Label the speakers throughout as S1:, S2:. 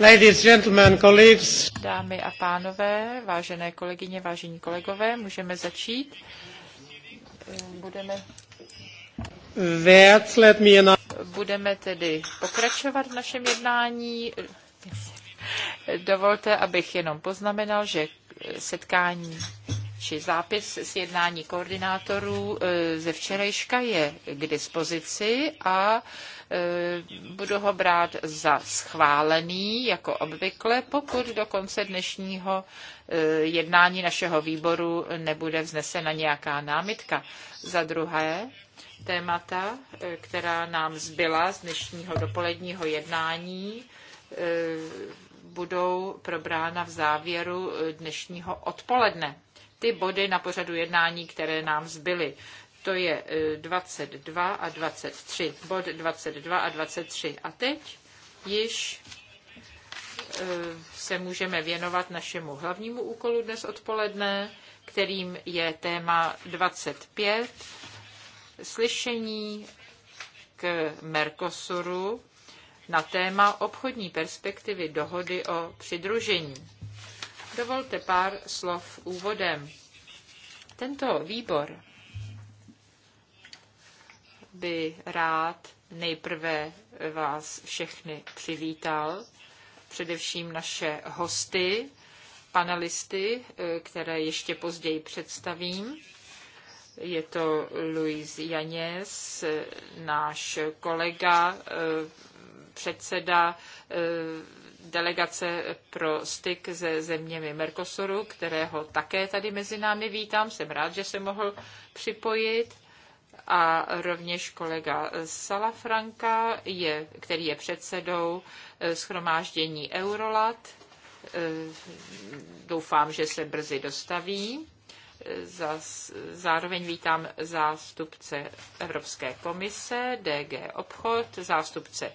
S1: Ladies, gentlemen, colleagues.
S2: Dámy a pánové, vážené kolegyně, vážení kolegové, můžeme začít. Budeme... Budeme tedy pokračovat v našem jednání. Dovolte, abych jenom poznamenal, že setkání či zápis z jednání koordinátorů e, ze včerejška je k dispozici a e, budu ho brát za schválený, jako obvykle, pokud do konce dnešního e, jednání našeho výboru nebude vznesena nějaká námitka. Za druhé, témata, která nám zbyla z dnešního dopoledního jednání, budou probrána v závěru dnešního odpoledne ty body na pořadu jednání, které nám zbyly. To je 22 e, a 23. Bod 22 a 23. A teď již e, se můžeme věnovat našemu hlavnímu úkolu dnes odpoledne, kterým je téma 25, slyšení k Mercosuru na téma obchodní perspektivy dohody o přidružení. Dovolte pár slov úvodem. Tento výbor by rád nejprve vás všechny přivítal, především naše hosty, panelisty, eh, které ještě později představím. Je to Luis Janes, eh, náš kolega, eh, předseda delegace pro styk se zeměmi Mercosuru, kterého také tady mezi námi vítám. Jsem rád, že se mohl připojit. A rovněž kolega Salafranka, je, který je předsedou eh, schromáždění Eurolat. Eh, doufám, že se brzy dostaví. Eh, zároveň vítám zástupce Evropské komise, DG Obchod, zástupce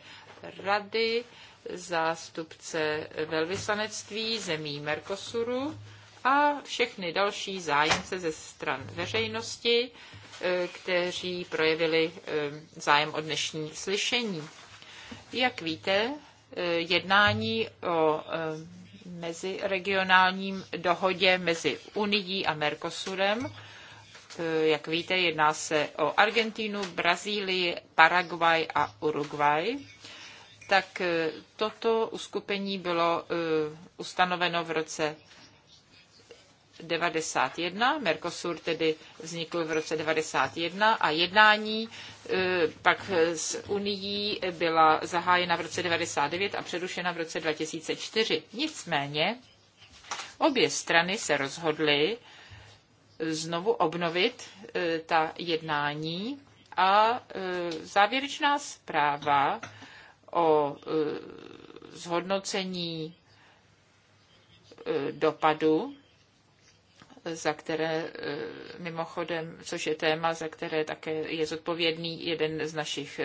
S2: rady, zástupce velvyslanectví zemí Mercosuru a všechny další zájemce ze stran veřejnosti, eh, kteří projevili eh, zájem o dnešní slyšení. Jak víte, eh, jednání o meziregionálním dohodě mezi Unií a Mercosurem. Jak víte, jedná se o Argentínu, Brazílii, Paraguay a Uruguay tak e, toto uskupení bylo e, ustanoveno v roce 91, Mercosur tedy vznikl v roce 91 a jednání e, pak s Unií byla zahájena v roce 99 a přerušena v roce 2004. Nicméně obě strany se rozhodly znovu obnovit ta jednání a závěrečná zpráva o e, zhodnocení e, dopadu, za které e, mimochodem, což je téma, za které také je zodpovědný jeden z našich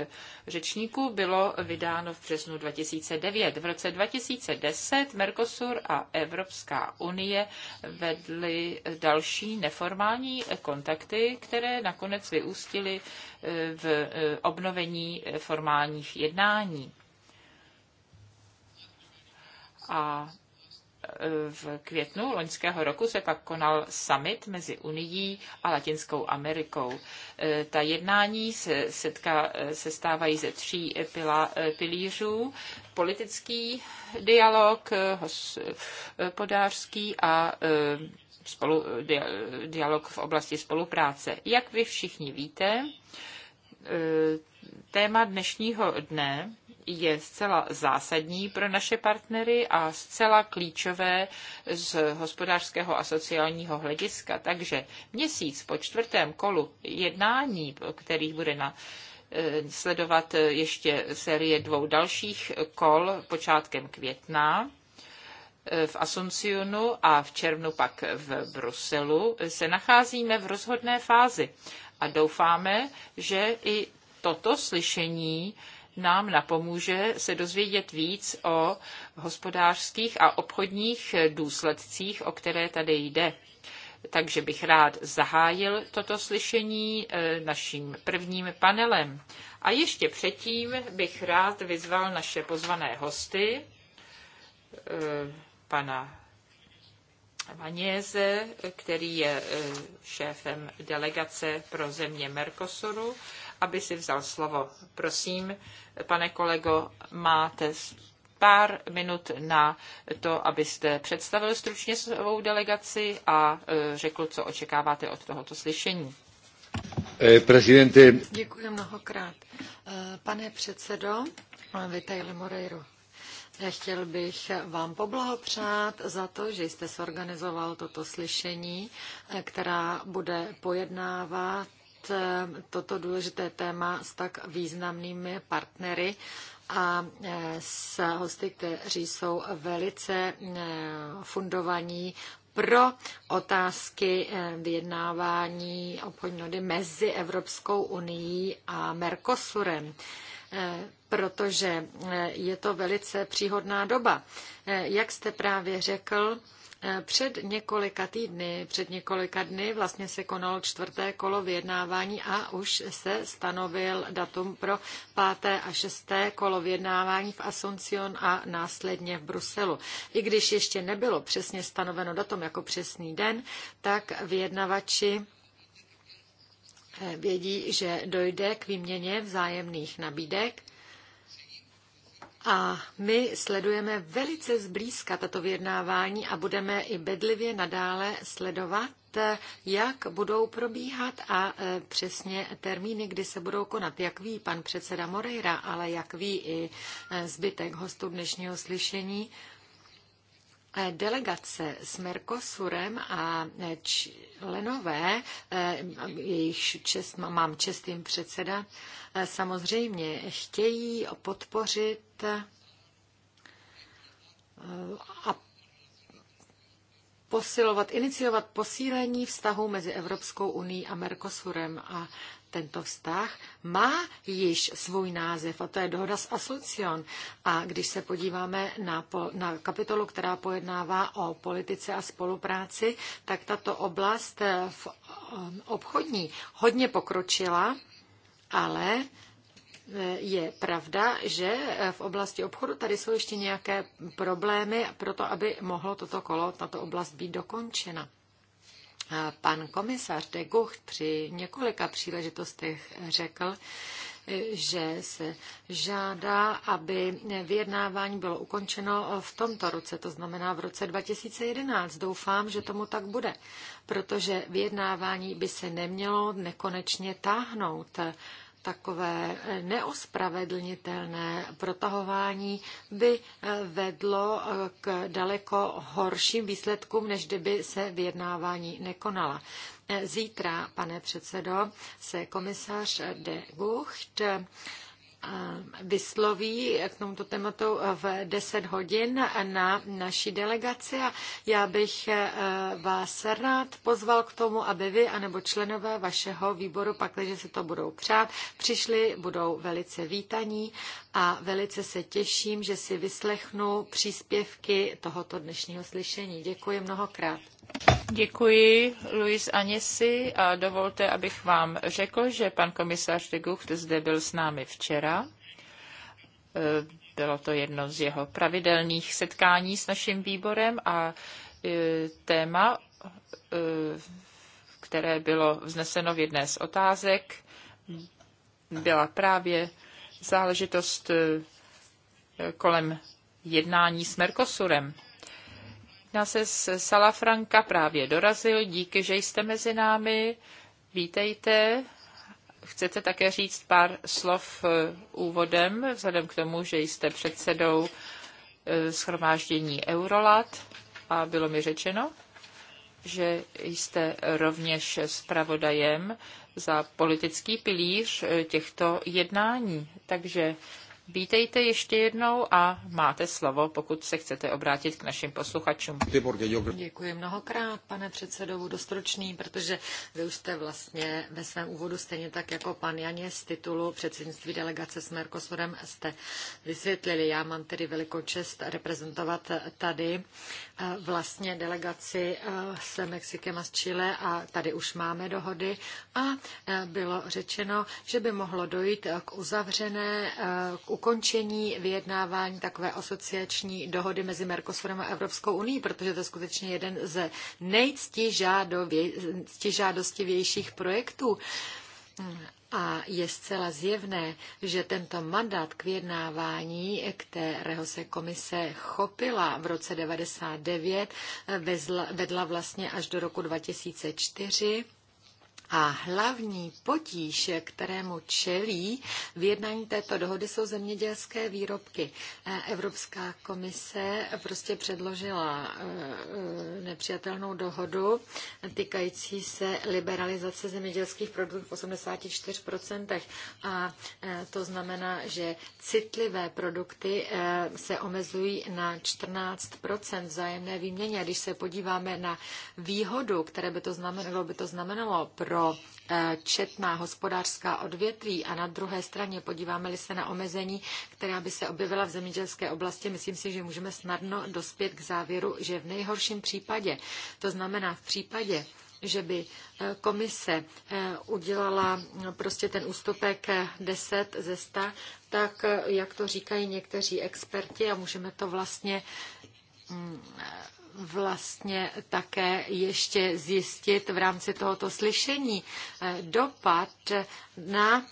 S2: řečníků, bylo vydáno v březnu 2009. V roce 2010 Mercosur a Evropská unie vedly další neformální kontakty, které nakonec vyústily v obnovení formálních jednání a e, v květnu loňského roku se pak konal summit mezi Unií a Latinskou Amerikou. E, ta jednání se, setka, e, se stávají ze tří pila, pilířů. Politický dialog, hospodářský a spolu, dialog v oblasti spolupráce. Jak vy všichni víte, téma dnešního dne je zcela zásadní pro naše partnery a zcela klíčové z hospodářského a sociálního hlediska. Takže měsíc po čtvrtém kolu jednání, kterých bude na eh, sledovat ještě série dvou dalších kol počátkem května eh, v Asuncionu a v červnu pak v Bruselu, se nacházíme v rozhodné fázi a doufáme, že i toto slyšení nám napomůže se dozvědět víc o hospodářských a obchodních důsledcích, o které tady jde. Takže bych rád zahájil toto slyšení eh, naším prvním panelem. A ještě předtím bych rád vyzval naše pozvané hosty, eh, pana Vaněze, který je eh, šéfem delegace pro země Mercosuru, aby si vzal slovo. Prosím, pane kolego, máte pár minut na to, abyste představil stručně svou delegaci a e, řekl, co očekáváte od tohoto slyšení.
S1: Eh, Prezidente.
S3: Děkuji mnohokrát. Eh, pane předsedo, Vitejle Moreiro. Eh, chtěl bych vám poblahopřát za to, že jste sorganizoval toto slyšení, která bude pojednávat toto důležité téma s tak významnými partnery a e, s hosty, kteří jsou velice e, fundovaní pro otázky e, vyjednávání obchodní dohody mezi Evropskou unii a Mercosurem protože je to velice příhodná doba. Jak jste právě řekl, Eh, před několika týdny, před několika dny vlastně se konalo čtvrté kolo vyjednávání a už se stanovil datum pro páté a šesté kolo vyjednávání v Asuncion a následně v Bruselu. I když ještě nebylo přesně stanoveno datum jako přesný den, tak vyjednavači eh, vědí, že dojde k výměně vzájemných nabídek a my sledujeme velice zblízka tato vyjednávání a budeme i bedlivě nadále sledovat, jak budou probíhat a e, přesně termíny, kdy se budou konat. Jak ví pan předseda Moreira, ale jak ví i e, zbytek hostů dnešního slyšení, Delegace s Mercosurem a členové, eh, jejich čest, mám čestým předseda, eh, samozřejmě chtějí podpořit eh, a posilovat, iniciovat posílení vztahu mezi Evropskou uní a Mercosurem. A tento vztah má již svůj název a to je dohoda s Asuncion. A když se podíváme na, na kapitolu, která pojednává o politice a spolupráci, tak tato oblast eh, v eh, obchodní hodně pokročila, ale eh, je pravda, že v oblasti obchodu tady jsou ještě nějaké problémy pro to, aby mohlo toto kolo, tato oblast být dokončena. Pan komisař de Gucht při několika příležitostech řekl, že se žádá, aby vyjednávání bylo ukončeno v tomto roce, to znamená v roce 2011. Doufám, že tomu tak bude, protože vyjednávání by se nemělo nekonečně táhnout takové neospravedlnitelné protahování by eh, vedlo eh, k daleko horším výsledkům, než kdyby se vyjednávání nekonala. Eh, zítra, pane předsedo, se komisař de Gucht vysloví k tomuto tématu v 10 hodin na naší delegaci a já bych eh, vás rád pozval k tomu, aby vy anebo členové vašeho výboru, pakliže se to budou přát, přišli, budou velice vítaní a velice se těším, že si vyslechnu příspěvky tohoto dnešního slyšení. Děkuji mnohokrát. Děkuji Luis Anesi. a dovolte, abych
S2: vám řekl, že pan komisař de Gucht zde byl s námi včera. E, bylo to jedno z jeho pravidelných setkání s naším výborem a e, téma, e, které bylo vzneseno v jedné z otázek, byla právě záležitost kolem jednání s Mercosurem. Na se z Salafranka právě dorazil. Díky, že jste mezi námi. Vítejte. Chcete také říct pár slov eh, úvodem, vzhledem k tomu, že jste předsedou eh, schromáždění Eurolat a bylo mi řečeno, že jste rovněž zpravodajem za politický pilíř eh, těchto jednání. Takže Vítejte ještě jednou a máte slovo, pokud se chcete obrátit k našim posluchačům.
S3: Děkuji mnohokrát, pane předsedo, budu stručný, protože vy už jste vlastně ve svém úvodu stejně tak jako pan Janě z titulu předsednictví delegace s Mercosurem jste vysvětlili. Já mám tedy velikou čest reprezentovat tady eh, vlastně delegaci eh, s Mexikem a s Chile a tady už máme dohody a eh, bylo řečeno, že by mohlo dojít k uzavřené, k ukončení vyjednávání takové asociační dohody mezi Mercosurem a Evropskou unii, protože to je skutečně jeden ze nejctižádostivějších projektů. A je zcela zjevné, že tento mandát k vyjednávání, kterého se komise chopila v roce 1999, vedla vlastně až do roku 2004, a hlavní potíž, kterému čelí v jednání této dohody, jsou zemědělské výrobky. E, Evropská komise prostě předložila e, e, nepřijatelnou dohodu týkající se liberalizace zemědělských produktů v 84%. A to znamená, že citlivé produkty se omezují na 14% vzájemné výměně. A když se podíváme na výhodu, které by to znamenalo, by to znamenalo pro pro eh, četná hospodářská odvětví a na druhé straně podíváme-li se na omezení, která by se objevila v zemědělské oblasti, myslím si, že můžeme snadno dospět k závěru, že v nejhorším případě, to znamená v případě, že by eh, komise eh, udělala prostě ten ústupek 10 ze 100, tak jak to říkají někteří experti a můžeme to vlastně mm, vlastně také ještě zjistit v rámci tohoto slyšení. Eh, dopad eh, na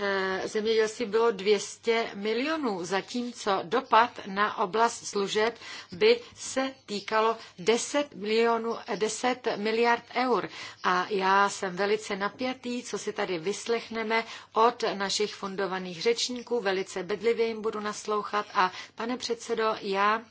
S3: eh, zemědělství bylo 200 milionů, zatímco dopad na oblast služeb by se týkalo 10, milionů, 10 miliard eur. A já jsem velice napjatý, co si tady vyslechneme od našich fundovaných řečníků. Velice bedlivě jim budu naslouchat a pane předsedo, já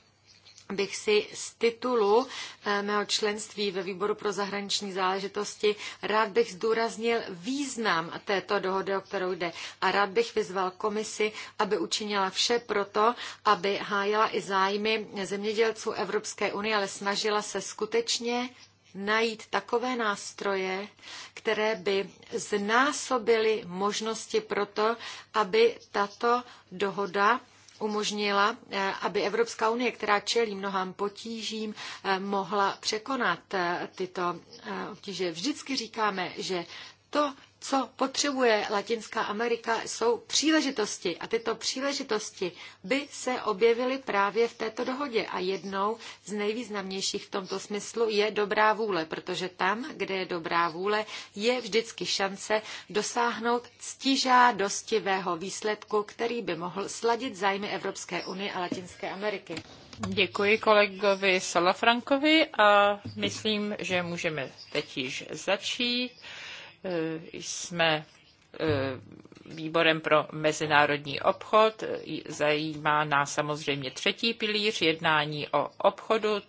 S3: bych si z titulu eh, mého členství ve výboru pro zahraniční záležitosti rád bych zdůraznil význam této dohody, o kterou jde. A rád bych vyzval komisi, aby učinila vše proto, aby hájila i zájmy zemědělců Evropské unie, ale snažila se skutečně najít takové nástroje, které by znásobily možnosti pro to, aby tato dohoda umožnila, eh, aby Evropská unie, která čelí mnohám potížím, eh, mohla překonat eh, tyto obtíže. Vždycky říkáme, že to, co potřebuje Latinská Amerika, jsou příležitosti. A tyto příležitosti by se objevily právě v této dohodě. A jednou z nejvýznamnějších v tomto smyslu je dobrá vůle, protože tam, kde je dobrá vůle, je vždycky šance dosáhnout ctižádostivého výsledku, který by mohl sladit zájmy Evropské unie a Latinské Ameriky.
S2: Děkuji kolegovi Salafrankovi a myslím, že můžeme teď již začít. Eh, jsme eh, výborem pro mezinárodní obchod. Zajímá nás samozřejmě třetí pilíř, jednání o obchodu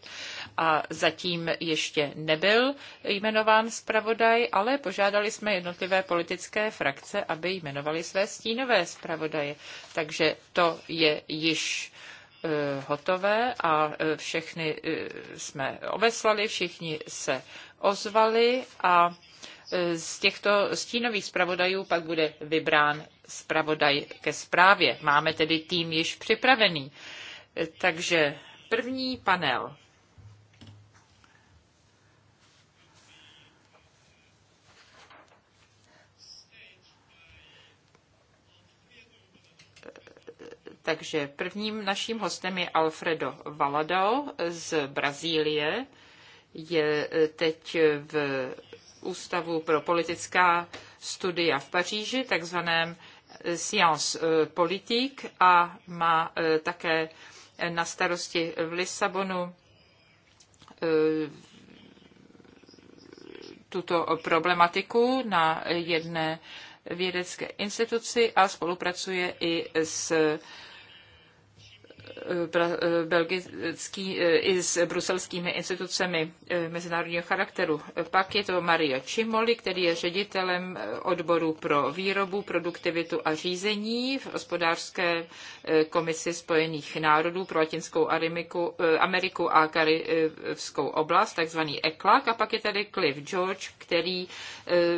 S2: a zatím ještě nebyl jmenován zpravodaj, ale požádali jsme jednotlivé politické frakce, aby jmenovali své stínové zpravodaje. Takže to je již eh, hotové a všechny jsme obeslali, všichni se ozvali a z těchto stínových zpravodajů pak bude vybrán zpravodaj ke zprávě. Máme tedy tým již připravený. Takže první panel. Takže prvním naším hostem je Alfredo Valado z Brazílie. Je eh, teď v Ústavu pro politická studia v Paříži, takzvaném Science eh, Politique a má eh, také na starosti v Lisabonu eh, tuto problematiku na jedné vědecké instituci a spolupracuje i s Eh, eh, belgický, eh, i s bruselskými institucemi mezinárodního charakteru. Pak je to Mario Cimoli, který je ředitelem odboru pro výrobu, produktivitu a řízení v hospodářské komisi Spojených národů pro Latinskou Ameriku, Ameriku a Karibskou oblast, takzvaný ECLAC. A pak je tady Cliff George, který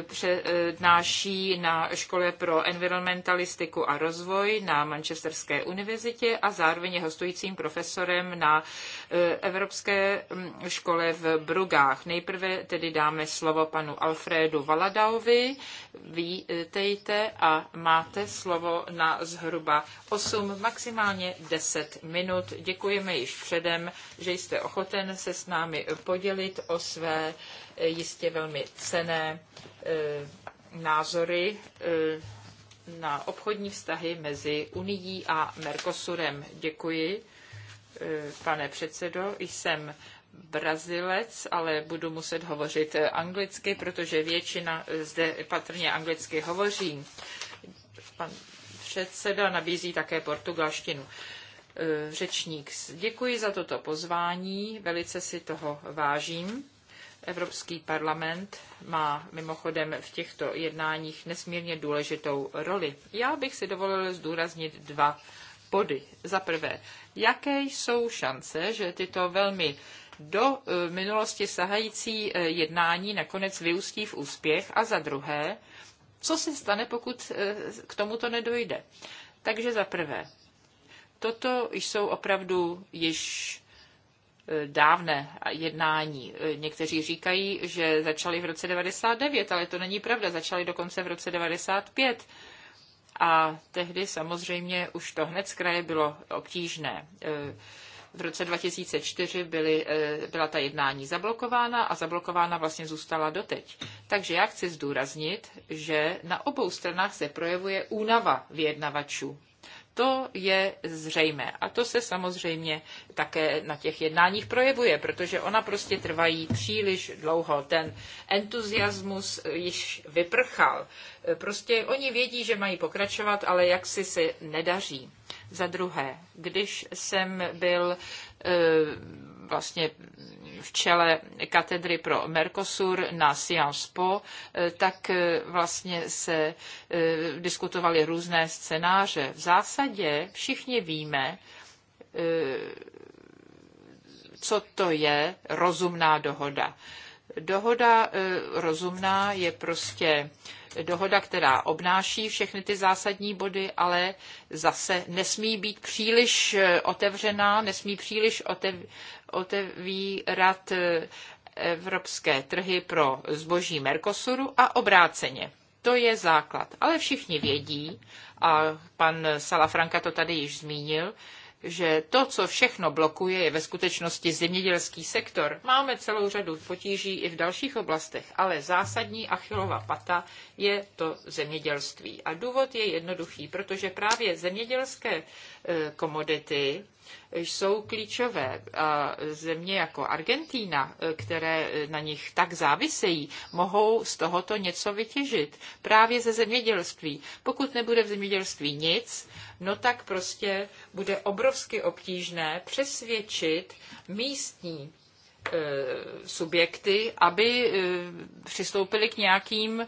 S2: přednáší na škole pro environmentalistiku a rozvoj na Manchesterské univerzitě a zároveň nicméně hostujícím profesorem na e, Evropské škole v Brugách. Nejprve tedy dáme slovo panu Alfredu Valadaovi. Vítejte a máte slovo na zhruba 8, maximálně 10 minut. Děkujeme již předem, že jste ochoten se s námi podělit o své e, jistě velmi cené e, názory na obchodní vztahy mezi Unií a Mercosurem. Děkuji, eh, pane předsedo. Jsem Brazilec, ale budu muset hovořit eh, anglicky, protože většina eh, zde patrně anglicky hovoří. Pan předseda nabízí také portugalštinu. Řečník, děkuji za toto pozvání, velice si toho vážím. Evropský parlament má mimochodem v těchto jednáních nesmírně důležitou roli. Já bych si dovolil zdůraznit dva body. Za prvé, jaké jsou šance, že tyto velmi do eh, minulosti sahající eh, jednání nakonec vyústí v úspěch a za druhé, co se stane, pokud eh, k tomuto nedojde. Takže za prvé, toto jsou opravdu již dávné jednání. Někteří říkají, že začali v roce 99, ale to není pravda, začali dokonce v roce 95. A tehdy samozřejmě už to hned z kraje bylo obtížné. V roce 2004 byly, eh, byla ta jednání zablokována a zablokována vlastně zůstala doteď. Takže já chci zdůraznit, že na obou stranách se projevuje únava vyjednavačů. To je zřejmé. A to se samozřejmě také na těch jednáních projevuje, protože ona prostě trvají příliš dlouho. Ten entuziasmus již vyprchal. Prostě oni vědí, že mají pokračovat, ale jak si se nedaří. Za druhé, když jsem byl eh, vlastně v čele katedry pro Mercosur na Sciences Po, eh, tak eh, vlastně se eh, diskutovaly různé scénáře. V zásadě všichni víme, co to je rozumná dohoda. Dohoda e, rozumná je prostě dohoda, která obnáší všechny ty zásadní body, ale zase nesmí být příliš e, otevřená, nesmí příliš otev, otevírat e, evropské trhy pro zboží Mercosuru a obráceně. To je základ. Ale všichni vědí, a pan Salafranka to tady již zmínil, že to, co všechno blokuje, je ve skutečnosti zemědělský sektor. Máme celou řadu potíží i v dalších oblastech, ale zásadní achilová pata je to zemědělství. A důvod je jednoduchý, protože právě zemědělské eh, komodity jsou klíčové. A země jako Argentína, eh, které eh, na nich tak závisejí, mohou z tohoto něco vytěžit. Právě ze zemědělství. Pokud nebude v zemědělství nic, no tak prostě bude obrovsky obtížné přesvědčit místní eh, subjekty, aby přistoupili k nějakým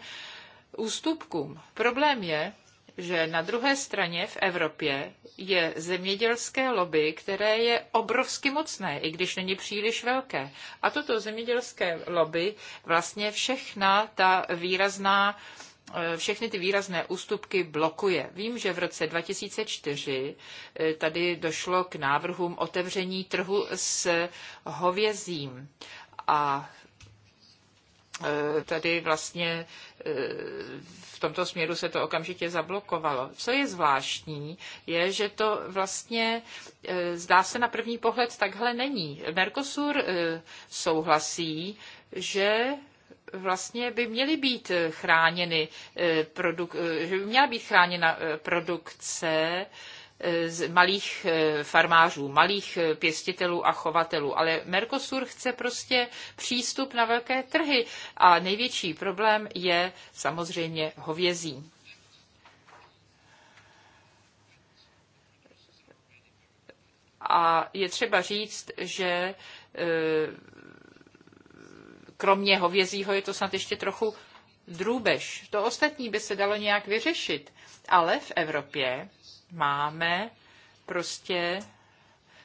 S2: ústupkům. Problém je, že na druhé straně v Evropě je zemědělské lobby, které je obrovsky mocné, i když není příliš velké. A toto zemědělské lobby vlastně všechna ta výrazná eh, všechny ty výrazné ústupky blokuje. Vím, že v roce 2004 eh, tady došlo k návrhům otevření trhu s hovězím a E, tady vlastně e, v tomto směru se to okamžitě zablokovalo. Co je zvláštní, je, že to vlastně e, zdá se na první pohled takhle není. Mercosur souhlasí, že vlastně by měly být chráněny, produk- že by měla být chráněna produkce, z malých eh, farmářů, malých eh, pěstitelů a chovatelů. Ale Mercosur chce prostě přístup na velké trhy a největší problém je samozřejmě hovězí. A je třeba říct, že eh, kromě hovězího je to snad ještě trochu drůbež. To ostatní by se dalo nějak vyřešit. Ale v Evropě máme prostě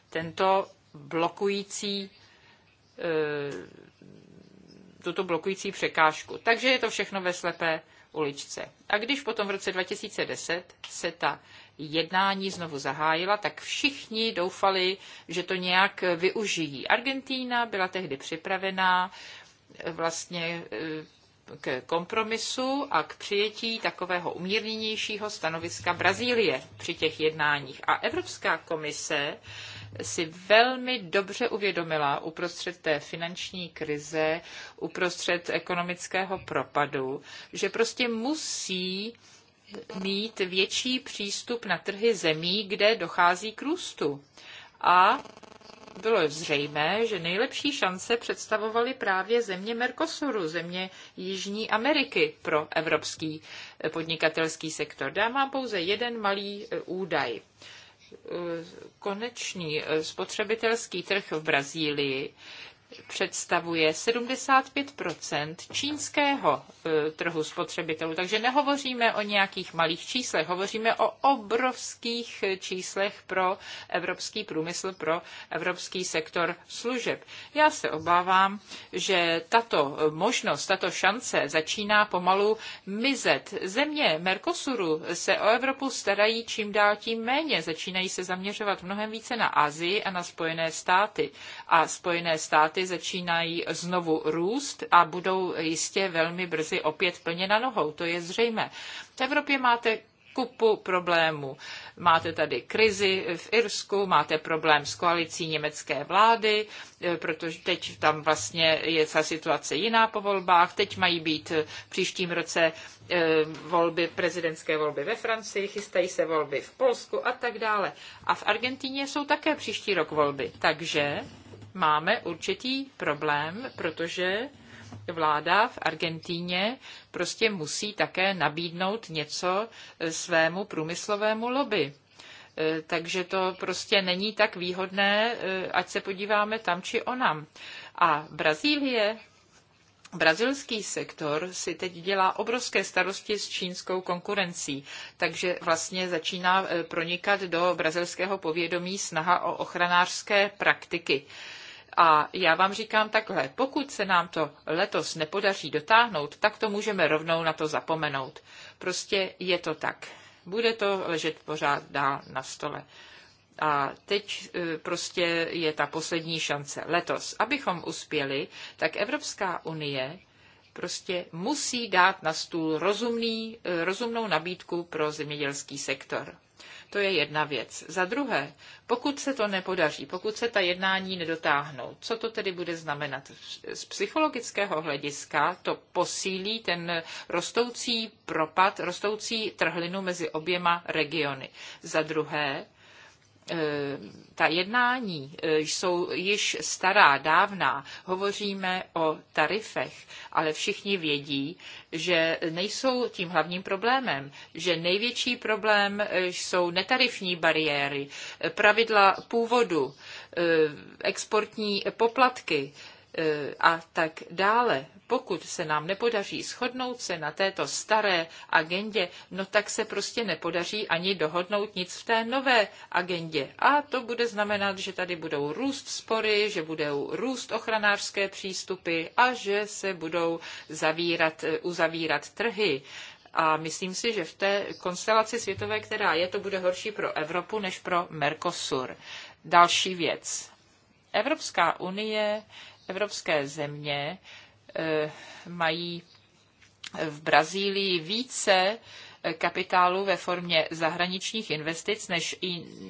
S2: tento blokující eh, tuto blokující překážku. Takže je to všechno ve slepé uličce. A když potom v roce 2010 se ta jednání znovu zahájila, tak všichni doufali, že to nějak využijí. Argentína byla tehdy připravená vlastně eh, k kompromisu a k přijetí takového umírněnějšího stanoviska Brazílie při těch jednáních. A Evropská komise si velmi dobře uvědomila uprostřed té finanční krize, uprostřed ekonomického propadu, že prostě musí mít větší přístup na trhy zemí, kde dochází k růstu. A bylo zřejmé, že nejlepší šance představovaly právě země Mercosuru, země Jižní Ameriky pro evropský eh, podnikatelský sektor. Dám vám pouze jeden malý eh, údaj. Eh, konečný spotřebitelský trh v Brazílii představuje 75 čínského e, trhu spotřebitelů. Takže nehovoříme o nějakých malých číslech, hovoříme o obrovských číslech pro evropský průmysl, pro evropský sektor služeb. Já se obávám, že tato možnost, tato šance začíná pomalu mizet. Země Mercosuru se o Evropu starají čím dál tím méně, začínají se zaměřovat mnohem více na Asii a na Spojené státy. A Spojené státy státy začínají znovu růst a budou jistě velmi brzy opět plně na nohou, to je zřejmé. V Evropě máte kupu problémů. Máte tady krizi v Irsku, máte problém s koalicí německé vlády, eh, protože teď tam vlastně je ta situace jiná po volbách. Teď mají být v příštím roce eh, volby, prezidentské volby ve Francii, chystají se volby v Polsku a tak dále. A v Argentíně jsou také příští rok volby. Takže máme určitý problém, protože vláda v Argentíně prostě musí také nabídnout něco svému průmyslovému lobby. E, takže to prostě není tak výhodné, e, ať se podíváme tam či onam. A Brazílie, Brazilský sektor si teď dělá obrovské starosti s čínskou konkurencí, takže vlastně začíná e, pronikat do brazilského povědomí snaha o ochranářské praktiky. A já vám říkám takhle, pokud se nám to letos nepodaří dotáhnout, tak to můžeme rovnou na to zapomenout. Prostě je to tak. Bude to ležet pořád dál na stole. A teď e, prostě je ta poslední šance letos. Abychom uspěli, tak Evropská unie prostě musí dát na stůl rozumný, e, rozumnou nabídku pro zemědělský sektor. To je jedna věc. Za druhé, pokud se to nepodaří, pokud se ta jednání nedotáhnou, co to tedy bude znamenat? Z psychologického hlediska to posílí ten rostoucí propad, rostoucí trhlinu mezi oběma regiony. Za druhé, Eh, ta jednání eh, jsou již stará, dávná. Hovoříme o tarifech, ale všichni vědí, že nejsou tím hlavním problémem, že největší problém eh, jsou netarifní bariéry, pravidla původu, exportní poplatky, E, a tak dále. Pokud se nám nepodaří shodnout se na této staré agendě, no tak se prostě nepodaří ani dohodnout nic v té nové agendě. A to bude znamenat, že tady budou růst spory, že budou růst ochranářské přístupy a že se budou zavírat, e, uzavírat trhy. A myslím si, že v té konstelaci světové, která je, to bude horší pro Evropu než pro Mercosur. Další věc. Evropská unie Evropské země eh, mají v Brazílii více kapitálu ve formě zahraničních investic než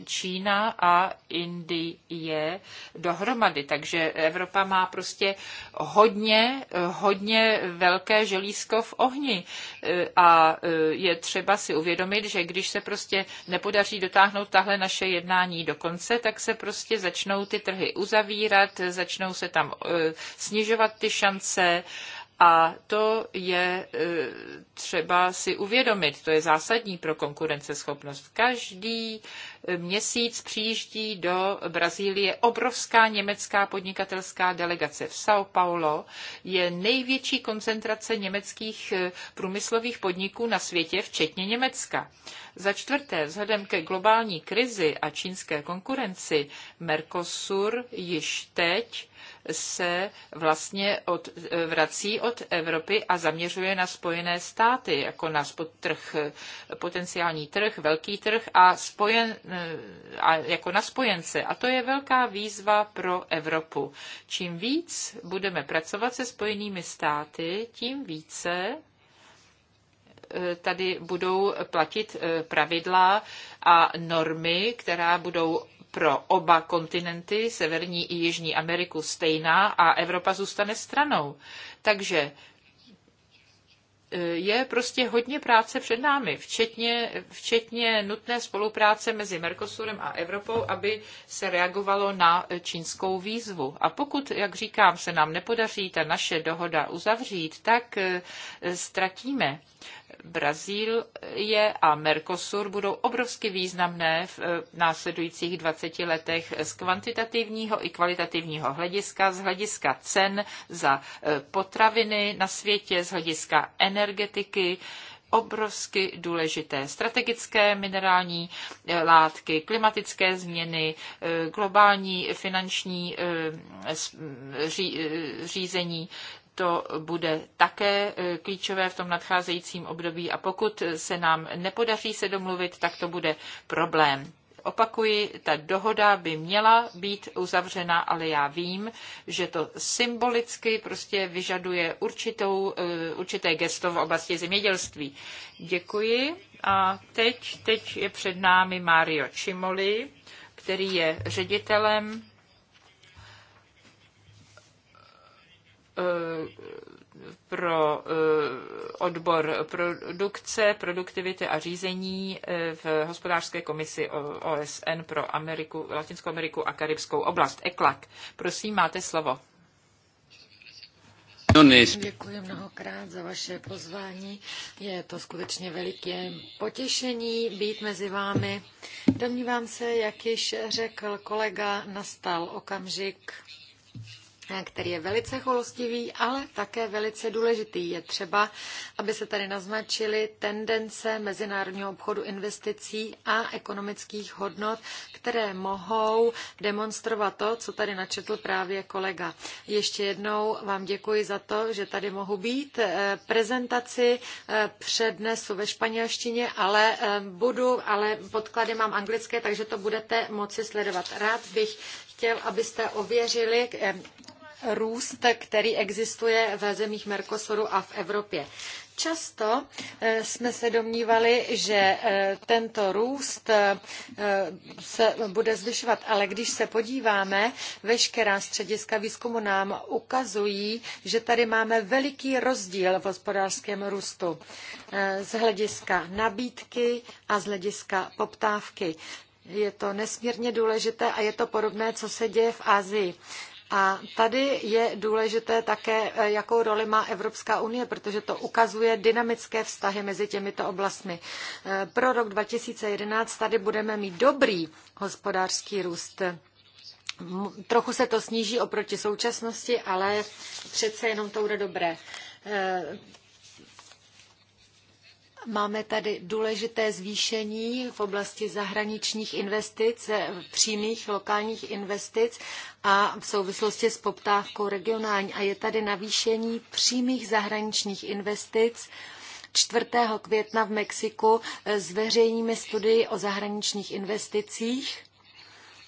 S2: Čína a Indie dohromady. Takže Evropa má prostě hodně, hodně velké želízko v ohni a je třeba si uvědomit, že když se prostě nepodaří dotáhnout tahle naše jednání do konce, tak se prostě začnou ty trhy uzavírat, začnou se tam eh, snižovat ty šance a to je e, třeba si uvědomit, to je zásadní pro konkurenceschopnost. Každý e, měsíc přijíždí do Brazílie obrovská německá podnikatelská delegace v São Paulo. Je největší koncentrace německých e, průmyslových podniků na světě, včetně Německa. Za čtvrté, vzhledem ke globální krizi a čínské konkurenci, Mercosur již teď se vlastně od, vrací od Evropy a zaměřuje na Spojené státy, jako na trh, potenciální trh, velký trh a, spojen, eh, a jako na spojence. A to je velká výzva pro Evropu. Čím víc budeme pracovat se Spojenými státy, tím více eh, tady budou platit eh, pravidla a normy, která budou pro oba kontinenty, Severní i Jižní Ameriku, stejná a Evropa zůstane stranou. Takže e, je prostě hodně práce před námi, včetně, včetně nutné spolupráce mezi Mercosurem a Evropou, aby se reagovalo na čínskou výzvu. A pokud, jak říkám, se nám nepodaří ta naše dohoda uzavřít, tak e, ztratíme Brazílie a Mercosur budou obrovsky významné v eh, následujících 20 letech z kvantitativního i kvalitativního hlediska, z hlediska cen za eh, potraviny na světě, z hlediska energetiky, obrovsky důležité. Strategické minerální eh, látky, klimatické změny, globální finanční řízení, to bude také e, klíčové v tom nadcházejícím období a pokud se nám nepodaří se domluvit, tak to bude problém. Opakuji, ta dohoda by měla být uzavřena, ale já vím, že to symbolicky prostě vyžaduje určitou, e, určité gesto v oblasti zemědělství. Děkuji. A teď, teď je před námi Mario Cimoli, který je ředitelem Eh, pro eh, odbor produkce, produktivity a řízení eh, v hospodářské komisi OSN pro Ameriku, Latinskou Ameriku a Karibskou oblast. ECLAC. Prosím, máte slovo.
S3: Děkuji mnohokrát za vaše pozvání. Je to skutečně veliké potěšení být mezi vámi. Domnívám se, jak již řekl kolega, nastal okamžik který je velice cholostivý, ale také velice důležitý. Je třeba, aby se tady naznačily tendence mezinárodního obchodu investicí a ekonomických hodnot, které mohou demonstrovat to, co tady načetl právě kolega. Ještě jednou vám děkuji za to, že tady mohu být. Eh, prezentaci eh, přednesu ve španělštině, ale eh, budu, ale podklady mám anglické, takže to budete moci sledovat. Rád bych chtěl, abyste ověřili růst, který existuje ve zemích Mercosuru a v Evropě. Často eh, jsme se domnívali, že eh, tento růst eh, se bude zvyšovat, ale když se podíváme, veškerá střediska výzkumu nám ukazují, že tady máme veliký rozdíl v hospodářském růstu z hlediska nabídky a z hlediska poptávky. Je to nesmírně důležité a je to podobné, co se děje v Asii. A tady je důležité také, eh, jakou roli má Evropská unie, protože to ukazuje dynamické vztahy mezi těmito oblastmi. Eh, pro rok 2011 tady budeme mít dobrý hospodářský růst. Trochu se to sníží oproti současnosti, ale přece jenom to bude dobré eh, Máme tady důležité zvýšení v oblasti zahraničních investic, eh, přímých lokálních investic a v souvislosti s poptávkou regionální. A je tady navýšení přímých zahraničních investic 4. května v Mexiku eh, zveřejníme studii o zahraničních investicích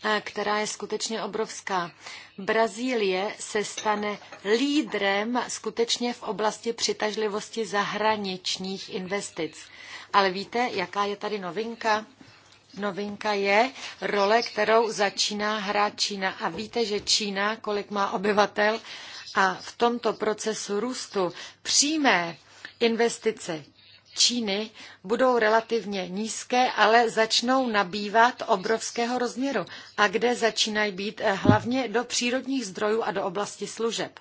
S3: E, která je skutečně obrovská. Brazílie se stane lídrem skutečně v oblasti přitažlivosti zahraničních investic. Ale víte, jaká je tady novinka? Novinka je role, kterou začíná hrát Čína. A víte, že Čína, kolik má obyvatel, a v tomto procesu růstu přímé investice Číny budou relativně nízké, ale začnou nabývat obrovského rozměru a kde začínají být eh, hlavně do přírodních zdrojů a do oblasti služeb.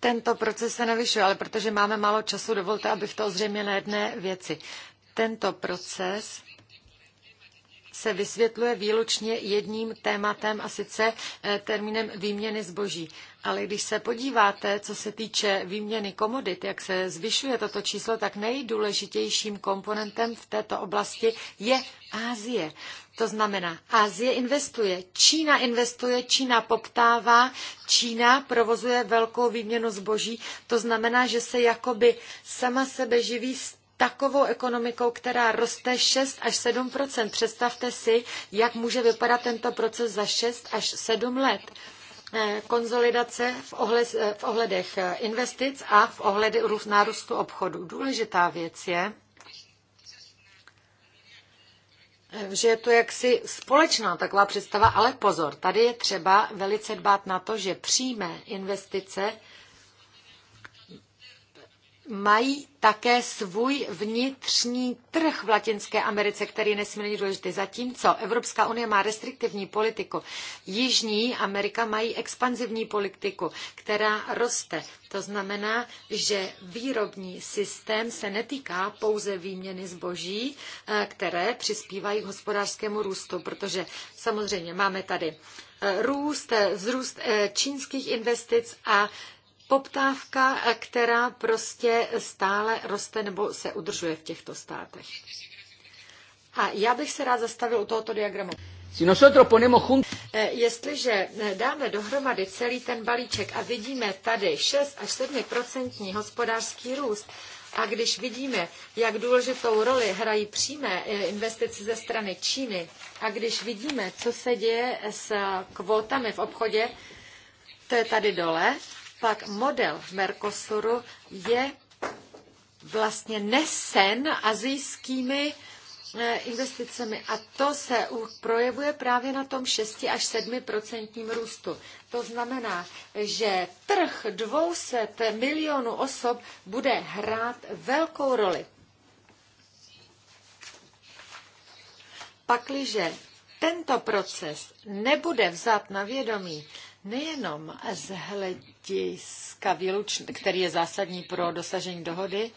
S3: Tento proces se navyšuje, ale protože máme málo času, dovolte, abych to ozřejmil na jedné věci. Tento proces se vysvětluje výlučně jedním tématem a sice eh, termínem výměny zboží. Ale když se podíváte, co se týče výměny komodit, jak se zvyšuje toto číslo, tak nejdůležitějším komponentem v této oblasti je Ázie. To znamená, Asie investuje, Čína investuje, Čína poptává, Čína provozuje velkou výměnu zboží. To znamená, že se jakoby sama sebe živí z takovou ekonomikou, která roste 6 až 7 Představte si, jak může vypadat tento proces za 6 až 7 let eh, konzolidace v, ohled, eh, v ohledech eh, investic a v ohledech nárůstu obchodu. Důležitá věc je, že je to jaksi společná taková představa, ale pozor, tady je třeba velice dbát na to, že přímé investice mají také svůj vnitřní trh v Latinské Americe, který je nesmírně důležitý. Zatímco Evropská unie má restriktivní politiku, Jižní Amerika mají expanzivní politiku, která roste. To znamená, že výrobní systém se netýká pouze výměny zboží, eh, které přispívají k hospodářskému růstu, protože samozřejmě máme tady eh, růst, eh, vzrůst čínských investic a poptávka, eh, která prostě stále roste nebo se udržuje v těchto státech. A já bych se rád zastavil u tohoto diagramu. Eh, jestliže eh, dáme dohromady celý ten balíček a vidíme tady 6 až 7 hospodářský růst, a když vidíme, jak důležitou roli hrají přímé investice ze strany Číny, a když vidíme, co se děje s kvótami v obchodě, to je tady dole, pak model Mercosuru je vlastně nesen azijskými eh, investicemi. A to se projevuje právě na tom 6 až 7 procentním růstu. To znamená, že trh 200 milionů osob bude hrát velkou roli. Pakliže tento proces nebude vzat na vědomí, nejenom z hlediska výlučn, který je zásadní pro dosažení dohody,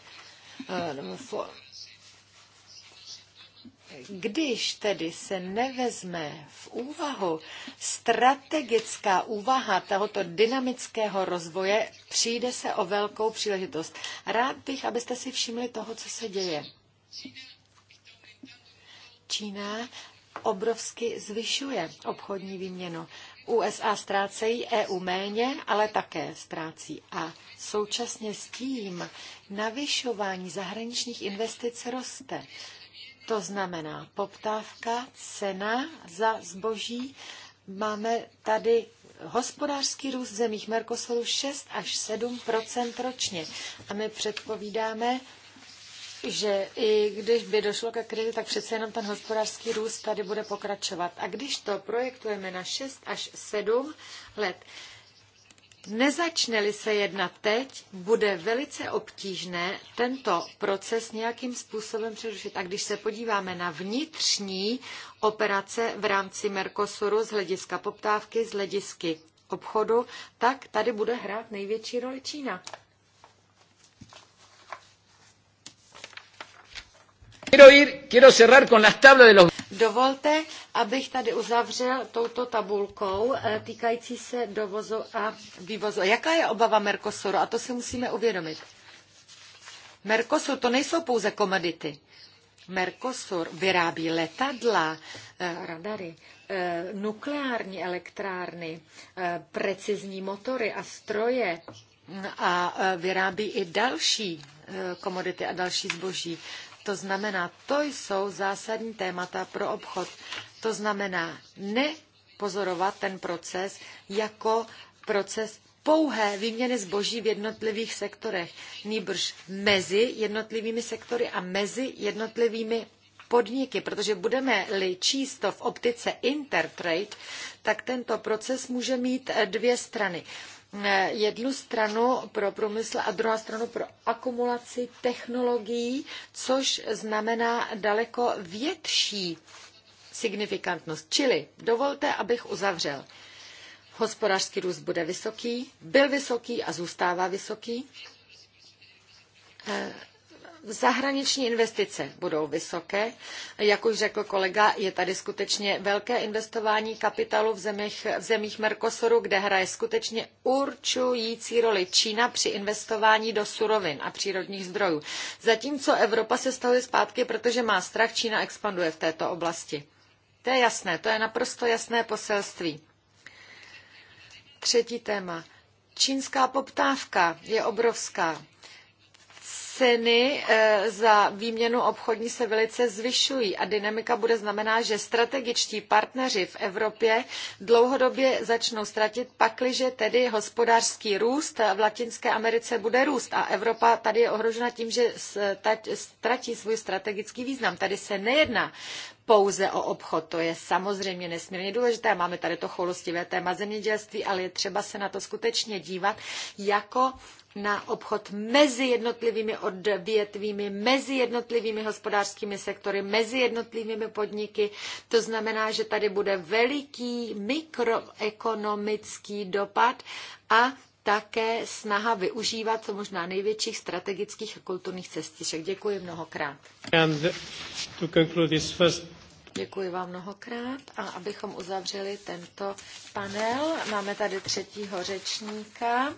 S3: eh, když tedy se nevezme v úvahu strategická úvaha tohoto dynamického rozvoje, přijde se o velkou příležitost. Rád bych, abyste si všimli toho, co se děje. Čína obrovsky zvyšuje obchodní výměnu. USA ztrácejí, EU méně, ale také ztrácí. A současně s tím navyšování zahraničních investic roste. To znamená poptávka, cena za zboží. Máme tady hospodářský růst zemích Mercosuru 6 až 7 ročně. A my předpovídáme že i když by došlo ke krizi, tak přece jenom ten hospodářský růst tady bude pokračovat. A když to projektujeme na 6 až 7 let, Nezačne-li se jednat teď, bude velice obtížné tento proces nějakým způsobem přerušit. A když se podíváme na vnitřní operace v rámci Mercosuru z hlediska poptávky, z hledisky obchodu, tak tady bude hrát největší roli Čína.
S2: Quiero ir, quiero cerrar con las tablas de los...
S3: Dovolte, abych tady uzavřel touto tabulkou eh, týkající se dovozu a vývozu. Jaká je obava Mercosuru? A to si musíme uvědomit. Mercosur to nejsou pouze komodity. Mercosur vyrábí letadla, eh, radary, eh, nukleární elektrárny, precizní motory a stroje mm, a vyrábí i další komodity a další zboží. To znamená, to jsou zásadní témata pro obchod. To znamená nepozorovat ten proces jako proces pouhé výměny zboží v jednotlivých sektorech, nýbrž mezi jednotlivými sektory a mezi jednotlivými podniky, protože budeme-li číst to v optice intertrade, tak tento proces může mít dvě strany jednu stranu pro průmysl a druhou stranu pro akumulaci technologií, což znamená daleko větší signifikantnost. Čili dovolte, abych uzavřel. Hospodářský růst bude vysoký, byl vysoký a zůstává vysoký Zahraniční investice budou vysoké. Jak už řekl kolega, je tady skutečně velké investování kapitálu v zemích, v zemích Mercosuru, kde hraje skutečně určující roli Čína při investování do surovin a přírodních zdrojů. Zatímco Evropa se stahuje zpátky, protože má strach, Čína expanduje v této oblasti. To je jasné, to je naprosto jasné poselství. Třetí téma. Čínská poptávka je obrovská ceny eh, za výměnu obchodní se velice zvyšují a dynamika bude znamená, že strategičtí partneři v Evropě dlouhodobě začnou ztratit, pakliže tedy hospodářský růst v Latinské Americe bude růst a Evropa tady je ohrožena tím, že ztratí svůj strategický význam. Tady se nejedná pouze o obchod. To je samozřejmě nesmírně důležité. Máme tady to choulostivé téma zemědělství, ale je třeba se na to skutečně dívat jako na obchod mezi jednotlivými odvětvími, mezi jednotlivými hospodářskými sektory, mezi jednotlivými podniky. To znamená, že tady bude veliký mikroekonomický dopad a také snaha využívat co možná největších strategických a kulturních cestiček. Děkuji mnohokrát.
S1: And to conclude this first
S3: Děkuji vám mnohokrát a abychom uzavřeli tento panel, máme tady třetího řečníka,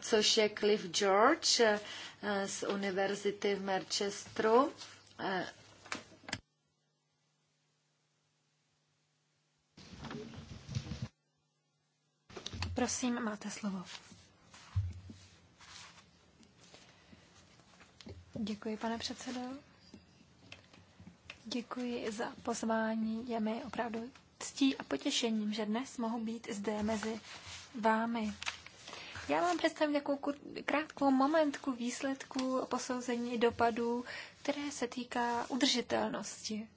S3: což je Cliff George eh, z Univerzity v Manchesteru. Eh.
S4: Prosím, máte slovo. Děkuji, pane předsedo. Děkuji za pozvání. Je mi opravdu ctí a potěšením, že dnes mohu být zde mezi vámi. Já vám představím takovou krátkou momentku výsledku posouzení dopadů, které se týká udržitelnosti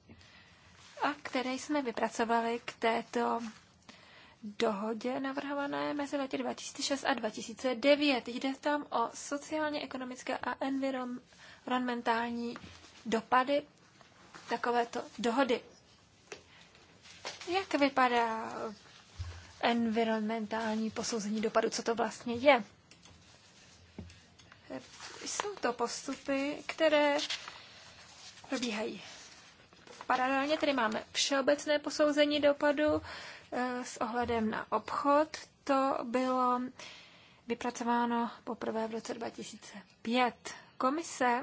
S4: a které jsme vypracovali k této dohodě navrhované mezi lety 2006 a 2009. Jde tam o sociálně, ekonomické a environmentální dopady takovéto dohody. Jak vypadá environmentální posouzení dopadu, co to vlastně je? Jsou to postupy, které probíhají paralelně tady máme všeobecné posouzení dopadu eh, s ohledem na obchod. To bylo vypracováno poprvé v roce 2005. Komise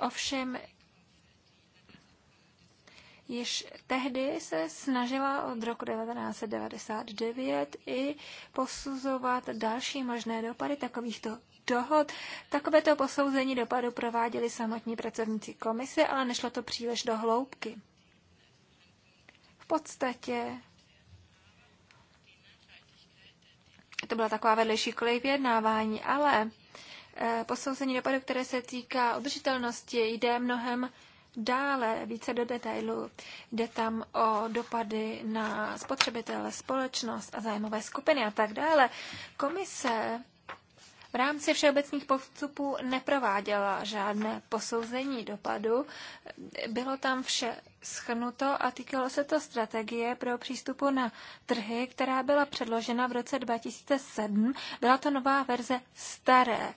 S4: Ovšem Již tehdy se snažila od roku 1999 i posuzovat další možné dopady takovýchto dohod. Takovéto posouzení dopadu prováděli samotní pracovníci komise, ale nešlo to příliš do hloubky. V podstatě to byla taková vedlejší kolej vyjednávání, ale Eh, posouzení dopadu, které se týká udržitelnosti, jde mnohem dále, více do detailu. Jde tam o dopady na spotřebitele, společnost a zájmové skupiny a tak dále. Komise v rámci všeobecných postupů neprováděla žádné posouzení dopadu. Bylo tam vše schrnuto a týkalo se to strategie pro přístupu na trhy, která byla předložena v roce 2007. Byla to nová verze staré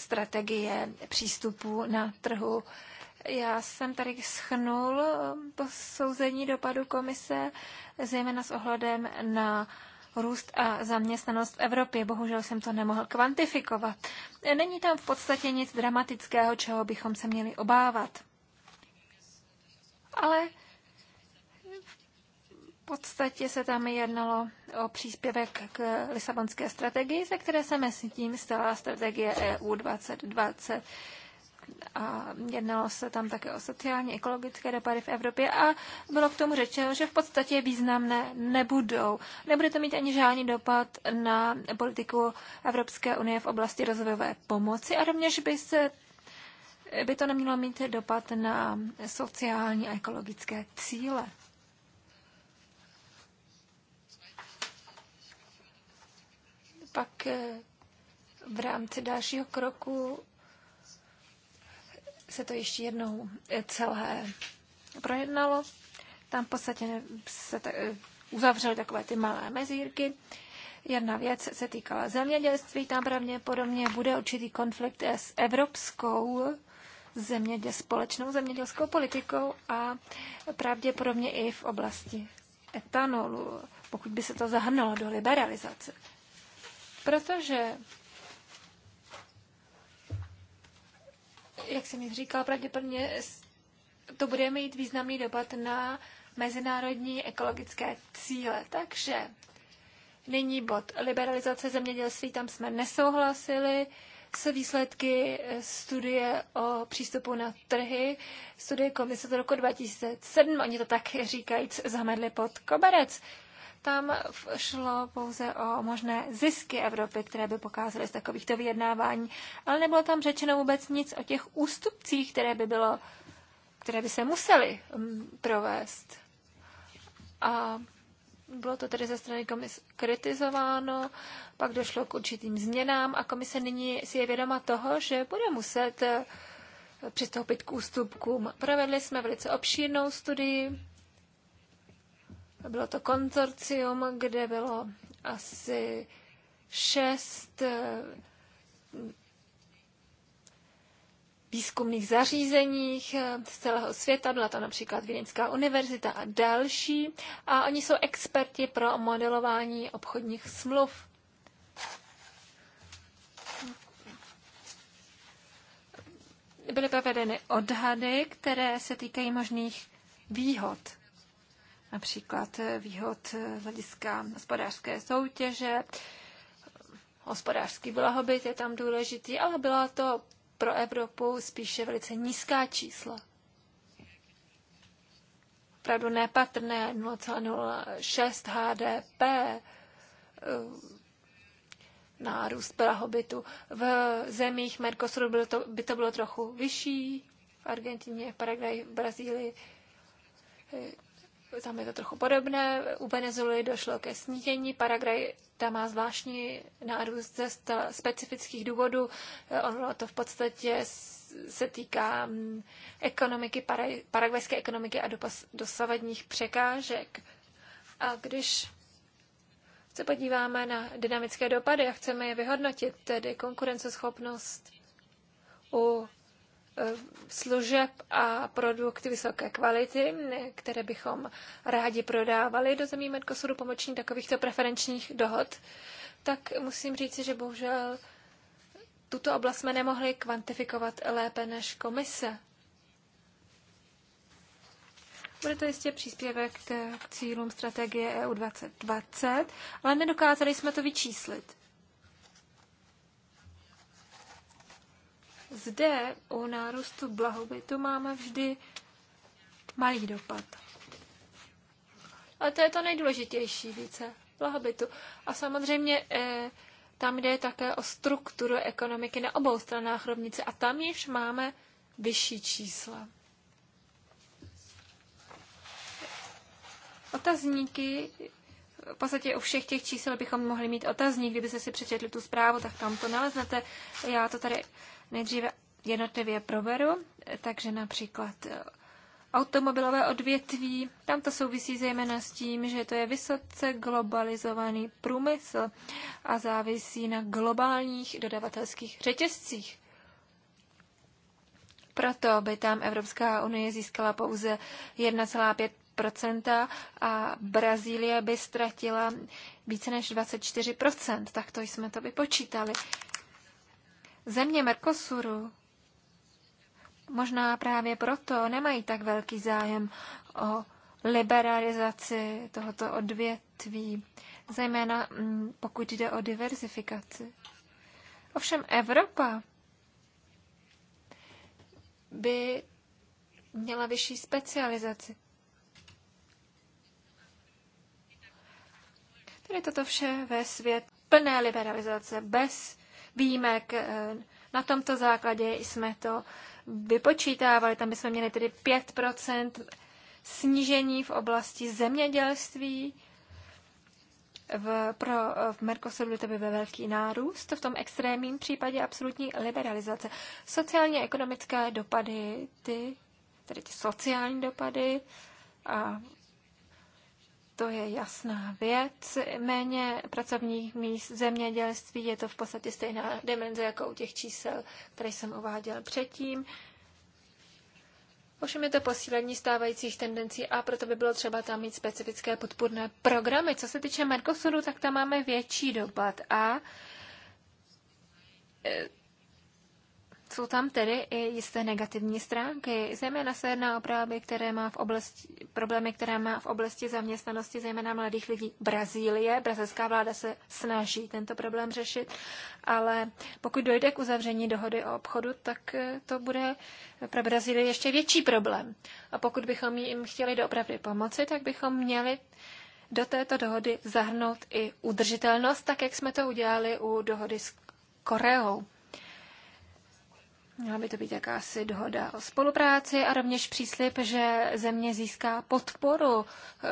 S4: strategie přístupu na trhu. Já jsem tady schnul eh, posouzení dopadu komise, zejména s ohledem na růst a zaměstnanost v Evropě. Bohužel jsem to nemohl kvantifikovat. Není tam v podstatě nic dramatického, čeho bychom se měli obávat. Ale podstatě se tam jednalo o příspěvek k Lisabonské strategii, ze které se mezi tím stala strategie EU 2020. A jednalo se tam také o sociálně ekologické dopady v Evropě a bylo k tomu řečeno, že v podstatě významné nebudou. Nebude to mít ani žádný dopad na politiku Evropské unie v oblasti rozvojové pomoci a rovněž by se by to nemělo mít dopad na sociální a ekologické cíle. pak eh, v rámci dalšího kroku se to ještě jednou eh, celé projednalo. Tam v podstatě se eh, uzavřely takové ty malé mezírky. Jedna věc se týkala zemědělství, tam pravděpodobně bude určitý konflikt s evropskou zemědě, společnou zemědělskou politikou a pravděpodobně i v oblasti etanolu, pokud by se to zahrnulo do liberalizace. Protože, jak jsem již říkala, pravděpodobně to bude mít významný dopad na mezinárodní ekologické cíle. Takže nyní bod liberalizace zemědělství, tam jsme nesouhlasili s výsledky studie o přístupu na trhy, studie komise z roku 2007, oni to tak říkajíc zamedli pod koberec. Tam šlo pouze o možné zisky Evropy, které by pokázely z takovýchto vyjednávání, ale nebylo tam řečeno vůbec nic o těch ústupcích, které by, bylo, které by se museli mm, provést. A bylo to tedy ze strany komis kritizováno, pak došlo k určitým změnám a komise nyní si je vědoma toho, že bude muset eh, přistoupit k ústupkům. Provedli jsme velice obšírnou studii, bylo to konzorcium, kde bylo asi šest eh, výzkumných zařízeních eh, z celého světa, byla to například Vídeňská univerzita a další, a oni jsou experti pro modelování obchodních smluv. Byly provedeny odhady, které se týkají možných výhod například eh, výhod eh, z hlediska hospodářské soutěže, hospodářský blahobyt je tam důležitý, ale byla to pro Evropu spíše velice nízká čísla. Opravdu nepatrné 0,06 HDP eh, nárůst blahobytu. V zemích Mercosuru bylo to, by to bylo trochu vyšší, v Argentině, v Paraguay, v Brazílii tam je to trochu podobné. U Venezuely došlo ke snížení. Paraguay tam má zvláštní nárůst ze specifických důvodů. Eh, ono to v podstatě se týká mm, ekonomiky, paragvajské ekonomiky a dosavadních překážek. A když se podíváme na dynamické dopady a chceme je vyhodnotit, tedy konkurenceschopnost u Eh, služeb a produkty vysoké kvality, které bychom rádi prodávali do zemí Medkosuru pomocí takovýchto preferenčních dohod, tak musím říci, že bohužel tuto oblast jsme nemohli kvantifikovat lépe než komise. Bude to jistě příspěvek k cílům strategie EU 2020, ale nedokázali jsme to vyčíslit. Zde o nárůstu blahobytu máme vždy malý dopad. A to je to nejdůležitější více, blahobytu. A samozřejmě e, tam jde také o strukturu ekonomiky na obou stranách rovnice a tam již máme vyšší čísla. Otazníky, v podstatě u všech těch čísel bychom mohli mít otazník, kdybyste si přečetli tu zprávu, tak tam to naleznete. Já to tady nejdříve jednotlivě proberu, takže například eh, automobilové odvětví. Tam to souvisí zejména s tím, že to je vysoce globalizovaný průmysl a závisí na globálních dodavatelských řetězcích. Proto by tam Evropská unie získala pouze 1,5 a Brazílie by ztratila více než 24 Tak to jsme to vypočítali. Země Mercosuru možná právě proto nemají tak velký zájem o liberalizaci tohoto odvětví, zejména mm, pokud jde o diverzifikaci. Ovšem Evropa by měla vyšší specializaci. Tedy toto vše ve svět plné liberalizace, bez výjimek. Eh, na tomto základě jsme to vypočítávali, tam bychom měli tedy 5% snížení v oblasti zemědělství, v, pro, eh, v Mercosuru to by byl velký nárůst, to v tom extrémním případě absolutní liberalizace. Sociálně ekonomické dopady, ty, tedy ty sociální dopady a to je jasná věc. Méně pracovních míst v zemědělství je to v podstatě stejná dimenze jako u těch čísel, které jsem uváděl předtím. Ovšem je to posílení stávajících tendencí a proto by bylo třeba tam mít specifické podpůrné programy. Co se týče Mercosuru, tak tam máme větší dopad a e, jsou tam tedy i jisté negativní stránky. Zejména se jedná o právě, které má v oblasti, problémy, které má v oblasti zaměstnanosti, zejména mladých lidí Brazílie. Brazilská vláda se snaží tento problém řešit, ale pokud dojde k uzavření dohody o obchodu, tak eh, to bude pro Brazílii ještě větší problém. A pokud bychom jim chtěli doopravdy pomoci, tak bychom měli do této dohody zahrnout i udržitelnost, tak jak jsme to udělali u dohody s Koreou. Měla by to být jakási dohoda o spolupráci a rovněž příslip, že země získá podporu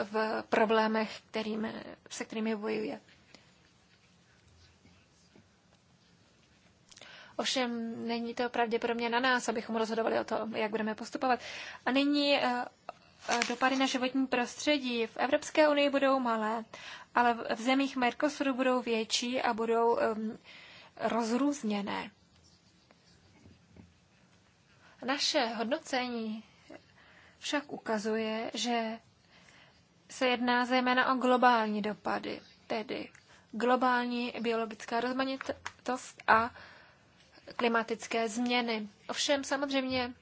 S4: v problémech, kterým, se kterými bojuje. Ovšem není to pravděpodobně na nás, abychom rozhodovali o tom, jak budeme postupovat. A nyní eh, eh, dopady na životní prostředí. V Evropské unii budou malé, ale v zemích Mercosuru budou větší a budou um, rozrůzněné. Naše hodnocení však ukazuje, že se jedná zejména o globální dopady, tedy globální biologická rozmanitost a klimatické změny. Ovšem samozřejmě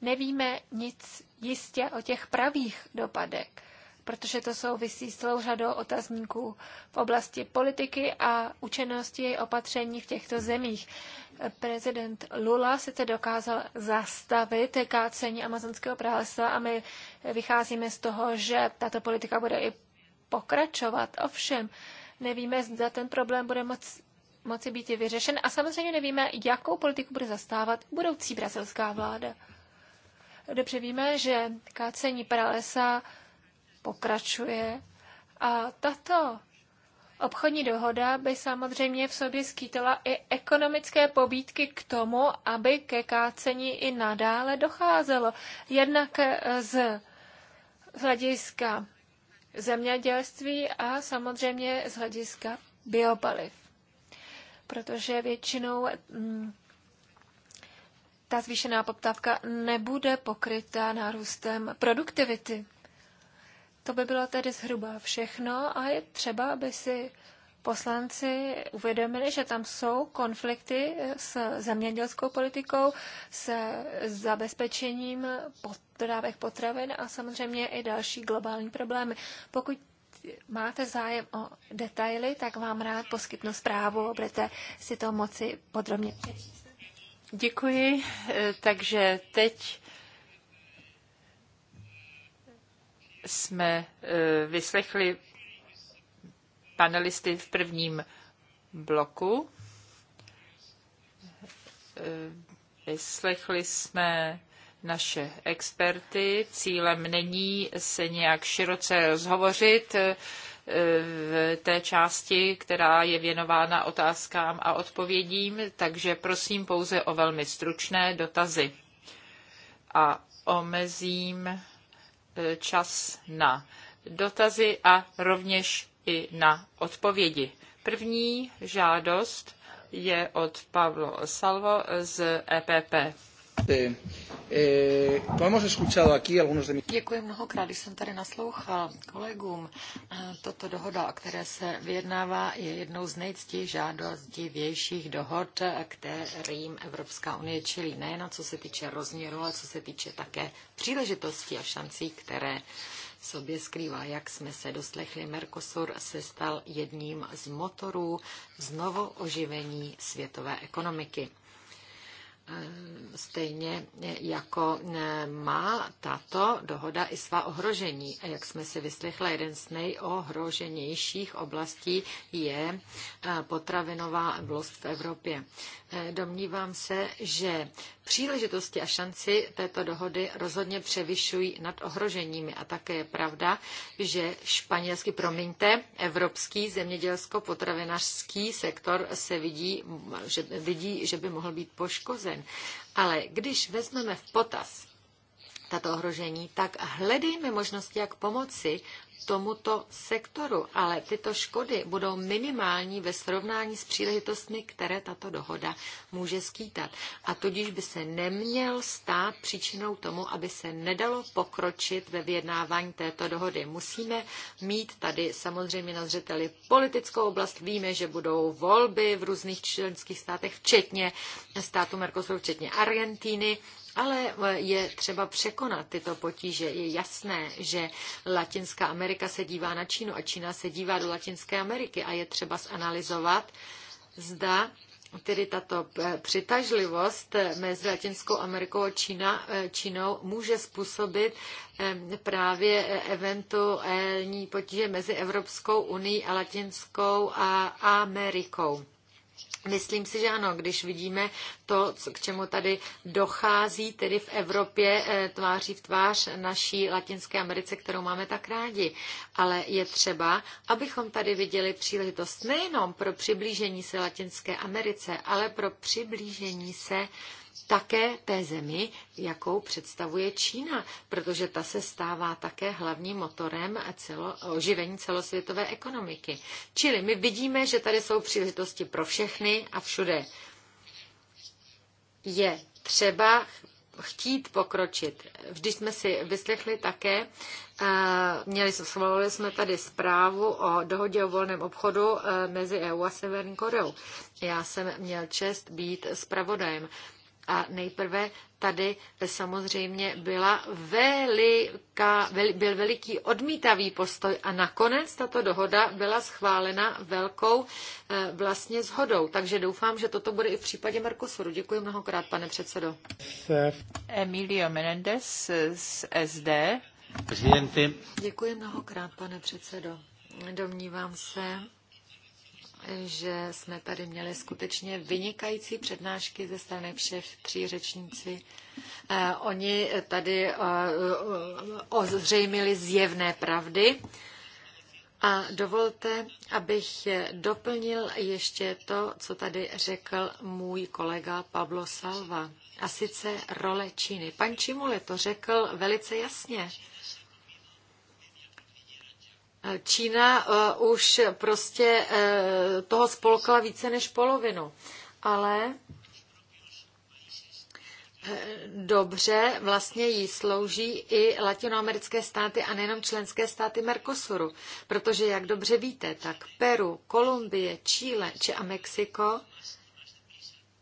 S4: nevíme nic jistě o těch pravých dopadech protože to souvisí s celou řadou otazníků v oblasti politiky a učenosti opatření v těchto zemích. Prezident Lula sice dokázal zastavit kácení amazonského pralesa a my vycházíme z toho, že tato politika bude i pokračovat. Ovšem, nevíme, zda ten problém bude moc moci být vyřešen a samozřejmě nevíme, jakou politiku bude zastávat budoucí brazilská vláda. Dobře víme, že kácení pralesa pokračuje. A tato obchodní dohoda by samozřejmě v sobě skýtala i ekonomické pobídky k tomu, aby ke kácení i nadále docházelo. Jednak eh, z hlediska zemědělství a samozřejmě z hlediska biopaliv. Protože většinou mm, ta zvýšená poptávka nebude pokryta nárůstem produktivity. To by bylo tedy zhruba všechno a je třeba, aby si poslanci uvědomili, že tam jsou konflikty s zemědělskou politikou, se zabezpečením dodávek potravin a samozřejmě i další globální problémy. Pokud máte zájem o detaily, tak vám rád poskytnu zprávu a budete si to moci podrobně
S2: přečíst. Děkuji. E, takže teď jsme e, vyslechli panelisty v prvním bloku. E, vyslechli jsme naše experty. Cílem není se nějak široce rozhovořit e, v té části, která je věnována otázkám a odpovědím, takže prosím pouze o velmi stručné dotazy. A omezím čas na dotazy a rovněž i na odpovědi. První žádost je od Pavlo
S3: Salvo z EPP. Eh, Děkuji mnohokrát, když jsem tady naslouchal kolegům. Eh, Toto dohoda, o které se vyjednává, je jednou z nejctivějších žádostivějších dohod, kterým Evropská unie čelí nejen co se týče rozměru, ale co se týče také příležitostí a šancí, které sobě skrývá. Jak jsme se doslechli, Mercosur se stal jedním z motorů znovu oživení světové ekonomiky stejně eh, jako eh, má tato dohoda i svá ohrožení. A jak jsme si vyslechli, jeden z nejohroženějších oblastí je eh, potravinová vlost v Evropě. Domnívám se, že Příležitosti a šanci této dohody rozhodně převyšují nad ohroženími a také je pravda, že španělský, promiňte, evropský zemědělsko-potravinářský sektor se vidí že, vidí, že by mohl být poškozen. Ale když vezmeme v potaz tato ohrožení, tak hledejme možnosti, jak pomoci tomuto sektoru, ale tyto škody budou minimální ve srovnání s příležitostmi, které tato dohoda může skýtat. A tudíž by se neměl stát příčinou tomu, aby se nedalo pokročit ve vyjednávání této dohody. Musíme mít tady samozřejmě na zřeteli politickou oblast. Víme, že budou volby v různých členských státech, včetně státu Mercosur, včetně Argentíny ale eh, je třeba překonat tyto potíže. Je jasné, že Latinská Amerika se dívá na Čínu a Čína se dívá do Latinské Ameriky a je třeba zanalizovat, zda tedy tato eh, přitažlivost eh, mezi Latinskou Amerikou a Čína, Čínou může způsobit právě eventuální potíže mezi Evropskou unii a Latinskou a Amerikou. Myslím si, že ano, když vidíme to, k čemu tady dochází, tedy v Evropě eh, tváří v tvář naší Latinské Americe, kterou máme tak rádi. Ale je třeba, abychom tady viděli příležitost nejenom pro přiblížení se Latinské Americe, ale pro přiblížení se také té zemi, jakou představuje Čína, protože ta se stává také hlavním motorem celo, oživení celosvětové ekonomiky. Čili my vidíme, že tady jsou příležitosti pro všechny a všude. Je třeba chtít pokročit. Vždy jsme si vyslechli také, eh, měli jsme, schválili jsme tady zprávu o dohodě o volném obchodu eh, mezi EU a Severní Koreou. Já jsem měl čest být zpravodajem. A nejprve tady samozřejmě byla veliká, byl veliký odmítavý postoj a nakonec tato dohoda byla schválena velkou eh, vlastně zhodou. Takže doufám, že toto bude i v případě Mercosuru. Děkuji mnohokrát, pane předsedo. Emilio Menendez z SD. Děkuji mnohokrát, pane předsedo. Domnívám se, že jsme tady měli skutečně vynikající přednášky ze strany všech tří řečníci. Eh, oni tady eh, eh, ozřejmili zjevné pravdy. A dovolte, abych doplnil ještě to, co tady řekl můj kolega Pablo Salva, a sice role Číny. Pan Čimule to řekl velice jasně. Čína eh, už prostě eh, toho spolkla více než polovinu, ale eh, dobře vlastně jí slouží i latinoamerické státy a nejenom členské státy Mercosuru, protože jak dobře víte, tak Peru, Kolumbie, Chile či a Mexiko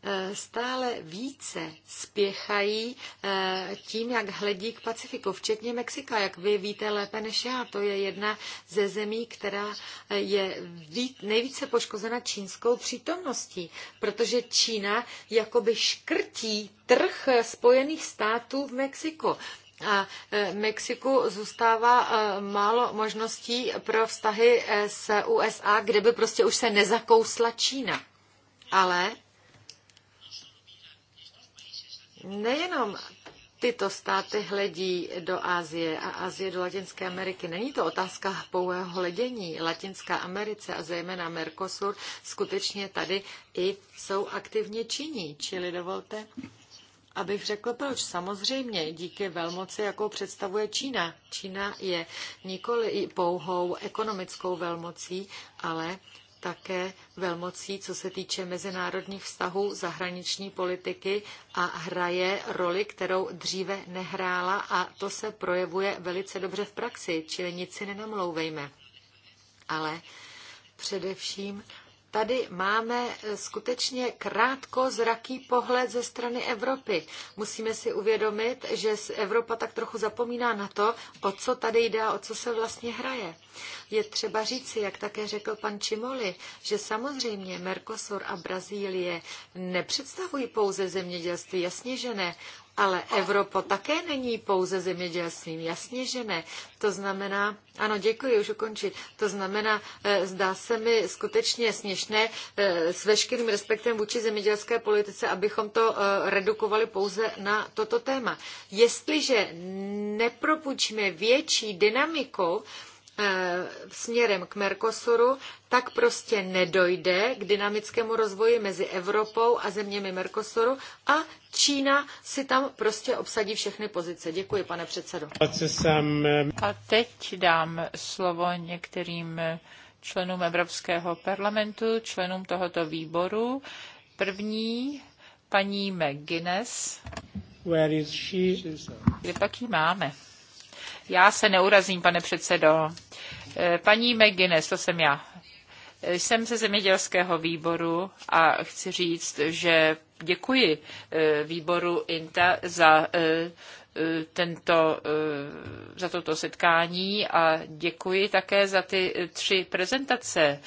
S3: Eh, stále více spěchají eh, tím, jak hledí k Pacifiku, včetně Mexika. Jak vy víte lépe než já, to je jedna ze zemí, která eh, je nejvíce poškozena čínskou přítomností, protože Čína jakoby škrtí trh Spojených států v Mexiku. A Mexiku zůstává málo možností pro vztahy s USA, kde by prostě už se nezakousla Čína. Ale nejenom tyto státy hledí do Asie a Asie do Latinské Ameriky. Není to otázka pouhého hledění. Latinská Americe a zejména Mercosur skutečně tady i jsou aktivně činí. Čili dovolte, abych řekl proč. Samozřejmě díky velmoci, jakou představuje Čína. Čína je nikoli i pouhou ekonomickou velmocí, ale také velmocí, co se týče mezinárodních vztahů, zahraniční politiky a hraje roli, kterou dříve nehrála a to se projevuje velice dobře v praxi, čili nic si nenamlouvejme. Ale především tady máme eh, skutečně krátkozraký pohled ze strany Evropy. Musíme si uvědomit, že Evropa tak trochu zapomíná na to, o co tady jde a o co se vlastně hraje. Je třeba říci, jak také řekl pan Čimoli, že samozřejmě Mercosur a Brazílie nepředstavují pouze zemědělství, jasně, že ne, ale Evropa také není pouze zemědělstvím, jasně, že ne. To znamená, ano, děkuji, už ukončit. To znamená, eh, zdá se mi skutečně směšné eh, s veškerým respektem vůči zemědělské politice, abychom to eh, redukovali pouze na toto téma. Jestliže nepropučíme větší dynamiku, Eh, směrem k Mercosuru, tak prostě nedojde k dynamickému rozvoji mezi Evropou a zeměmi Mercosuru a Čína si tam prostě obsadí všechny pozice. Děkuji, pane předsedo. A teď dám slovo některým členům
S2: Evropského parlamentu, členům tohoto výboru. První, paní McGuinness.
S1: Where is she?
S2: Kde pak ji máme? Já se neurazím, pane předsedo. Eh, paní McGuinness, to jsem já. Eh, jsem ze zemědělského výboru a chci říct, že děkuji eh, výboru INTA za Eh, tento, eh, za toto setkání a děkuji také za ty eh, tři prezentace.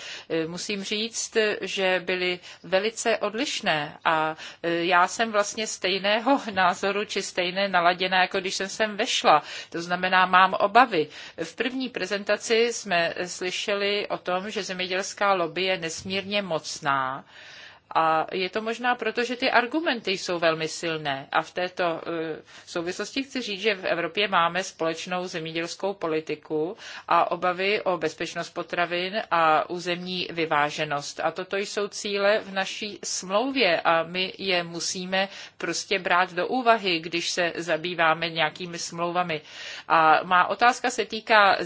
S2: Musím říct, že byly velice odlišné a já jsem vlastně stejného názoru či stejné naladěná, jako když jsem sem vešla. To znamená, mám obavy. V první prezentaci jsme slyšeli o tom, že zemědělská lobby je nesmírně mocná a je to možná proto, že ty argumenty jsou velmi silné. A v této eh, souvislosti chci říct, že v Evropě máme společnou zemědělskou politiku a obavy o bezpečnost potravin a územní vyváženost. A toto jsou cíle v naší smlouvě a my je musíme prostě brát do úvahy, když se zabýváme nějakými smlouvami. A má otázka se týká eh,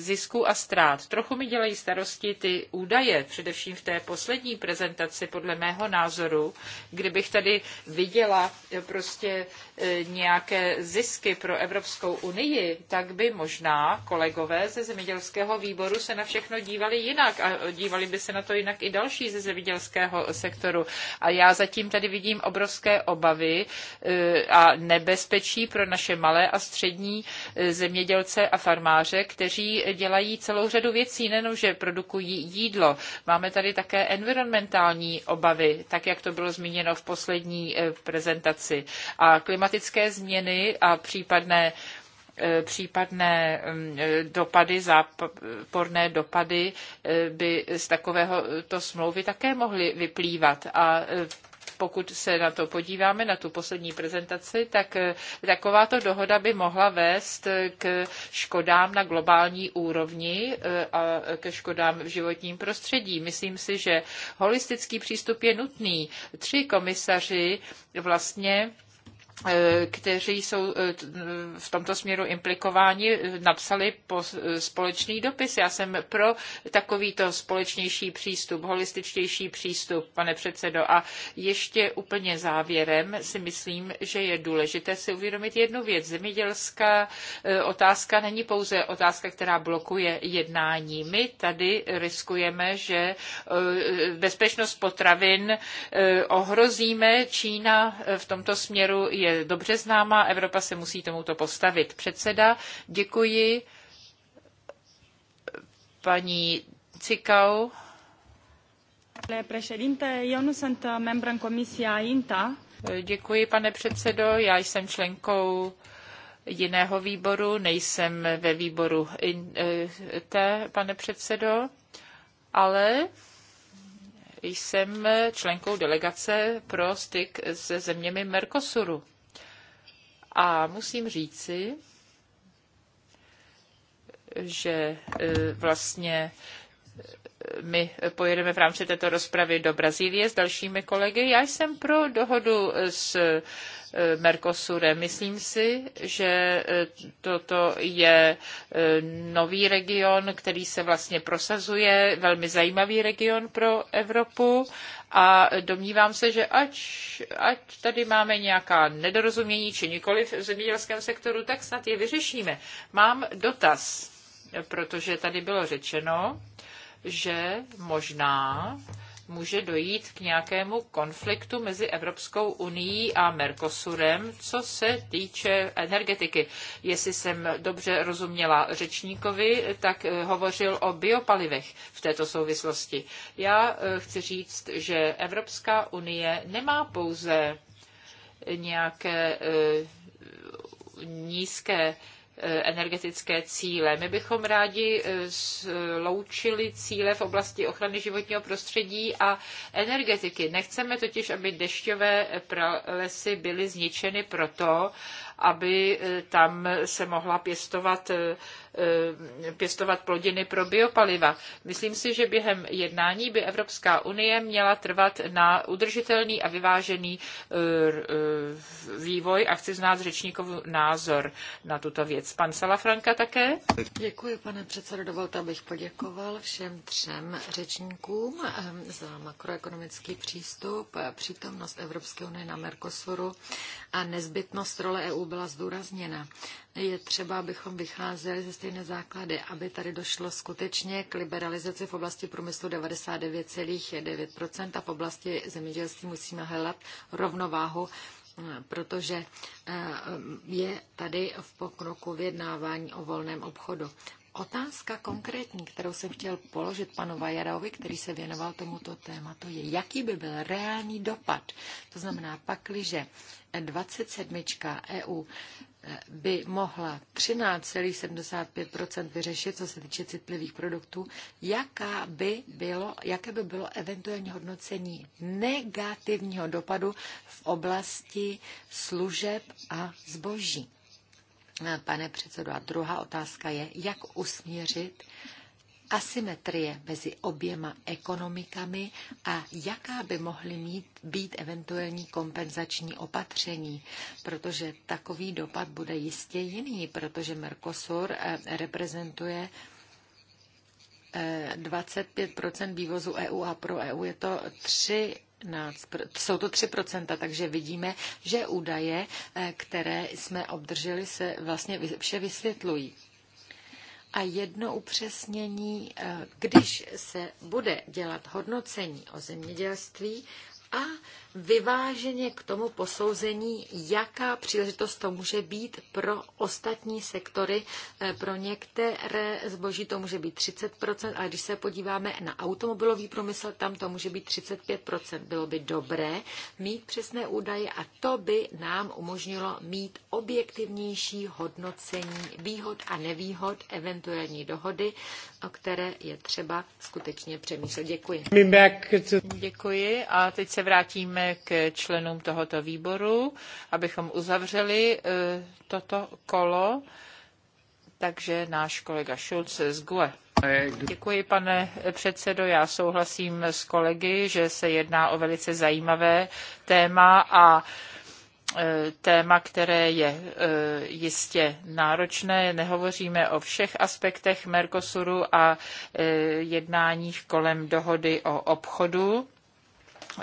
S2: zisku a ztrát. Trochu mi dělají starosti ty údaje, především v té poslední prezentaci podle podle mého názoru, kdybych tady viděla prostě E, nějaké zisky pro Evropskou unii, tak by možná kolegové ze zemědělského výboru se na všechno dívali jinak a dívali by se na to jinak i další ze zemědělského sektoru. A já zatím tady vidím obrovské obavy e, a nebezpečí pro naše malé a střední e, zemědělce a farmáře, kteří dělají celou řadu věcí, nejenom, že produkují jídlo. Máme tady také environmentální obavy, tak jak to bylo zmíněno v poslední prezentaci. A klimat klimatické změny a případné eh, případné mm, eh, dopady, záporné dopady eh, by z takového to smlouvy také mohly vyplývat. A pokud se na to podíváme, na tu poslední prezentaci, tak takováto dohoda by mohla vést k škodám na globální úrovni a ke škodám v životním prostředí. Myslím si, že holistický přístup je nutný. Tři komisaři vlastně Eh, kteří jsou eh, v tomto směru implikováni, eh, napsali po společný dopis. Já jsem pro takovýto společnější přístup, holističtější přístup, pane předsedo. A ještě úplně závěrem si myslím, že je důležité si uvědomit jednu věc. Zemědělská otázka není pouze otázka, která blokuje jednání. My tady riskujeme, že bezpečnost potravin ohrozíme. Čína v tomto směru je je dobře známa Evropa se musí tomuto postavit. Předseda, děkuji paní Cikau. Uh, děkuji, pane předsedo. Já jsem členkou jiného výboru, nejsem ve výboru INTE, eh, pane předsedo, ale jsem členkou delegace pro styk se zeměmi Mercosuru. A musím říci, že e, vlastně e, my pojedeme v rámci této rozpravy do Brazílie s dalšími kolegy. Já jsem pro dohodu s e, Mercosurem. Myslím si, že toto je nový region, který se vlastně prosazuje, velmi zajímavý region pro Evropu a domnívám se, že ať, ať tady máme nějaká nedorozumění či nikoli v zemědělském sektoru, tak snad je vyřešíme. Mám dotaz, protože tady bylo řečeno, že možná může dojít k nějakému konfliktu mezi Evropskou unii a Mercosurem, co se týče energetiky. Jestli jsem dobře rozuměla řečníkovi, tak eh, hovořil o biopalivech v této souvislosti. Já eh, chci říct, že Evropská unie nemá pouze nějaké eh, nízké energetické cíle. My bychom rádi eh, sloučili cíle v oblasti ochrany životního prostředí a energetiky. Nechceme totiž, aby dešťové pralesy byly zničeny proto, aby eh, tam se mohla pěstovat, eh, eh, pěstovat plodiny pro biopaliva. Myslím si, že během jednání by Evropská unie měla trvat na udržitelný a vyvážený vývoj a chci znát řečníkový názor na tuto věc. Pan
S3: Salafranka také? Děkuji, pane předsedo. Dovolte, abych poděkoval všem třem řečníkům za makroekonomický přístup, přítomnost Evropské unie na Mercosuru a nezbytnost role EU byla zdůrazněna. Je třeba, abychom vycházeli ze stejné základy, aby tady došlo skutečně k liberalizaci v oblasti průmyslu 99,9% a v oblasti zemědělství musíme hledat rovnováhu protože eh, je tady v pokroku vyjednávání o volném obchodu. Otázka konkrétní, kterou jsem chtěl položit panu Vajarovi, který se věnoval tomuto tématu, je, jaký by byl reálný dopad. To znamená, že 27. EU by mohla 13,75 vyřešit, co se týče citlivých produktů, jaká by bylo, jaké by bylo eventuální hodnocení negativního dopadu v oblasti služeb a zboží pane předsedo. A druhá otázka je, jak usměřit asymetrie mezi oběma ekonomikami a jaká by mohly mít, být eventuální kompenzační opatření, protože takový dopad bude jistě jiný, protože Mercosur eh, reprezentuje 25 eh, vývozu EU a pro EU je to 3 jsou to 3%, takže vidíme, že údaje, eh, které jsme obdrželi, se vlastně vše vysvětlují. A jedno upřesnění, eh, když se bude dělat hodnocení o zemědělství, a vyváženě k tomu posouzení, jaká příležitost to může být pro ostatní sektory. Eh, pro některé zboží to může být 30%, ale když se podíváme na automobilový průmysl, tam to může být 35%. Bylo by dobré mít přesné údaje a to by nám umožnilo mít objektivnější hodnocení výhod a nevýhod eventuální dohody o které je třeba skutečně přemýšlet. Děkuji.
S2: Děkuji a teď se
S3: vrátíme
S2: k členům tohoto výboru, abychom uzavřeli e, toto kolo. Takže náš kolega Schulz z GUE. Děkuji, pane předsedo. Já souhlasím s kolegy, že se jedná o velice zajímavé téma a Eh, téma, které je eh, jistě náročné. Nehovoříme o všech aspektech Mercosuru a eh, jednáních kolem dohody o obchodu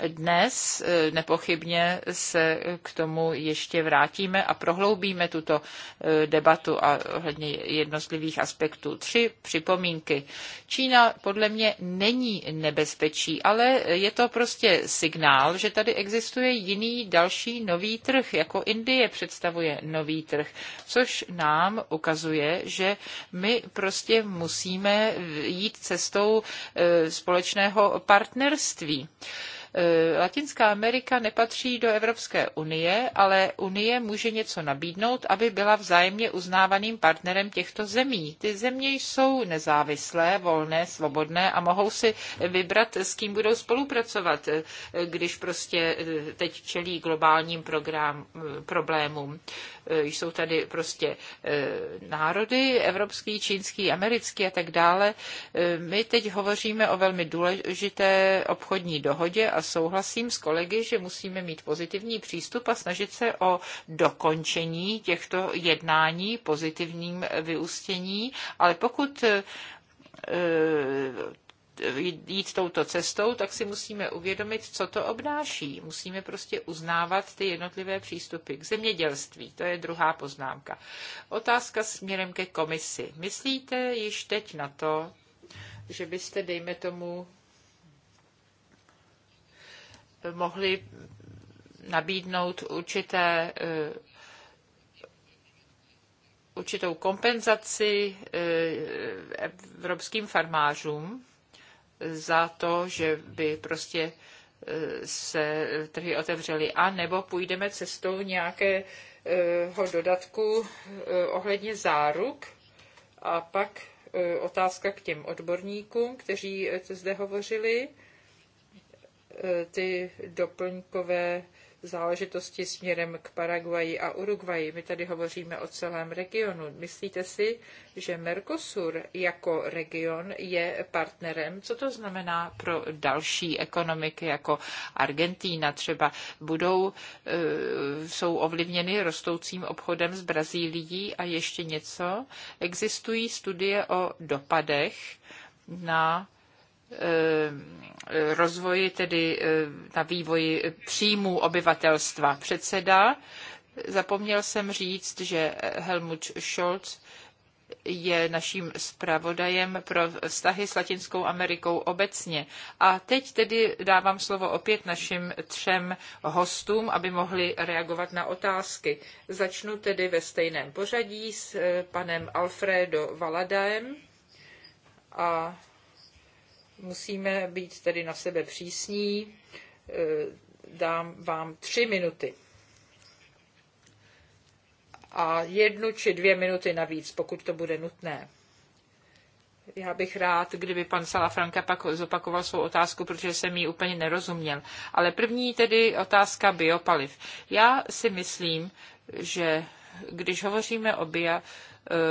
S2: dnes e, nepochybně se k tomu ještě vrátíme a prohloubíme tuto e, debatu a ohledně jednotlivých aspektů. Tři připomínky. Čína podle mě není nebezpečí, ale je to prostě signál, že tady existuje jiný další nový trh, jako Indie představuje nový trh, což nám ukazuje, že my prostě musíme jít cestou e, společného partnerství. Eh, Latinská Amerika nepatří do Evropské unie, ale unie může něco nabídnout, aby byla vzájemně uznávaným partnerem těchto zemí. Ty země jsou nezávislé, volné, svobodné a mohou si vybrat, s kým budou spolupracovat, eh, když prostě eh, teď čelí globálním program, problémům. Jsou tady prostě národy, evropský, čínský, americký a tak dále. My teď hovoříme o velmi důležité obchodní dohodě a souhlasím s kolegy, že musíme mít pozitivní přístup a snažit se o dokončení těchto jednání, pozitivním vyústění, ale pokud eh, eh, jít touto cestou, tak si musíme uvědomit, co to obnáší. Musíme prostě uznávat ty jednotlivé přístupy k zemědělství. To je druhá poznámka. Otázka směrem ke komisi. Myslíte již teď na to, že byste, dejme tomu, mohli nabídnout určité, eh, určitou kompenzaci eh, evropským farmářům za to, že by prostě eh, se trhy otevřely, a nebo půjdeme cestou nějakého dodatku ohledně záruk a pak otázka k těm odborníkům, kteří zde hovořili. Eh, ty doplňkové záležitosti směrem k Paraguaji a Uruguayi. My tady hovoříme o celém regionu. Myslíte si, že Mercosur jako region je partnerem? Co to znamená pro další ekonomiky jako Argentína třeba? Budou, eh, jsou ovlivněny rostoucím obchodem s Brazílií a ještě něco? Existují studie o dopadech na Eh, rozvoji, tedy eh, na vývoji příjmů obyvatelstva. Předseda, zapomněl jsem říct, že Helmut Scholz je naším zpravodajem pro vztahy s Latinskou Amerikou obecně. A teď tedy dávám slovo opět našim třem hostům, aby mohli reagovat na otázky. Začnu tedy ve stejném pořadí s eh, panem Alfredo Valadaem a Musíme být tedy na sebe přísní. E, dám vám tři minuty. A jednu či dvě minuty navíc, pokud to bude nutné. Já bych rád, kdyby pan Salafranka pak zopakoval svou otázku, protože jsem ji úplně nerozuměl. Ale první tedy otázka biopaliv. Já si myslím, že když hovoříme o bio, e,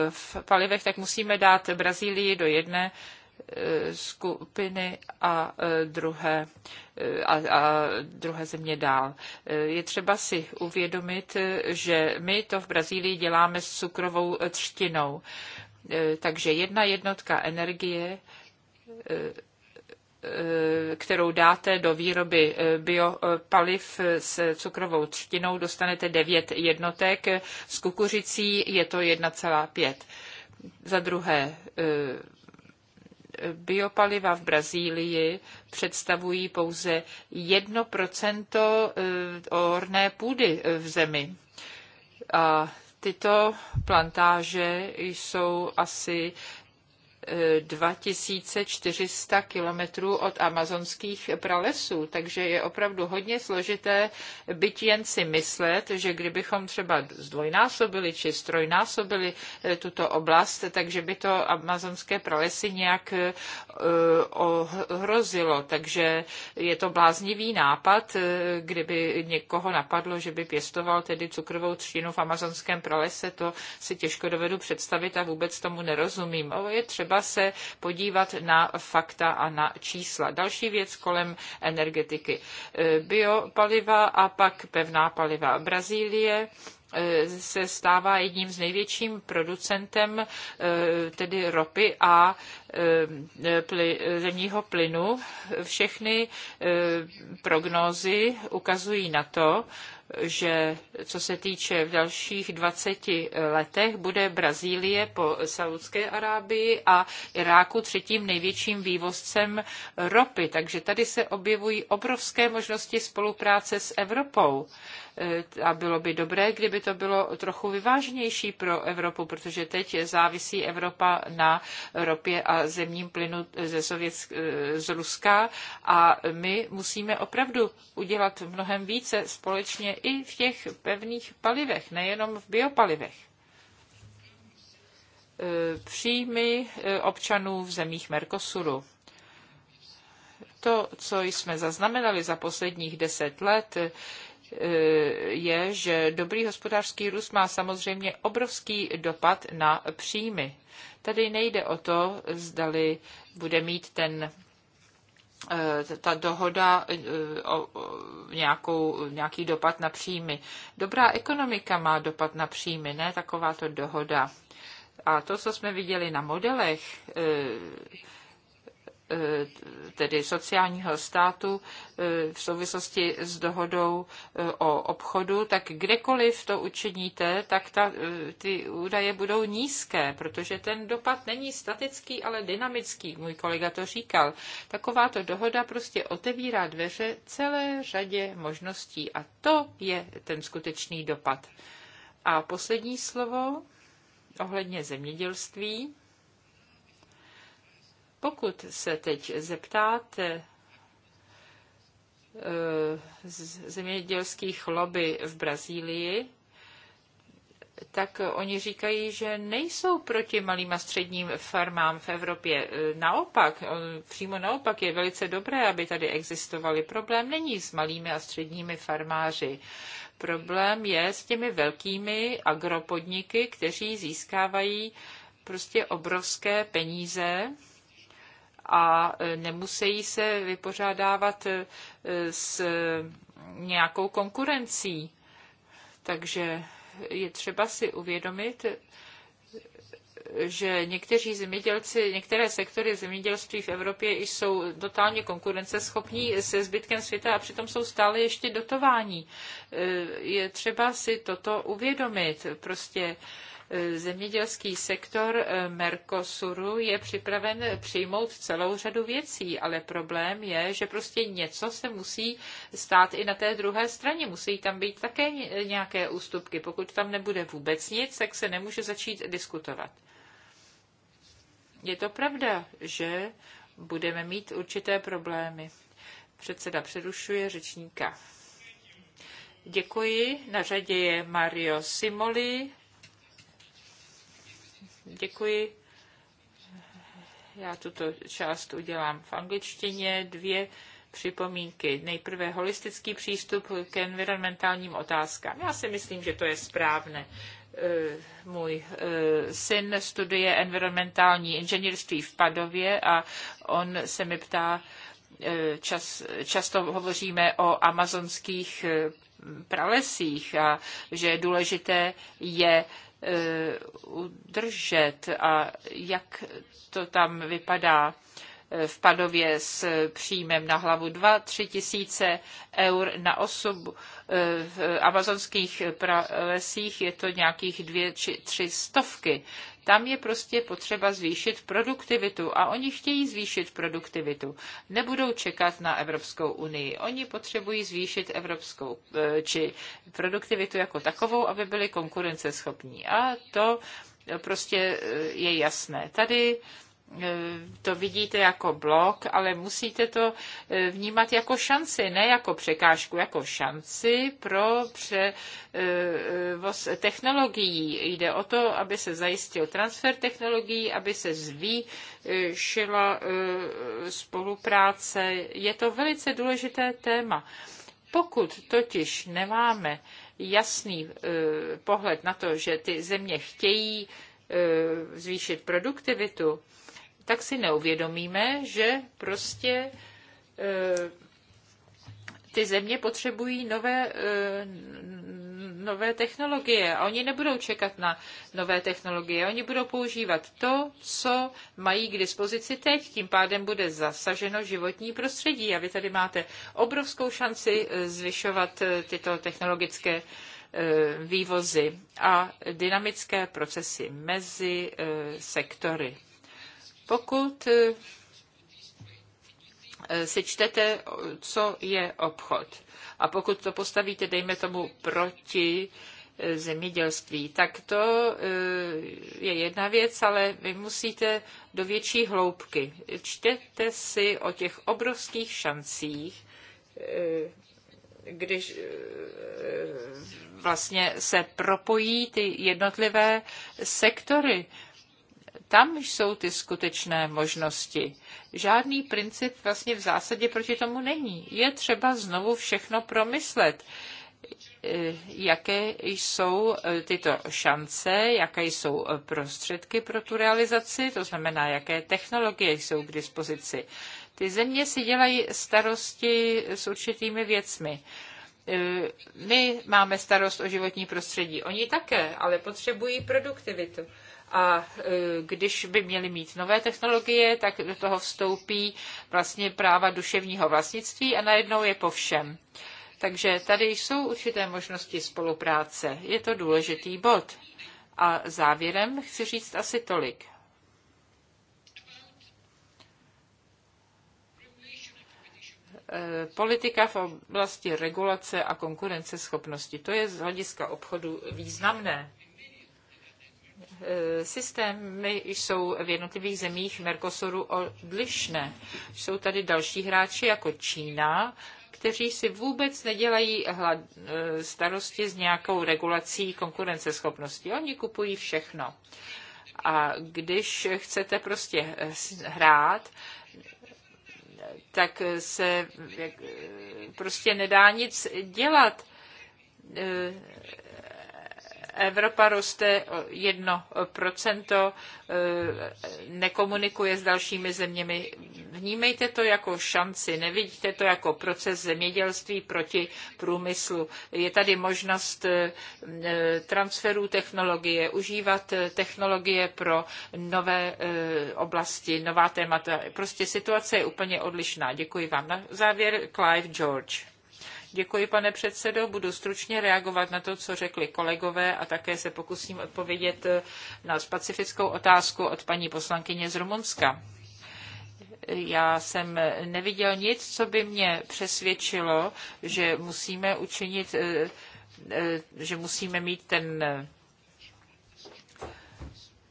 S2: v palivech, tak musíme dát Brazílii do jedné skupiny a e, druhé, e, a, a druhé země dál. E, je třeba si uvědomit, že my to v Brazílii děláme s cukrovou třtinou. Takže jedna jednotka energie kterou dáte do výroby biopaliv s cukrovou třtinou, dostanete 9 jednotek, s kukuřicí je to 1,5. Za druhé biopaliva v Brazílii představují pouze 1% eh, orné půdy eh, v zemi. A tyto plantáže jsou asi 2400 kilometrů od amazonských pralesů, takže je opravdu hodně složité byť jen si myslet, že kdybychom třeba zdvojnásobili či strojnásobili eh, tuto oblast, takže by to amazonské pralesy nějak eh, ohrozilo. Takže je to bláznivý nápad, eh, kdyby někoho napadlo, že by pěstoval tedy cukrovou třtinu v amazonském pralese, to si těžko dovedu představit a vůbec tomu nerozumím. Je třeba třeba se podívat na fakta a na čísla. Další věc kolem energetiky. E, biopaliva a pak pevná paliva. Brazílie E, se stává jedním z největším producentem e, tedy ropy a e, zemního plynu. Všechny prognózy ukazují na to, že co se týče v dalších 20 letech, bude Brazílie po Saudské Arábii a Iráku třetím největším vývozcem ropy. Takže tady se objevují obrovské možnosti spolupráce s Evropou Eh, a bylo by dobré, kdyby to bylo trochu vyváženější pro Evropu, protože teď závisí Evropa na ropě a zemním plynu ze, Sovětsk, eh, z Ruska a my musíme opravdu udělat mnohem více společně i v těch pevných palivech, nejenom v biopalivech eh, příjmy občanů v zemích Mercosuru. To, co jsme zaznamenali za posledních deset let, je, že dobrý hospodářský růst má samozřejmě obrovský dopad na příjmy. Tady nejde o to, zdali bude mít ten eh, ta dohoda eh, o nějakou, nějaký dopad na příjmy. Dobrá ekonomika má dopad na příjmy, ne takováto dohoda. A to, co jsme viděli na modelech, eh, Eh, tedy sociálního státu eh, v souvislosti s dohodou eh, o obchodu, tak kdekoliv to učiníte, tak ta, ty údaje budou nízké, protože ten dopad není statický, ale dynamický. Můj kolega to říkal. Takováto dohoda prostě otevírá dveře celé řadě možností a to je ten skutečný dopad. A poslední slovo ohledně zemědělství pokud se teď zeptáte eh, zemědělských lobby v Brazílii, tak oni říkají, že nejsou proti malým a středním farmám v Evropě. Eh, naopak, eh, přímo naopak je velice dobré, aby tady existovaly. Problém není s malými a středními farmáři. Problém je s těmi velkými agropodniky, kteří získávají prostě obrovské peníze a e, nemusí se vypořádávat e, s e, nějakou konkurencí. Takže je třeba si uvědomit, že někteří zemědělci, některé sektory zemědělství v Evropě jsou totálně konkurenceschopní se zbytkem světa a přitom jsou stále ještě dotování. Je třeba si toto uvědomit. Prostě Zemědělský sektor eh, Mercosuru je připraven přijmout celou řadu věcí, ale problém je, že prostě něco se musí stát i na té druhé straně. Musí tam být také nějaké ústupky. Pokud tam nebude vůbec nic, tak se nemůže začít diskutovat. Je to pravda, že budeme mít určité problémy. Předseda přerušuje řečníka. Děkuji. Na řadě je Mario Simoli Děkuji. Já tuto část udělám v angličtině. Dvě připomínky. Nejprve holistický přístup k environmentálním otázkám. Já si myslím, že to je správné e, můj e, syn studuje environmentální inženýrství v Padově a on se mi ptá, e, čas, často hovoříme o amazonských pralesích a že důležité je Eh, udržet a jak to tam vypadá v Padově s příjmem na hlavu 2-3 tisíce eur na osobu. V amazonských lesích je to nějakých dvě či tři stovky. Tam je prostě potřeba zvýšit produktivitu a oni chtějí zvýšit produktivitu. Nebudou čekat na Evropskou unii. Oni potřebují zvýšit evropskou eh, či produktivitu jako takovou, aby byli konkurenceschopní. A to prostě eh, je jasné. Tady Eh, to vidíte jako blok, ale musíte to eh, vnímat jako šanci, ne jako překážku, jako šanci pro převoz eh, technologií. Jde o to, aby se zajistil transfer technologií, aby se zvýšila spolupráce. Je to velice důležité téma. Pokud totiž nemáme jasný pohled na to, že ty země chtějí zvýšit produktivitu, tak si neuvědomíme, že prostě eh, ty země potřebují nové, eh, nové technologie a oni nebudou čekat na nové technologie, oni budou používat to, co mají k dispozici teď, tím pádem bude zasaženo životní prostředí a vy tady máte obrovskou šanci eh, zvyšovat tyto technologické vývozy a dynamické procesy mezi sektory. Pokud eh, eh, si čtete, co je obchod, a pokud to postavíte, dejme tomu, proti eh, zemědělství. Tak to je jedna věc, ale vy musíte do větší hloubky. Čtěte si o těch obrovských šancích, když vlastně se propojí ty jednotlivé sektory. Tam jsou ty skutečné možnosti. Žádný princip vlastně v zásadě proti tomu není. Je třeba znovu všechno promyslet eh, jaké jsou eh, tyto šance, jaké jsou eh, prostředky pro tu realizaci, to znamená, jaké technologie jsou k dispozici. Ty země si dělají starosti s určitými věcmi. My máme starost o životní prostředí, oni také, ale potřebují produktivitu a e, když by měli mít nové technologie, tak do toho vstoupí vlastně práva duševního vlastnictví a najednou je po všem. Takže tady jsou určité možnosti spolupráce. Je to důležitý bod. A závěrem chci říct asi tolik. E, politika v oblasti regulace a konkurenceschopnosti. To je z hlediska obchodu významné. Eh, systémy jsou v jednotlivých zemích Mercosuru odlišné. Jsou tady další hráči jako Čína, kteří si vůbec nedělají eh, starosti s nějakou regulací konkurenceschopnosti. Oni kupují všechno. A když chcete prostě hrát, tak se eh, prostě nedá nic dělat Evropa roste o procento, eh, nekomunikuje s dalšími zeměmi. Vnímejte to jako šanci, nevidíte to jako proces zemědělství proti průmyslu. Je tady možnost eh, transferu technologie, užívat eh, technologie pro nové oblasti, nová témata. Prostě situace je úplně odlišná. Děkuji vám. Na závěr Clive George. Děkuji, pane předsedo. Budu stručně reagovat na to, co řekli kolegové a také se pokusím odpovědět eh, na specifickou otázku od paní poslankyně z Rumunska. Já jsem neviděl nic, co by mě přesvědčilo, že musíme učinit eh, eh, že musíme mít ten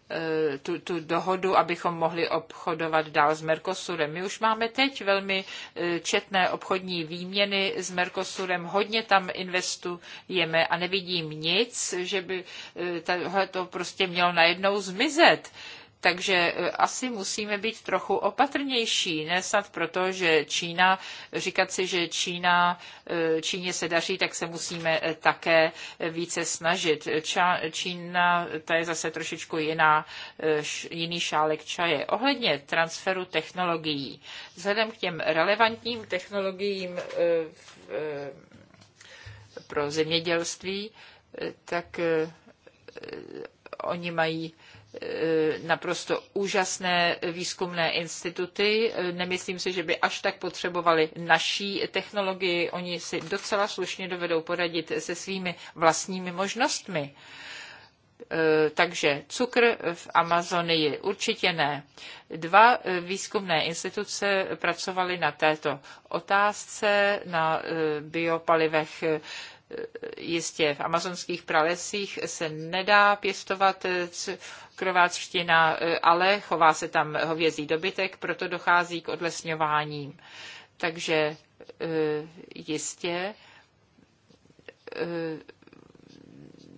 S2: Eh, tu, tu dohodu, abychom mohli obchodovat dál s Mercosurem. My už máme teď velmi eh, četné obchodní výměny s Mercosurem, hodně tam investujeme a nevidím nic, že by eh, to prostě mělo najednou zmizet. Takže e, asi musíme být trochu opatrnější, ne snad proto, že Čína, říkat si, že Čína, e, Číně se daří, tak se musíme e, také více snažit. Čína, ta je zase trošičku jiná, jiný šálek čaje. Ohledně transferu technologií, vzhledem k těm relevantním technologiím pro zemědělství, tak oni mají Eh, naprosto úžasné výzkumné instituty. Eh, nemyslím si, že by až tak potřebovali naší technologii. Oni si docela slušně dovedou poradit se svými vlastními možnostmi. Eh, takže cukr v Amazonii určitě ne. Dva výzkumné instituce pracovaly na této otázce, na biopalivech jistě v amazonských pralesích se nedá pěstovat krovácština, ale chová se tam hovězí dobytek, proto dochází k odlesňování. Takže e, jistě e,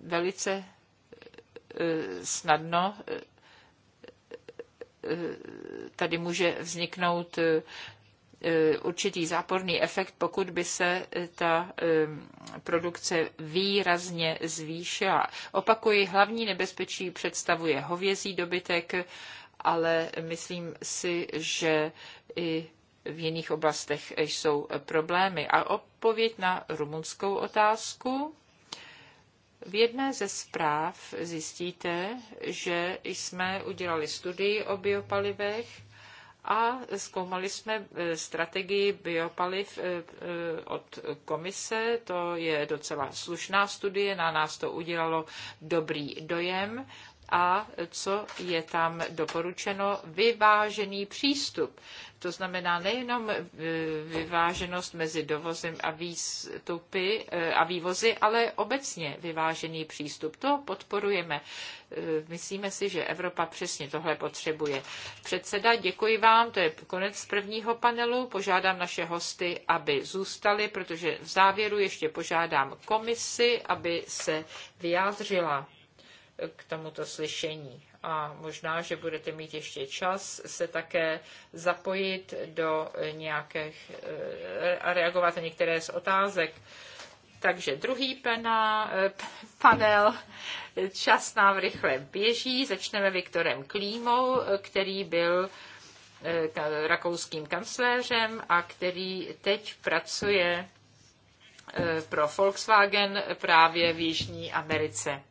S2: velice e, snadno tady může vzniknout E, určitý záporný efekt, pokud by se e, ta e, produkce výrazně zvýšila. Opakuji, hlavní nebezpečí představuje hovězí dobytek, ale myslím si, že i v jiných oblastech jsou problémy. A odpověď na rumunskou otázku. V jedné ze zpráv zjistíte, že jsme udělali studii o biopalivech a zkoumali jsme e, strategii biopaliv e, e, od komise. To je docela slušná studie, na nás to udělalo dobrý dojem a co je tam doporučeno, vyvážený přístup. To znamená nejenom e, vyváženost mezi dovozem a výstupy e, a vývozy, ale obecně vyvážený přístup. To podporujeme. E, myslíme si, že Evropa přesně tohle potřebuje. Předseda, děkuji vám. To je konec prvního panelu. Požádám naše hosty, aby zůstali, protože v závěru ještě požádám komisi, aby se vyjádřila k tomuto slyšení. A možná, že budete mít ještě čas se také zapojit do nějakých eh, a reagovat na některé z otázek. Takže druhý pena, eh, panel, čas nám rychle běží. Začneme Viktorem Klímou, který byl eh, rakouským kancléřem a který teď pracuje pro Volkswagen právě v Jižní Americe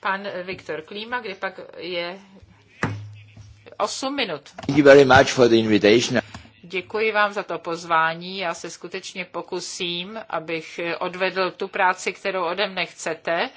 S2: pan Viktor Klima, kde pak je 8 minut. Thank you very much for the invitation. Děkuji vám za to pozvání. Já se skutečně pokusím, abych odvedl tu práci, kterou ode mne chcete.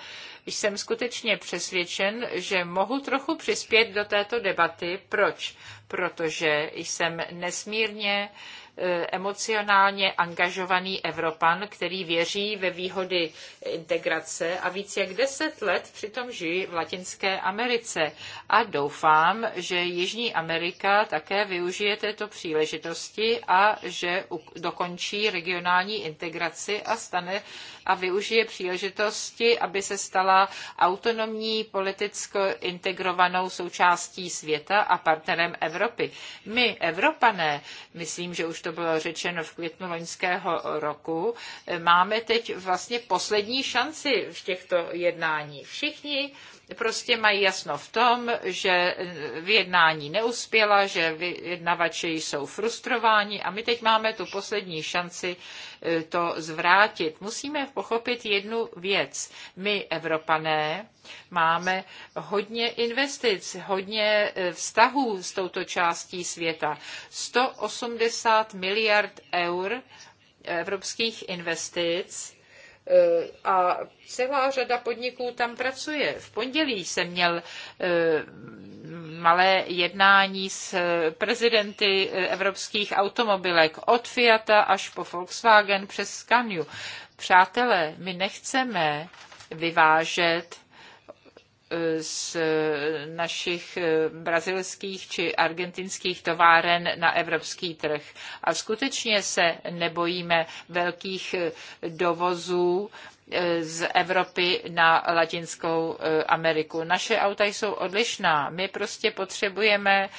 S2: Jsem skutečně přesvědčen, že mohu trochu přispět do této debaty. Proč? Protože jsem nesmírně uh, Eh, emocionálně angažovaný Evropan, který věří ve výhody integrace a víc jak deset let přitom žijí v Latinské Americe. A doufám, že Jižní Amerika také využije této příležitosti a že dokončí regionální integraci a stane a využije příležitosti, aby se stala autonomní politicko integrovanou součástí světa a partnerem Evropy. My, Evropané, myslím, že už to bylo řečeno v květnu loňského roku, máme teď vlastně poslední šanci v těchto jednáních. Všichni prostě mají jasno v tom, že vyjednání neuspěla, že vyjednavači jsou frustrováni a my teď máme tu poslední šanci eh, to zvrátit. Musíme pochopit jednu věc. My, Evropané, máme hodně investic, hodně eh, vztahů s touto částí světa. 180 miliard eur eh, evropských investic E, a celá řada podniků tam pracuje. V pondělí jsem měl e, malé jednání s prezidenty evropských automobilek od Fiata až po Volkswagen přes Scania. Přátelé, my nechceme vyvážet z našich eh, brazilských či argentinských továren na evropský trh. A skutečně se nebojíme velkých eh, dovozů eh, z Evropy na Latinskou Ameriku. Naše auta jsou odlišná. My prostě potřebujeme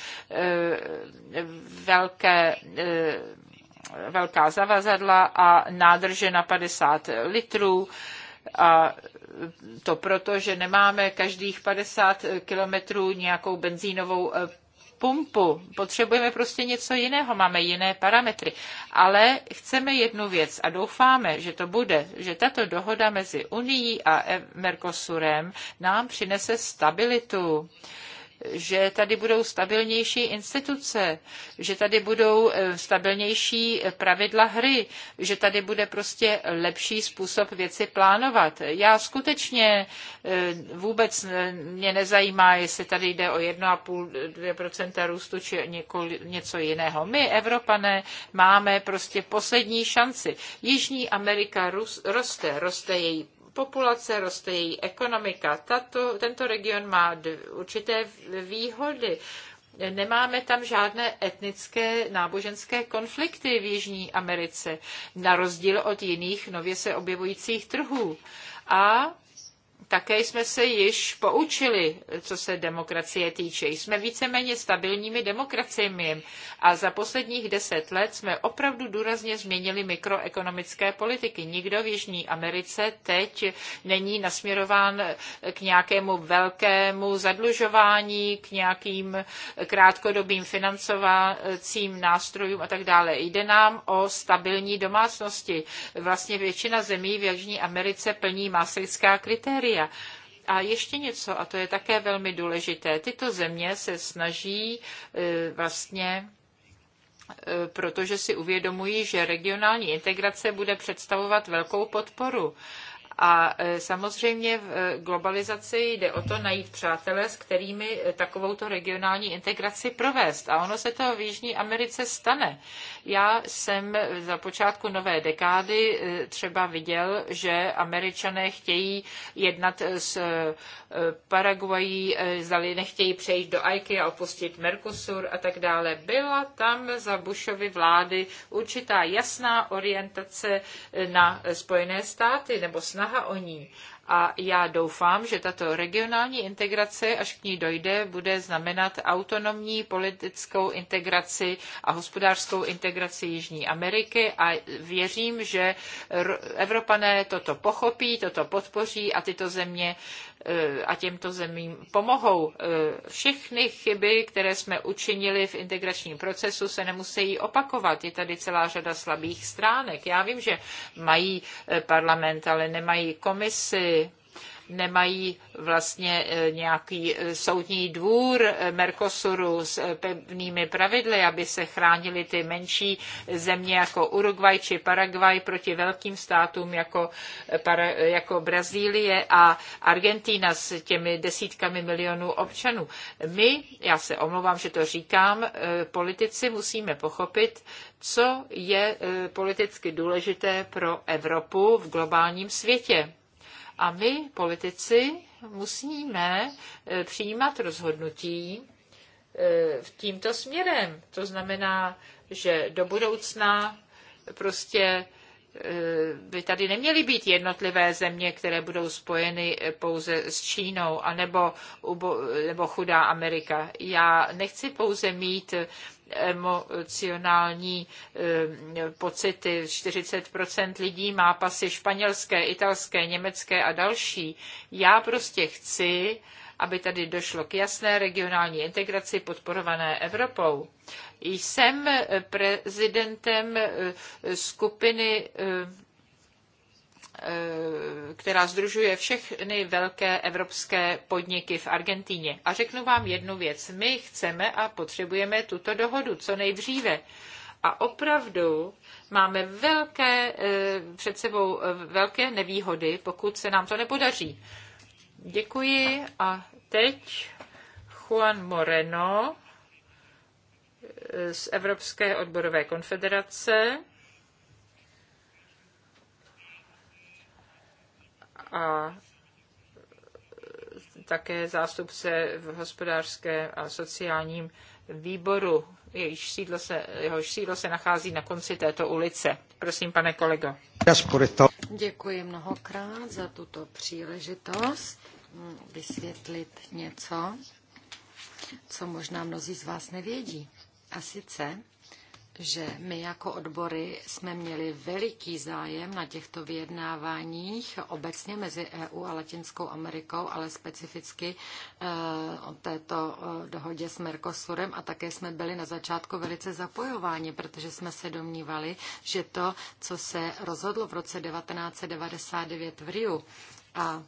S2: velké velká zavazadla a nádrže na 50 litrů a to proto, že nemáme každých 50 kilometrů nějakou benzínovou e, pumpu, potřebujeme prostě něco jiného, máme jiné parametry. Ale chceme jednu věc a doufáme, že to bude, že tato dohoda mezi Unií a Mercosurem nám přinese stabilitu. Uh, že tady budou stabilnější instituce, že tady budou eh, stabilnější pravidla hry, že tady bude prostě lepší způsob věci plánovat. Já skutečně eh, vůbec mě nezajímá, jestli tady jde o 1,5-2% růstu či něco jiného. My, Evropané, máme prostě poslední šanci. Jižní Amerika roste, roste její populace, roste její ekonomika. Tato, tento region má určité výhody. Nemáme tam žádné etnické náboženské konflikty v Jižní Americe, na rozdíl od jiných nově se objevujících trhů. A také jsme se již poučili, co se demokracie týče. Jsme víceméně stabilními demokraciemi a za posledních deset let jsme opravdu důrazně změnili mikroekonomické politiky. Nikdo v Jižní Americe teď není nasměrován k nějakému velkému zadlužování, k nějakým krátkodobým financovacím nástrojům a tak dále. Jde nám o stabilní domácnosti. Vlastně většina zemí v Jižní Americe plní maastrichtská kritéria a ještě něco, a to je také velmi důležité. Tyto země se snaží e, vlastně e, protože si uvědomují, že regionální integrace bude představovat velkou podporu. A e, samozřejmě v e, globalizaci jde o to najít přátelé, s kterými e, takovouto regionální integraci provést. A ono se to v Jižní Americe stane. Já jsem za počátku nové dekády třeba viděl, že američané chtějí jednat s Paraguají, zdali nechtějí přejít do Ajky a opustit Mercosur a tak dále. Byla tam za Bushovy vlády určitá jasná orientace na Spojené státy nebo snad snaha o ní. A já doufám, že tato regionální integrace, až k ní dojde, bude znamenat autonomní politickou integraci a hospodářskou integraci Jižní Ameriky a věřím, že Evropané toto pochopí, toto podpoří a tyto země Eh, a těmto zemím pomohou. Eh, všechny chyby, které jsme učinili v integračním procesu, se nemusí opakovat. Je tady celá řada slabých stránek. Já vím, že mají eh, parlament, ale nemají komisi, nemají vlastně e, nějaký e, soudní dvůr Mercosuru s e, pevnými pravidly, aby se chránili ty menší země jako Uruguay či Paraguay proti velkým státům jako, jako Brazílie a Argentina s těmi desítkami milionů občanů. My, já se omlouvám, že to říkám, politici musíme pochopit, co je politicky důležité pro Evropu v globálním světě. A my, politici, musíme eh, přijímat rozhodnutí v eh, tímto směrem. To znamená, že do budoucna prostě Eh, by tady neměly být jednotlivé země, které budou spojeny eh, pouze s Čínou, anebo nebo chudá Amerika. Já nechci pouze mít eh, emocionální pocity. 40% lidí má pasy španělské, italské, německé a další. Já prostě chci, aby tady došlo k jasné regionální integraci podporované Evropou. Jsem prezidentem eh, skupiny eh, eh, která združuje všechny velké evropské podniky v Argentíně. A řeknu vám jednu věc. My chceme a potřebujeme tuto dohodu co nejdříve. A opravdu máme velké, před sebou velké nevýhody, pokud se nám to nepodaří. Děkuji a teď Juan Moreno z Evropské odborové konfederace. A také zástupce v hospodářském a sociálním výboru, jehož sídlo se, jehož sídlo se nachází na konci této ulice. Prosím, pane kolego.
S3: Děkuji mnohokrát za tuto příležitost hm, vysvětlit něco, co možná mnozí z vás nevědí. A sice, že my jako odbory jsme měli veliký zájem na těchto vyjednáváních obecně mezi EU a Latinskou Amerikou, ale specificky eh, o této eh, dohodě s Mercosurem a také jsme byli na začátku velice zapojováni, protože jsme se domnívali, že to, co se rozhodlo v roce 1999 v Riu a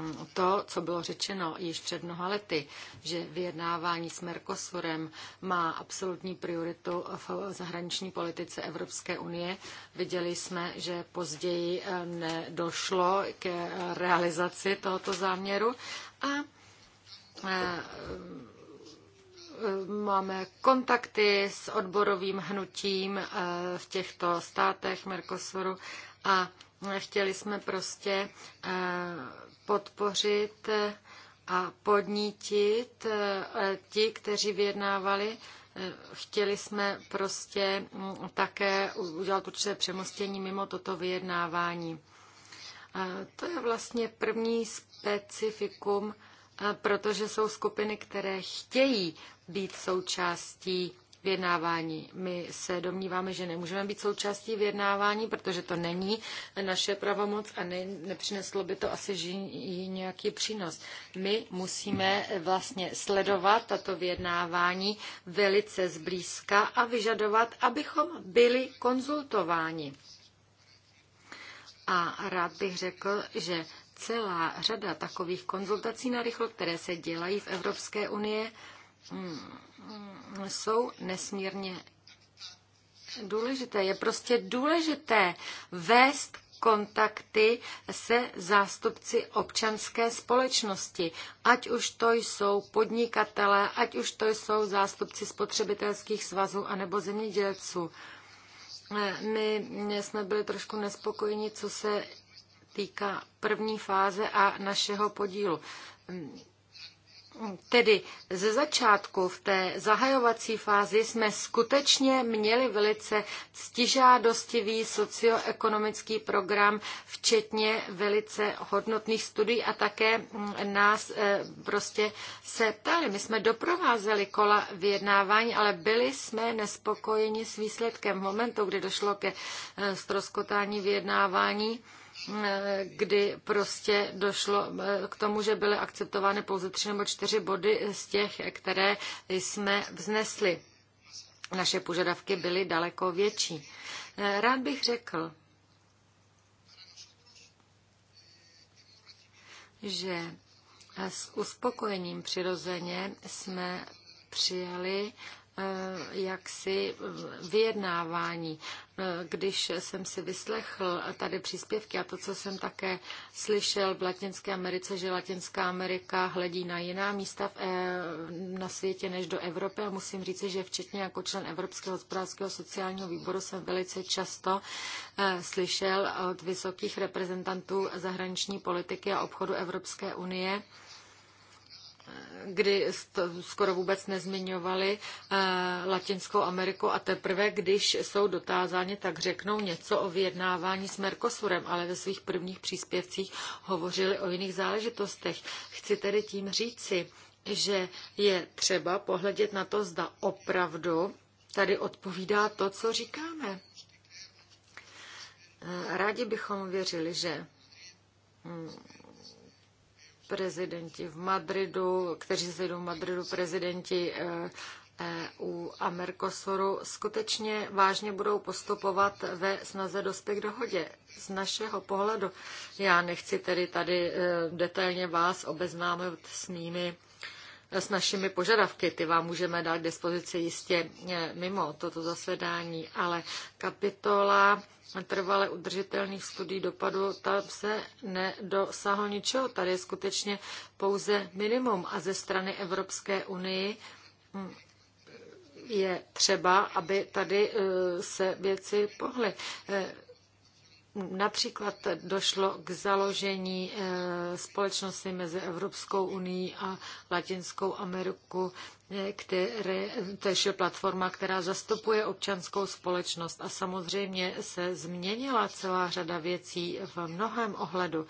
S3: Mm, to, co bylo řečeno již před mnoha lety, že vyjednávání s Mercosurem má absolutní prioritu v zahraniční politice Evropské unie. Viděli jsme, že později eh, nedošlo k realizaci tohoto záměru a eh, eh, máme kontakty s odborovým hnutím v těchto státech Mercosuru a No chtěli jsme prostě eh, podpořit eh, a podnítit eh, ti, kteří vyjednávali. Chtěli jsme prostě mm, také udělat určité přemostění mimo toto vyjednávání. To je vlastně první specifikum, protože jsou skupiny, které chtějí být součástí vyjednávání. My se domníváme, že nemůžeme být součástí vyjednávání, protože to není naše pravomoc a ne, nepřineslo by to asi ži, nějaký přínos. My musíme vlastně sledovat tato vyjednávání velice zblízka a vyžadovat, abychom byli konzultováni. A rád bych řekl, že celá řada takových konzultací na rychlo, které se dělají v Evropské unii, hmm, jsou nesmírně důležité. Je prostě důležité vést kontakty se zástupci občanské společnosti, ať už to jsou podnikatelé, ať už to jsou zástupci spotřebitelských svazů anebo zemědělců. My jsme byli trošku nespokojeni, co se týká první fáze a našeho podílu. Tedy ze začátku v té zahajovací fázi jsme skutečně měli velice ctižádostivý socioekonomický program, včetně velice hodnotných studií a také mm, nás eh, prostě se ptali. My jsme doprovázeli kola vyjednávání, ale byli jsme nespokojeni s výsledkem v momentu, kdy došlo ke eh, ztroskotání vyjednávání Eh, kdy prostě došlo eh, k tomu, že byly akceptovány pouze tři nebo čtyři body z těch, které jsme vznesli. Naše požadavky byly daleko větší. Eh, rád bych řekl, že s uspokojením přirozeně jsme přijali Eh, jaksi vyjednávání. Eh, když jsem si vyslechl tady příspěvky a to, co jsem také slyšel v Latinské Americe, že Latinská Amerika hledí na jiná místa v, eh, na světě než do Evropy a musím říct, že včetně jako člen Evropského hospodářského sociálního výboru jsem velice často slyšel od vysokých reprezentantů zahraniční politiky a obchodu Evropské unie, kdy skoro vůbec nezmiňovali eh, Latinskou Ameriku a teprve, když jsou dotázáni, tak řeknou něco o vyjednávání s Mercosurem, ale ve svých prvních příspěvcích hovořili o jiných záležitostech. Chci tedy tím říci, že je třeba pohledět na to, zda opravdu tady odpovídá to, co říkáme. Eh, rádi bychom věřili, že hm, prezidenti v Madridu, kteří se jdou v Madridu, prezidenti eh, EU a Mercosuru skutečně vážně budou postupovat ve snaze dospět k dohodě. Z našeho pohledu, já nechci tedy tady eh, detailně vás obeznámit s mými s našimi požadavky. Ty vám můžeme dát k dispozici jistě eh, mimo toto zasedání, ale kapitola trvale udržitelných studií dopadu, tam se nedosáhlo ničeho. Tady je skutečně pouze minimum. A ze strany Evropské unii hm, je třeba, aby tady eh, se věci pohly. Eh, Například došlo k založení eh, společnosti mezi Evropskou unii a Latinskou Ameriku, eh, které, to je platforma, která zastupuje občanskou společnost. A samozřejmě se změnila celá řada věcí v mnohem ohledu.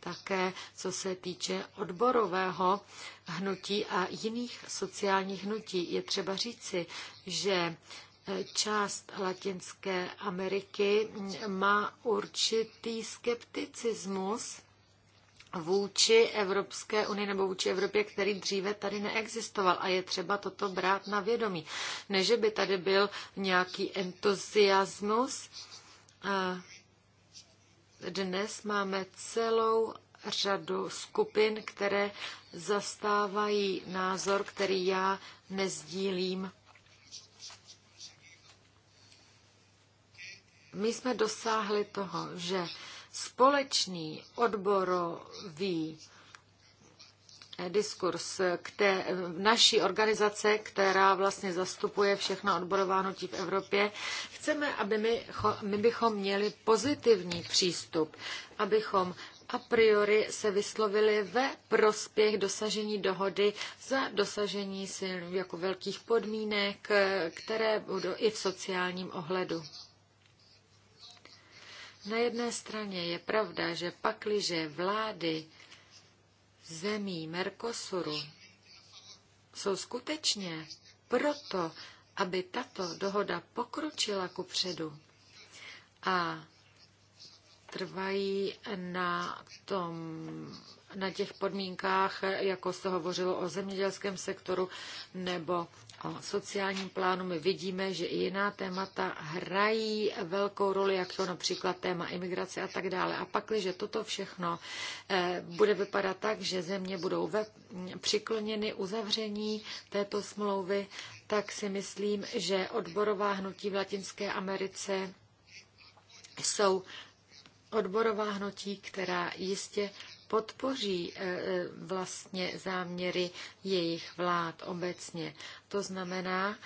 S3: Také co se týče odborového hnutí a jiných sociálních hnutí, je třeba říci, že část Latinské Ameriky má určitý skepticismus vůči Evropské unii nebo vůči Evropě, který dříve tady neexistoval. A je třeba toto brát na vědomí. Neže by tady byl nějaký entuziasmus. Dnes máme celou řadu skupin, které zastávají názor, který já nezdílím my jsme dosáhli toho, že společný odborový eh, diskurs té, naší organizace, která vlastně zastupuje všechna odborová hnutí v Evropě. Chceme, aby my, my bychom měli pozitivní přístup, abychom a priori se vyslovili ve prospěch dosažení dohody za dosažení si jako velkých podmínek, eh, které budou i v sociálním ohledu. Na jedné straně je pravda, že pakliže vlády zemí Mercosuru jsou skutečně proto, aby tato dohoda pokročila ku předu a trvají na tom na těch podmínkách, jako se hovořilo o zemědělském sektoru nebo o sociálním plánu, my vidíme, že i jiná témata hrají velkou roli, jak to například téma imigrace a tak dále. A pak, že toto všechno eh, bude vypadat tak, že země budou ve, přikloněny uzavření této smlouvy, tak si myslím, že odborová hnutí v Latinské Americe jsou odborová hnutí, která jistě podpoří eh, eh, vlastně záměry jejich vlád obecně. To znamená,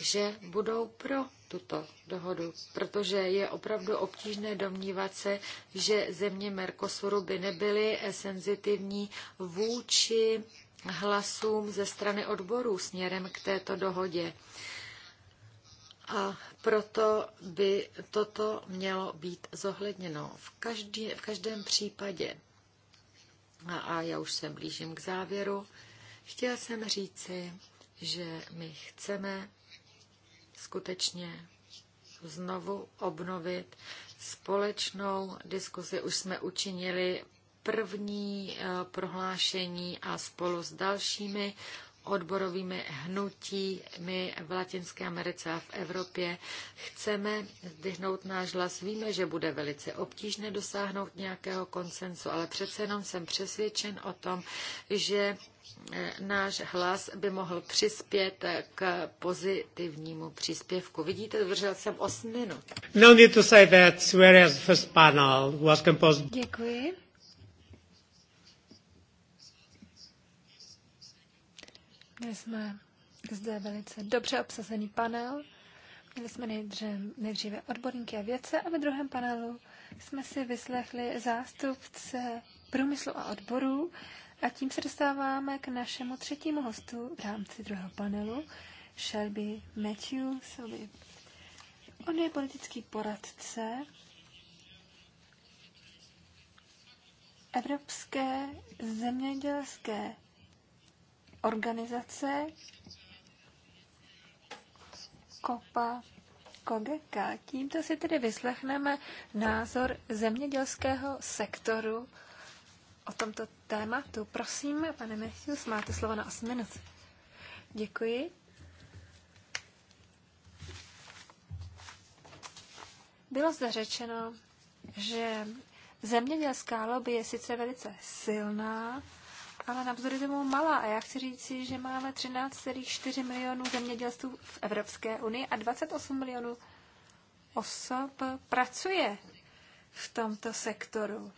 S3: že budou pro tuto dohodu, protože je opravdu obtížné domnívat se, že země Mercosuru by nebyly eh, senzitivní vůči hlasům ze strany odborů směrem k této dohodě. A proto by toto mělo být zohledněno v, každý, v každém případě. A, a já už se blížím k závěru. Chtěla jsem říci, že my chceme skutečně znovu obnovit společnou diskuzi. Už jsme učinili první eh, prohlášení a spolu s dalšími odborovými hnutími v Latinské Americe a v Evropě. Chceme zdvihnout náš hlas. Víme, že bude velice obtížné dosáhnout nějakého konsensu, ale přece jenom jsem přesvědčen o tom, že eh, náš hlas by mohl přispět eh, k pozitivnímu příspěvku. Vidíte, držel jsem 8 minut.
S1: No need to say that whereas first panel was composed...
S3: Děkuji.
S4: Měli jsme zde velice dobře obsazený panel. Měli jsme nejdře, nejdříve odborníky a vědce a ve druhém panelu jsme si vyslechli zástupce průmyslu a odborů a tím se dostáváme k našemu třetímu hostu v rámci druhého panelu, Shelby Matthewsovi. On je politický poradce Evropské zemědělské organizace Kopa Kogeka. Tímto si tedy vyslechneme názor zemědělského sektoru o tomto tématu. Prosím, pane Mechius, máte slovo na 8 minut. Děkuji. Bylo zde řečeno, že zemědělská lobby je sice velice silná, ale navzdory tomu malá. A já chci říct, že máme 13,4 milionů zemědělců v Evropské unii a 28 milionů osob pracuje v tomto sektoru.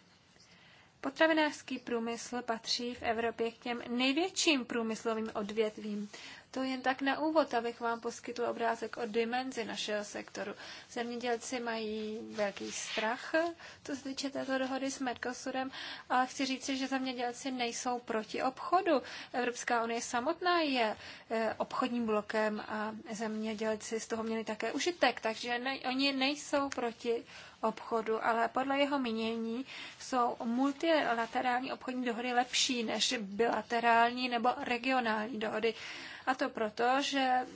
S4: Potravinářský průmysl patří v Evropě k těm největším průmyslovým odvětvím. To jen tak na úvod, abych vám poskytl obrázek o dimenzi našeho sektoru. Zemědělci mají velký strach, to se týče této dohody s Mercosurem, ale chci říct, že zemědělci nejsou proti obchodu. Evropská unie samotná je eh, obchodním blokem a zemědělci z toho měli také užitek, takže ne, oni nejsou proti obchodu, ale podle jeho mínění jsou multilaterální obchodní dohody lepší než bilaterální nebo regionální dohody. A to proto, že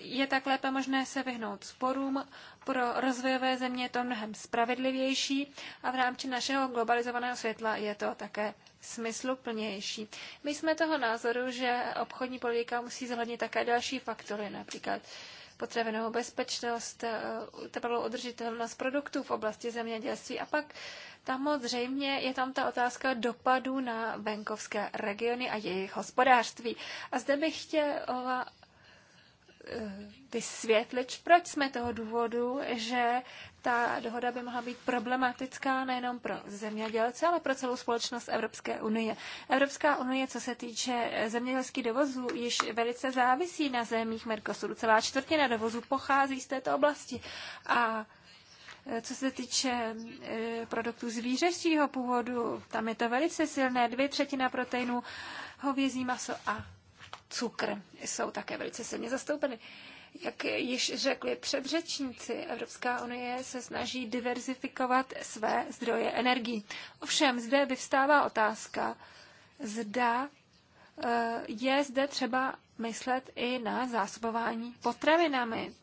S4: je tak lépe možné se vyhnout sporům. Pro rozvojové země je to mnohem spravedlivější a v rámci našeho globalizovaného světla je to také smysluplnější. My jsme toho názoru, že obchodní politika musí zohlednit také další faktory, například potravinovou bezpečnost, eh, trvalou udržitelnost produktů v oblasti zemědělství a pak tam zřejmě je tam ta otázka dopadu na venkovské regiony a jejich hospodářství. A zde bych chtěla Eh, vysvětlit, proč jsme toho důvodu, že ta dohoda by mohla být problematická nejenom pro zemědělce, ale pro celou společnost Evropské unie. Evropská unie, co se týče zemědělských dovozů, již velice závisí na zemích Mercosuru. Celá čtvrtina dovozů pochází z této oblasti. A eh, co se týče eh, produktů zvířecího původu, tam je to velice silné, dvě třetina proteinů, hovězí maso a cukr jsou také velice silně zastoupeny. Jak již řekli předřečníci, Evropská unie se snaží diverzifikovat své zdroje energii. Ovšem, zde vyvstává otázka, zda eh, je zde třeba myslet i na zásobování potravinami.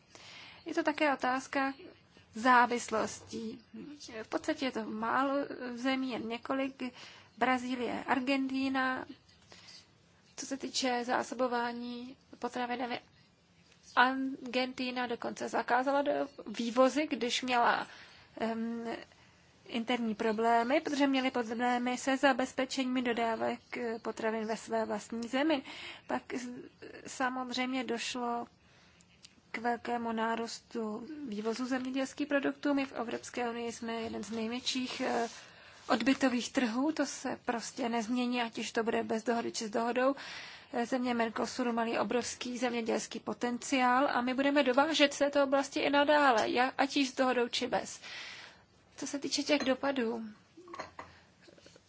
S4: Je to také otázka závislostí. V podstatě je to málo zemí, jen několik. Brazílie, Argentína, co se týče zásobování potravinami, Argentina dokonce zakázala do vývozy, když měla um, interní problémy, protože měli problémy se zabezpečením dodávek eh, potravin ve své vlastní zemi. Pak samozřejmě došlo k velkému nárůstu vývozu zemědělských produktů. My v Evropské unii jsme jeden z největších eh, odbytových trhů, to se prostě nezmění, ať už to bude bez dohody či s dohodou. Eh, Země Mercosuru mají obrovský zemědělský potenciál a my budeme dovážet z této oblasti i nadále, ať již s dohodou či bez. Co se týče těch dopadů,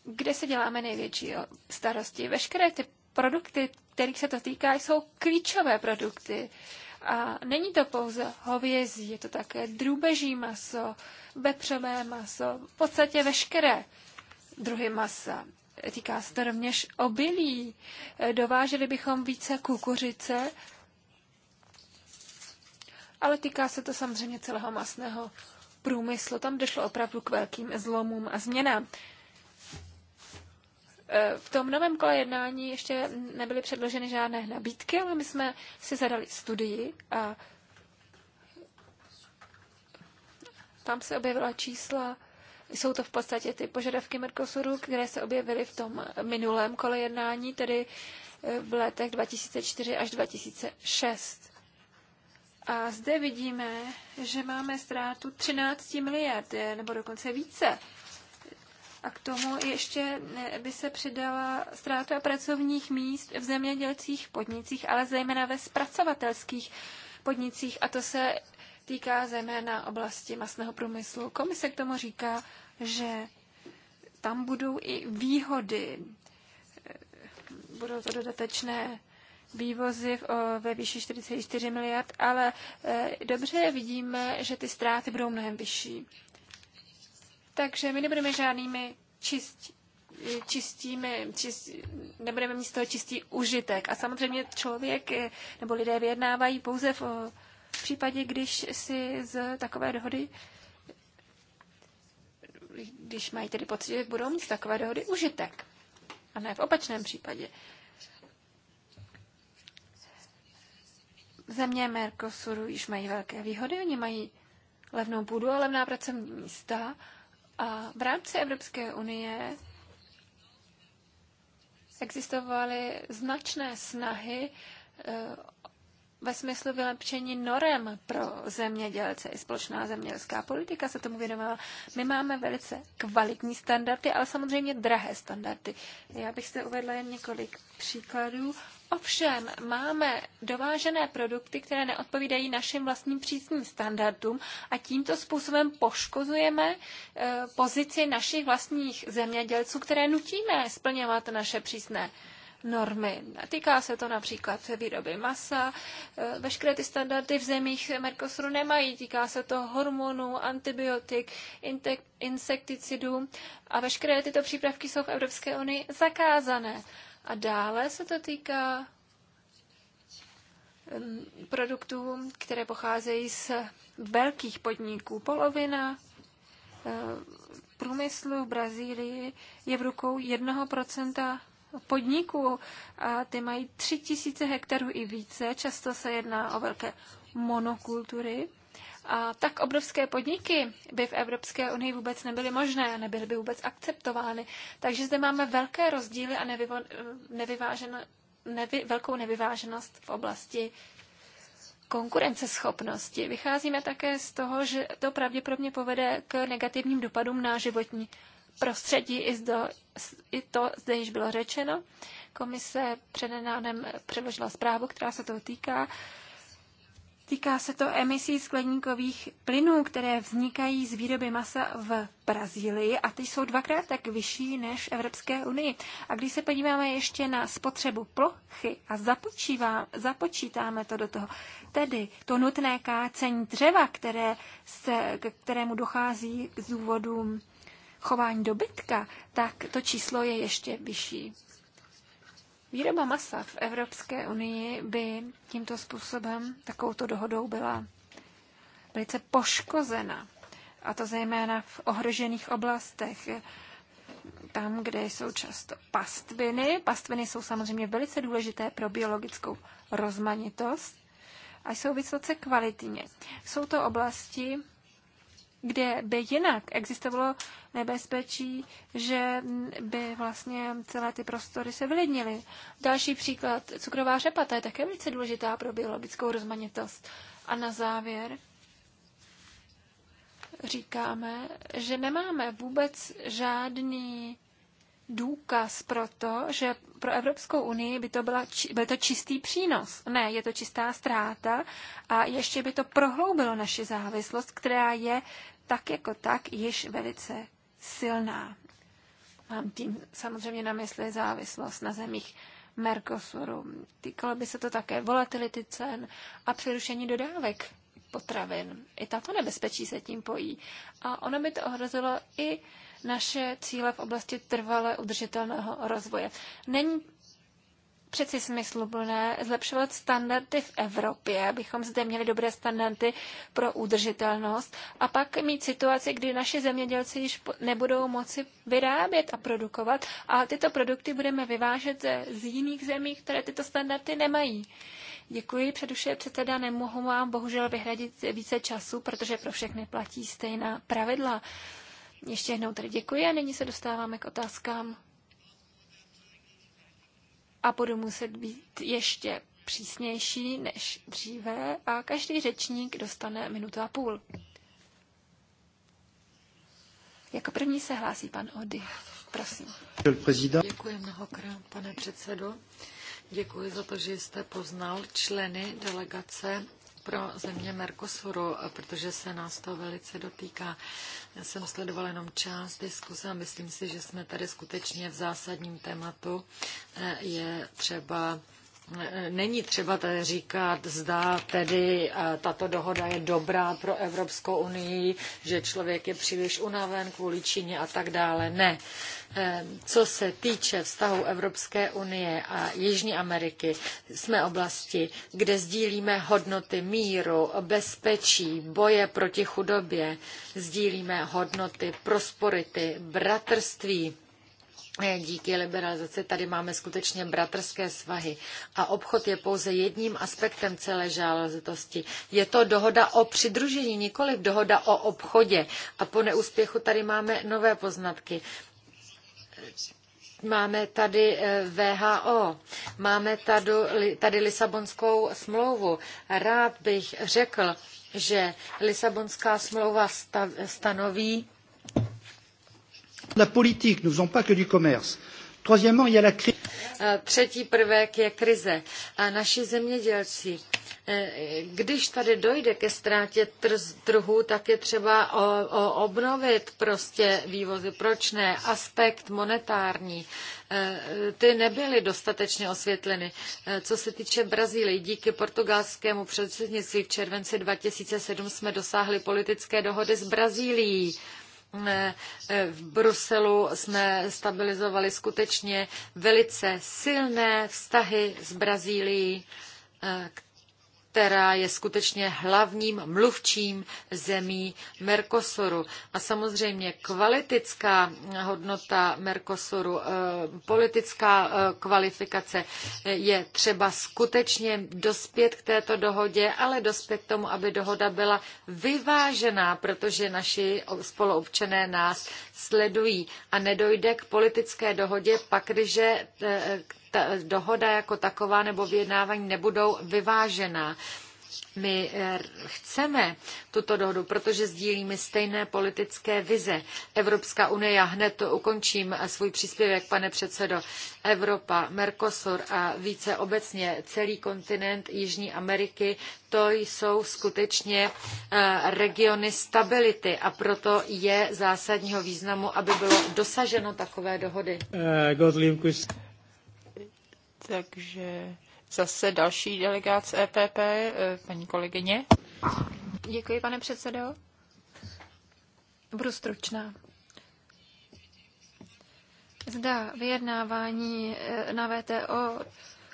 S4: kde se děláme největší starosti? Veškeré ty produkty, kterých se to týká, jsou klíčové produkty. Uh, a není to pouze hovězí, je to také drůbeží maso, vepřové maso, v podstatě veškeré druhy masa. Týká se to rovněž obilí. Dováželi bychom více kukuřice, ale týká se to samozřejmě celého masného průmyslu. Tam došlo opravdu k velkým zlomům a změnám. Eh, v tom novém kole jednání ještě nebyly předloženy žádné nabídky, ale my jsme si zadali studii a tam se objevila čísla, jsou to v podstatě ty požadavky Mercosuru, které se objevily v tom minulém kole jednání, tedy eh, v letech 2004 až 2006. A zde vidíme, že máme ztrátu 13 miliard, eh, nebo dokonce více. A k tomu ještě eh, by se přidala ztráta pracovních míst v zemědělcích podnicích, ale zejména ve zpracovatelských podnicích. A to se týká zejména oblasti masného průmyslu. Komise k tomu říká, že tam budou i výhody. Eh, budou to dodatečné vývozy ve výši 44 miliard, ale eh, dobře vidíme, že ty ztráty budou mnohem vyšší. Takže my nebudeme žádnými čist, čistými, čist, nebudeme mít z toho čistý užitek. A samozřejmě člověk eh, nebo lidé vyjednávají pouze v, v případě, když si z takové dohody když mají tedy pocit, že budou mít z takové dohody užitek. A ne v opačném případě. Země Mercosuru již mají velké výhody, oni mají levnou půdu a levná pracovní místa a v rámci Evropské unie existovaly značné snahy e, ve smyslu vylepšení norem pro zemědělce. I společná zemědělská politika se tomu věnovala. My máme velice kvalitní standardy, ale samozřejmě drahé standardy. Já bych se uvedla jen několik příkladů Ovšem máme dovážené produkty, které neodpovídají našim vlastním přísným standardům a tímto způsobem poškozujeme eh, pozici našich vlastních zemědělců, které nutíme splňovat naše přísné normy. Týká se to například výroby masa, eh, veškeré ty standardy v zemích Mercosuru nemají, týká se to hormonů, antibiotik, insekticidů a veškeré tyto přípravky jsou v Evropské unii zakázané. A dále se to týká produktů, které pocházejí z velkých podniků. Polovina eh, průmyslu v Brazílii je v rukou 1% podniků a ty mají 3000 hektarů i více. Často se jedná o velké monokultury. A tak obrovské podniky by v Evropské unii vůbec nebyly možné, nebyly by vůbec akceptovány. Takže zde máme velké rozdíly a nevyvo, nevyvážen, nevy, velkou nevyváženost v oblasti konkurenceschopnosti. Vycházíme také z toho, že to pravděpodobně povede k negativním dopadům na životní prostředí. I, zdo, i to zde již bylo řečeno. Komise předenádem předložila zprávu, která se toho týká. Týká se to emisí skleníkových plynů, které vznikají z výroby masa v Brazílii a ty jsou dvakrát tak vyšší než v Evropské unii. A když se podíváme ještě na spotřebu plochy a započítáme to do toho, tedy to nutné kácení dřeva, které se, k kterému dochází z důvodu chování dobytka, tak to číslo je ještě vyšší. Výroba masa v Evropské unii by tímto způsobem, takovouto dohodou, byla velice poškozena. A to zejména v ohrožených oblastech, tam, kde jsou často pastviny. Pastviny jsou samozřejmě velice důležité pro biologickou rozmanitost a jsou vysoce kvalitní. Jsou to oblasti, kde by jinak existovalo nebezpečí, že by vlastně celé ty prostory se vylidnily. Další příklad, cukrová řepa, ta je také velice důležitá pro biologickou rozmanitost. A na závěr říkáme, že nemáme vůbec žádný důkaz pro to, že pro Evropskou unii by to byla, byl to čistý přínos. Ne, je to čistá ztráta a ještě by to prohloubilo naši závislost, která je tak jako tak již velice silná. Mám tím samozřejmě na mysli závislost na zemích Mercosuru. Týkalo by se to také volatility cen a přerušení dodávek potravin. I tato nebezpečí se tím pojí. A ono by to ohrozilo i naše cíle v oblasti trvale udržitelného rozvoje. Není přeci smysluplné zlepšovat standardy v Evropě, abychom zde měli dobré standardy pro udržitelnost a pak mít situaci, kdy naši zemědělci již nebudou moci vyrábět a produkovat a tyto produkty budeme vyvážet z jiných zemí, které tyto standardy nemají. Děkuji, předuše předseda, nemohu vám bohužel vyhradit více času, protože pro všechny platí stejná pravidla. Ještě jednou tedy děkuji a nyní se dostáváme k otázkám a budu muset být ještě přísnější než dříve a každý řečník dostane minutu a půl.
S3: Jako první se hlásí pan Ody. Prosím. Děkuji mnohokrát, pane předsedo. Děkuji za to, že jste poznal členy delegace pro země Mercosuru, protože se nás to velice dotýká. Já jsem sledovala jenom část diskuse a myslím si, že jsme tady skutečně v zásadním tématu. Eh, je třeba Není třeba tady říkat, zda tedy eh, tato dohoda je dobrá pro Evropskou unii, že člověk je příliš unaven kvůli Číně a tak dále. Ne. Eh, co se týče vztahu Evropské unie a Jižní Ameriky, jsme oblasti, kde sdílíme hodnoty míru, bezpečí, boje proti chudobě, sdílíme hodnoty prosperity, bratrství díky liberalizaci tady máme skutečně bratrské svahy a obchod je pouze jedním aspektem celé žálezitosti. Je to dohoda o přidružení, nikoli dohoda o obchodě. A po neúspěchu tady máme nové poznatky. Máme tady eh, VHO, máme tady, tady Lisabonskou smlouvu. Rád bych řekl, že Lisabonská smlouva stav, stanoví
S1: La politique, nous faisons pas que du commerce. Troisièmement, il y a la crise.
S3: Eh, třetí prvek je krize. A naši zemědělci, eh, když tady dojde ke ztrátě trhu, tak je třeba o, o obnovit prostě vývozy. Proč ne? Aspekt monetární. Eh, ty nebyly dostatečně osvětleny. Co se týče Brazílie, díky portugalskému předsednictví v červenci 2007 jsme dosáhli politické dohody s Brazílií Eh, v Bruselu jsme stabilizovali skutečně velice silné vztahy s Brazílií, eh, která je skutečně hlavním mluvčím zemí Mercosuru. A samozřejmě kvalitická hodnota Mercosuru, eh, politická eh, kvalifikace eh, je třeba skutečně dospět k této dohodě, ale dospět k tomu, aby dohoda byla vyvážená, protože naši spoluobčané nás sledují a nedojde k politické dohodě, pak, když dohoda jako taková nebo vyjednávání nebudou vyvážená. My eh, chceme tuto dohodu, protože sdílíme stejné politické vize. Evropská unie, já hned to ukončím eh, svůj příspěvek, pane předsedo, Evropa, Mercosur a více obecně celý kontinent Jižní Ameriky, to jsou skutečně eh, regiony stability a proto je zásadního významu, aby bylo dosaženo takové dohody.
S1: Uh,
S3: takže zase další delegace EPP,
S2: eh, paní kolegyně. Děkuji, pane předsedo. Budu stručná.
S4: Zda vyjednávání eh, na VTO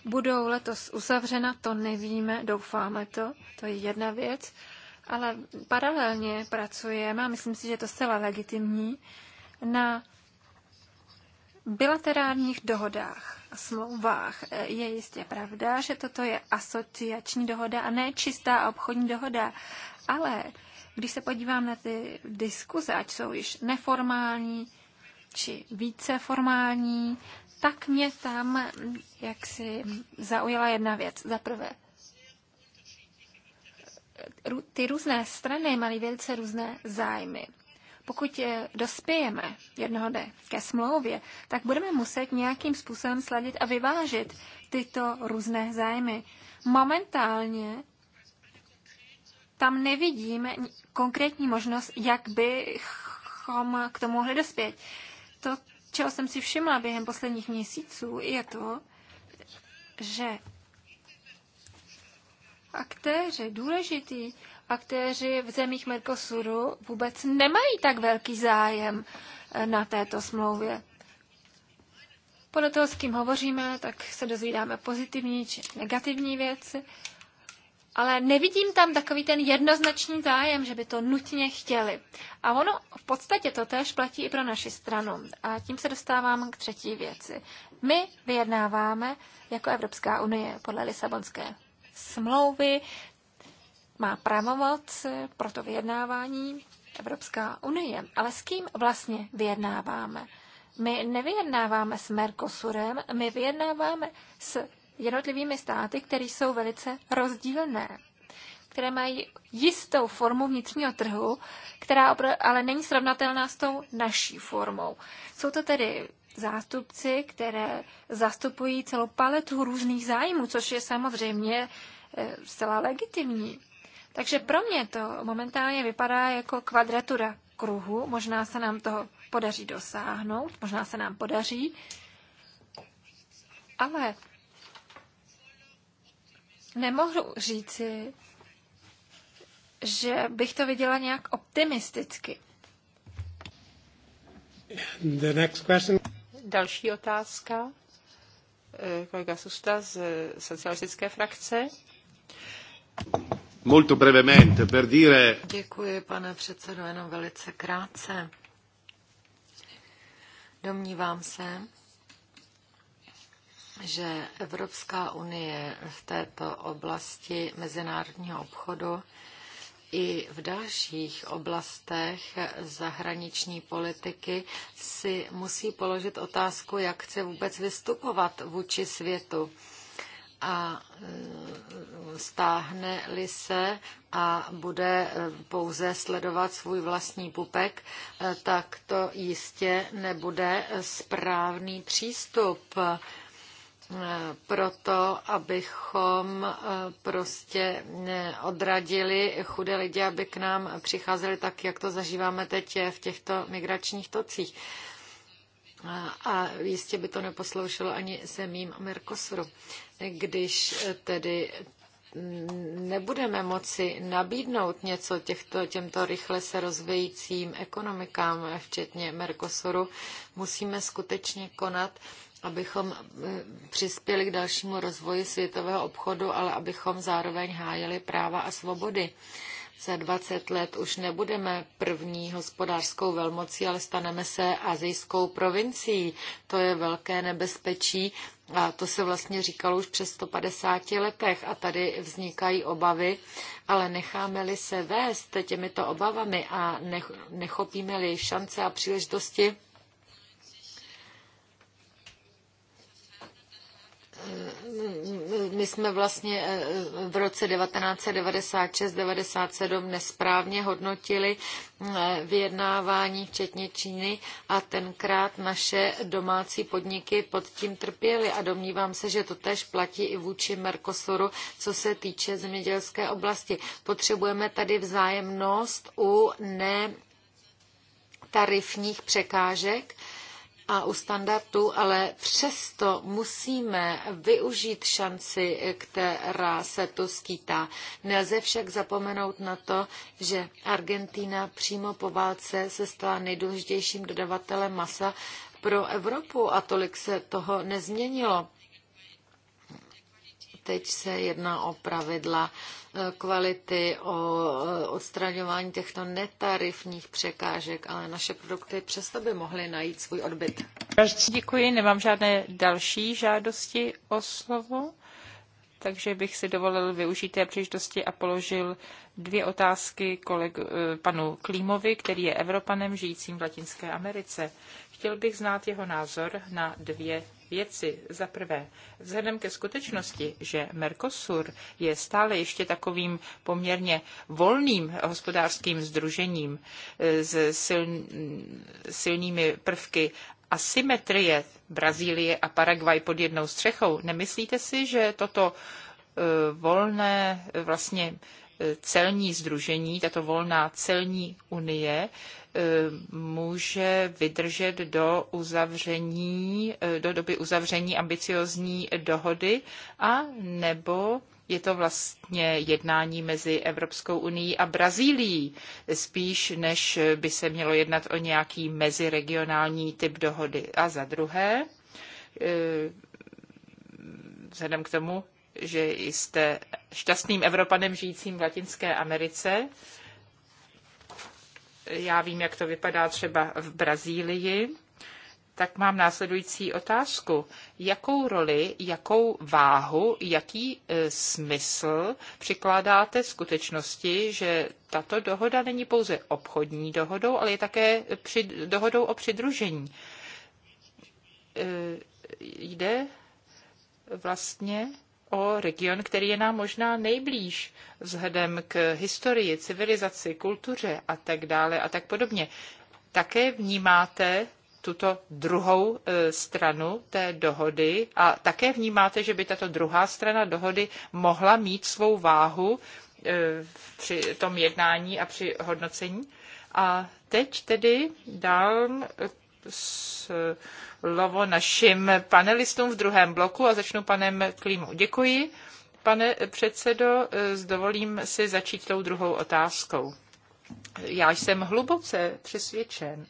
S4: budou letos uzavřena, to nevíme, doufáme to, to je jedna věc, ale paralelně pracujeme, a myslím si, že je to zcela legitimní, na bilaterálních dohodách a smlouvách je jistě pravda, že toto je asociační dohoda a ne čistá obchodní dohoda, ale když se podívám na ty diskuze, ať jsou již neformální či více formální, tak mě tam jaksi zaujala jedna věc. Za prvé, ty různé strany mají velice různé zájmy pokud eh, dospějeme jednoho dne ke smlouvě, tak budeme muset nějakým způsobem sladit a vyvážit tyto různé zájmy. Momentálně tam nevidíme konkrétní možnost, jak bychom k tomu mohli dospět. To, čeho jsem si všimla během posledních měsíců, je to, že aktéři důležitý aktéři v zemích Mercosuru vůbec nemají tak velký zájem eh, na této smlouvě. Podle toho, s kým hovoříme, tak se dozvídáme pozitivní či negativní věci, ale nevidím tam takový ten jednoznačný zájem, že by to nutně chtěli. A ono v podstatě to též platí i pro naši stranu. A tím se dostávám k třetí věci. My vyjednáváme jako Evropská unie podle Lisabonské smlouvy, má pravomoc pro to vyjednávání Evropská unie. Ale s kým vlastně vyjednáváme? My nevyjednáváme s Mercosurem, my vyjednáváme s jednotlivými státy, které jsou velice rozdílné, které mají jistou formu vnitřního trhu, která ale není srovnatelná s tou naší formou. Jsou to tedy zástupci, které zastupují celou paletu různých zájmů, což je samozřejmě eh, zcela legitimní. Takže pro mě to momentálně vypadá jako kvadratura kruhu. Možná se nám toho podaří dosáhnout, možná se nám podaří, ale nemohu říci, že bych to viděla nějak optimisticky.
S1: The next question.
S2: Další otázka.
S3: Eh, kolega Susta z socialistické frakce
S5: molto brevemente per dire...
S3: Děkuji, pane předsedo, jenom velice krátce. Domnívám se, že Evropská unie v této oblasti mezinárodního obchodu i v dalších oblastech zahraniční politiky si musí položit otázku, jak chce vůbec vystupovat vůči světu a e, stáhne-li se a bude e, pouze sledovat svůj vlastní pupek, e, tak to jistě nebude správný přístup proto, abychom prostě odradili chudé lidi, aby k nám přicházeli tak, jak to zažíváme teď v těchto migračních tocích. A jistě by to neposloušelo ani zemím Mercosuru když eh, tedy nebudeme moci nabídnout něco těchto, těmto rychle se rozvějícím ekonomikám, včetně Mercosuru, musíme skutečně konat, abychom eh, přispěli k dalšímu rozvoji světového obchodu, ale abychom zároveň hájili práva a svobody. Za 20 let už nebudeme první hospodářskou velmocí, ale staneme se azijskou provincií. To je velké nebezpečí a to se vlastně říkalo už přes 150 letech a tady vznikají obavy, ale necháme-li se vést těmito obavami a nechopíme-li šance a příležitosti, my jsme vlastně eh, v roce 1996-97 nesprávně hodnotili eh, vyjednávání včetně Číny a tenkrát naše domácí podniky pod tím trpěly a domnívám se, že to tež platí i vůči Mercosuru, co se týče zemědělské oblasti. Potřebujeme tady vzájemnost u ne tarifních překážek, a u standardů, ale přesto musíme využít šanci, která se tu skýtá. Nelze však zapomenout na to, že Argentina přímo po válce se stala nejdůležitějším dodavatelem masa pro Evropu a tolik se toho nezměnilo. Teď se jedná o pravidla e, kvality, o e, odstraňování těchto netarifních překážek, ale naše produkty přesto by mohly najít svůj odbyt.
S2: Děkuji, nemám žádné další žádosti o slovo, takže bych si dovolil využít té příležitosti a položil dvě otázky kolegu, e, panu Klímovi, který je Evropanem žijícím v Latinské Americe. Chtěl bych znát jeho názor na dvě věci. Za prvé, vzhledem ke skutečnosti, že Mercosur je stále ještě takovým poměrně volným hospodářským združením eh, s siln, silnými prvky asymetrie Brazílie a Paraguay pod jednou střechou, nemyslíte si, že toto eh, volné vlastně celní združení, tato volná celní unie, e, může vydržet do uzavření, e, do doby uzavření ambiciozní dohody a nebo je to vlastně jednání mezi Evropskou unii a Brazílií, spíš než by se mělo jednat o nějaký meziregionální typ dohody. A za druhé, e, vzhledem k tomu, že jste šťastným Evropanem žijícím v Latinské Americe. Já vím, jak to vypadá třeba v Brazílii. Tak mám následující otázku. Jakou roli, jakou váhu, jaký e, smysl přikládáte skutečnosti, že tato dohoda není pouze obchodní dohodou, ale je také při, dohodou o přidružení? E, jde vlastně o region, který je nám možná nejblíž vzhledem k historii, civilizaci, kultuře a tak dále a tak podobně. Také vnímáte tuto druhou e, stranu té dohody a také vnímáte, že by tato druhá strana dohody mohla mít svou váhu e, při tom jednání a při hodnocení. A teď tedy dám slovo našim panelistům v druhém bloku a začnu panem Klímu. Děkuji. Pane předsedo, eh, dovolím si začít tou druhou otázkou. Já jsem hluboce přesvědčen,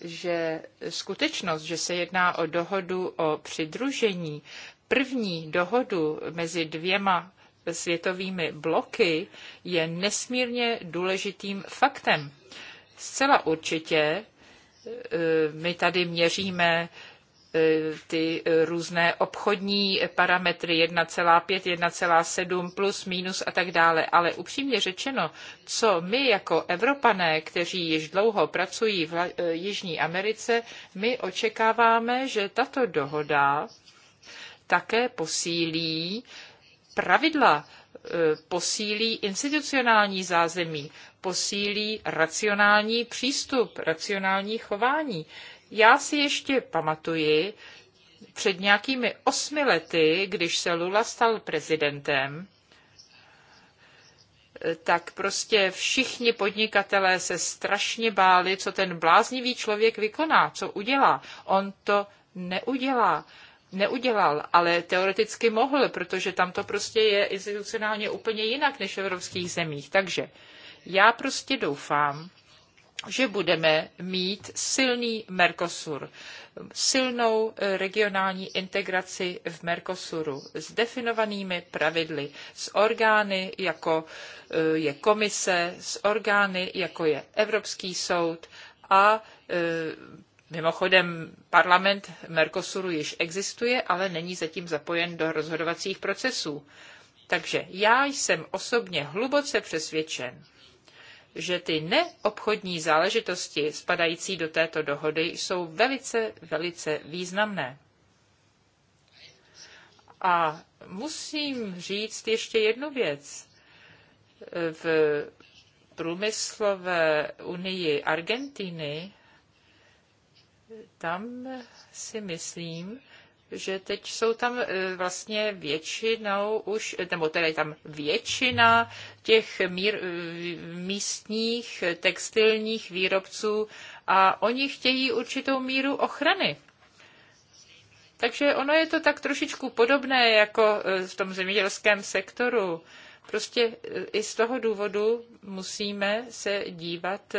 S2: že skutečnost, že se jedná o dohodu o přidružení, první dohodu mezi dvěma světovými bloky, je nesmírně důležitým faktem. Zcela určitě Eh, my tady měříme eh, ty eh, různé obchodní parametry 1,5, 1,7 plus, minus a tak dále. Ale upřímně řečeno, co my jako Evropané, kteří již dlouho pracují v Jižní Americe, my očekáváme, že tato dohoda také posílí pravidla E, posílí institucionální zázemí, posílí racionální přístup, racionální chování. Já si ještě pamatuji, před nějakými osmi lety, když se Lula stal prezidentem, e, tak prostě všichni podnikatelé se strašně báli, co ten bláznivý člověk vykoná, co udělá. On to neudělá neudělal, ale teoreticky mohl, protože tam to prostě je institucionálně úplně jinak než v evropských zemích. Takže já prostě doufám, že budeme mít silný Mercosur, silnou eh, regionální integraci v Mercosuru s definovanými pravidly, s orgány, jako eh, je komise, s orgány, jako je Evropský soud a eh, Mimochodem, parlament Mercosuru již existuje, ale není zatím zapojen do rozhodovacích procesů. Takže já jsem osobně hluboce přesvědčen, že ty neobchodní záležitosti spadající do této dohody jsou velice, velice významné. A musím říct ještě jednu věc. V průmyslové unii Argentiny tam si myslím, že teď jsou tam e, vlastně většinou už, e, nebo tedy tam většina těch mír, e, místních textilních výrobců a oni chtějí určitou míru ochrany. Takže ono je to tak trošičku podobné jako v tom zemědělském sektoru. Prostě i z toho důvodu musíme se dívat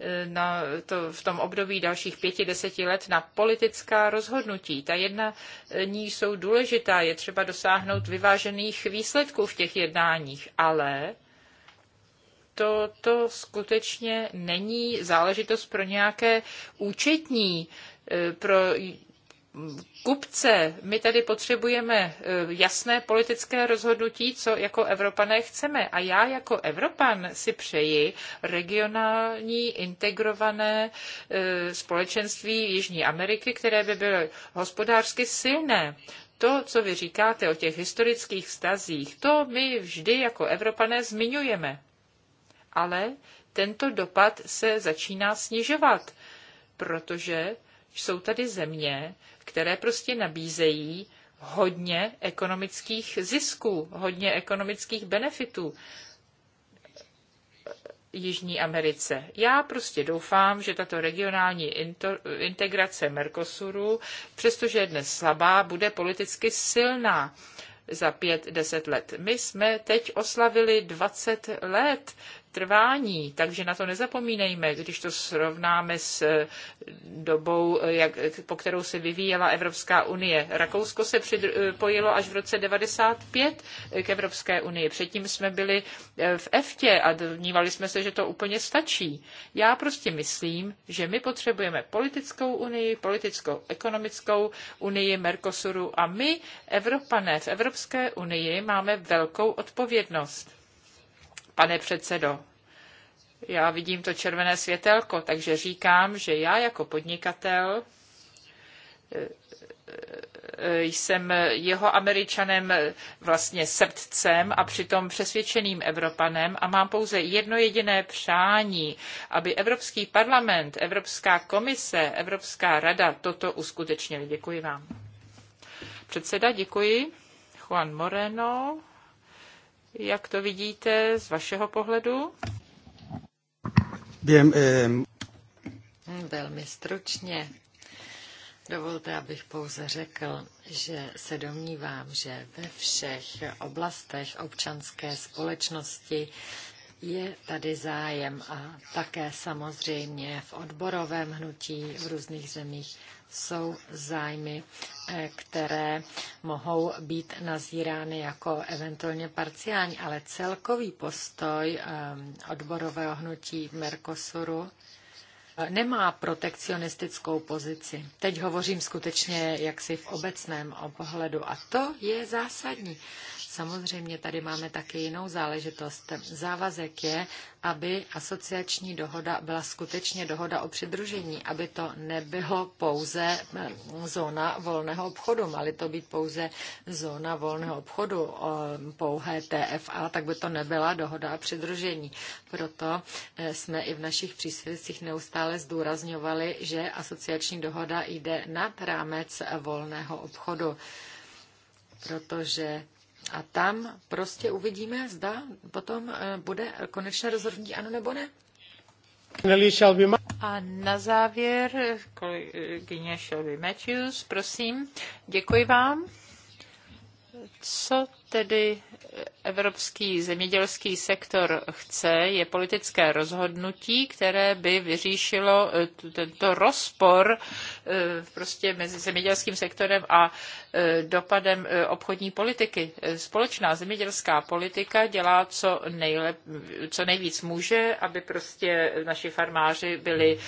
S2: Eh, na to, v tom období dalších pěti, deseti let na politická rozhodnutí. Ta jedna eh, ní jsou důležitá, je třeba dosáhnout vyvážených výsledků v těch jednáních, ale to, to skutečně není záležitost pro nějaké účetní, eh, pro kupce. My tady potřebujeme e, jasné politické rozhodnutí, co jako Evropané chceme. A já jako Evropan si přeji regionální integrované e, společenství Jižní Ameriky, které by bylo hospodářsky silné to, co vy říkáte o těch historických vztazích, to my vždy jako Evropané zmiňujeme. Ale tento dopad se začíná snižovat, protože jsou tady země, které prostě nabízejí hodně ekonomických zisků, hodně ekonomických benefitů. Jižní Americe. Já prostě doufám, že tato regionální integrace Mercosuru, přestože je dnes slabá, bude politicky silná za pět, deset let. My jsme teď oslavili 20 let trvání, takže na to nezapomínejme, když to srovnáme s eh, dobou, eh, jak, po kterou se vyvíjela Evropská unie. Rakousko se připojilo eh, až v roce 95 k Evropské unii. Předtím jsme byli v EFTě a domnívali jsme se, že to úplně stačí. Já prostě myslím, že my potřebujeme politickou unii, politickou ekonomickou unii Mercosuru a my, Evropané v Evropské unii, máme velkou odpovědnost pane předsedo. Já vidím to červené světelko, takže říkám, že já jako podnikatel eh, eh, jsem jeho američanem eh, vlastně srdcem a přitom přesvědčeným Evropanem a mám pouze jedno jediné přání, aby Evropský parlament, Evropská komise, Evropská rada toto uskutečnili. Děkuji vám. Předseda, děkuji. Juan Moreno. Jak to vidíte z vašeho pohledu?
S1: Bien, um...
S3: Velmi stručně. Dovolte, abych pouze řekl, že se domnívám, že ve všech oblastech občanské společnosti je tady zájem a také samozřejmě v odborovém hnutí v různých zemích jsou zájmy, eh, které mohou být nazírány jako eventuálně parciální, ale celkový postoj eh, odborového hnutí v Mercosuru eh, nemá protekcionistickou pozici. Teď hovořím skutečně jaksi v obecném pohledu a to je zásadní. Samozřejmě tady máme také jinou záležitost. Závazek je, aby asociační dohoda byla skutečně dohoda o přidružení, aby to nebylo pouze eh, zóna volného obchodu, mali to být pouze zóna volného obchodu, eh, pouhé TFA, tak by to nebyla dohoda o přidružení. Proto eh, jsme i v našich příspěvcích neustále zdůrazňovali, že asociační dohoda jde nad rámec volného obchodu, protože a tam prostě uvidíme, zda potom eh, bude konečné rozhodnutí ano nebo ne.
S2: A na závěr kolegyně Shelby Matthews, prosím. Děkuji vám. Co tedy evropský zemědělský sektor chce, je politické rozhodnutí, které by vyříšilo eh, tento rozpor eh, prostě mezi zemědělským sektorem a eh, dopadem obchodní politiky. Společná zemědělská politika dělá co, nejlep, co nejvíc může, aby prostě naši farmáři byli,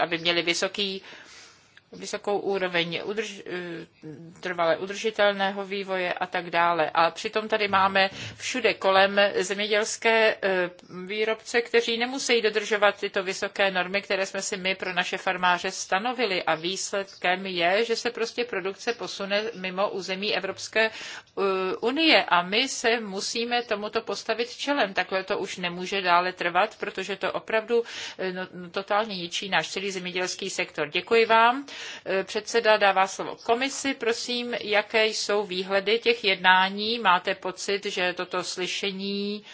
S2: aby měli vysoký vysokou úroveň udrž, eh, trvale udržitelného vývoje a tak dále. A přitom tady máme všude kolem zemědělské eh, výrobce, kteří nemusí dodržovat tyto vysoké normy, které jsme si my pro naše farmáře stanovili. A výsledkem je, že se prostě produkce posune mimo území Evropské eh, unie. A my se musíme tomuto postavit čelem. Takhle to už nemůže dále trvat, protože to opravdu no, totálně ničí náš celý zemědělský sektor. Děkuji vám. Eh, předseda dává slovo komisi. Prosím, jaké jsou výhledy těch jednání? Máte pocit, že toto slyšení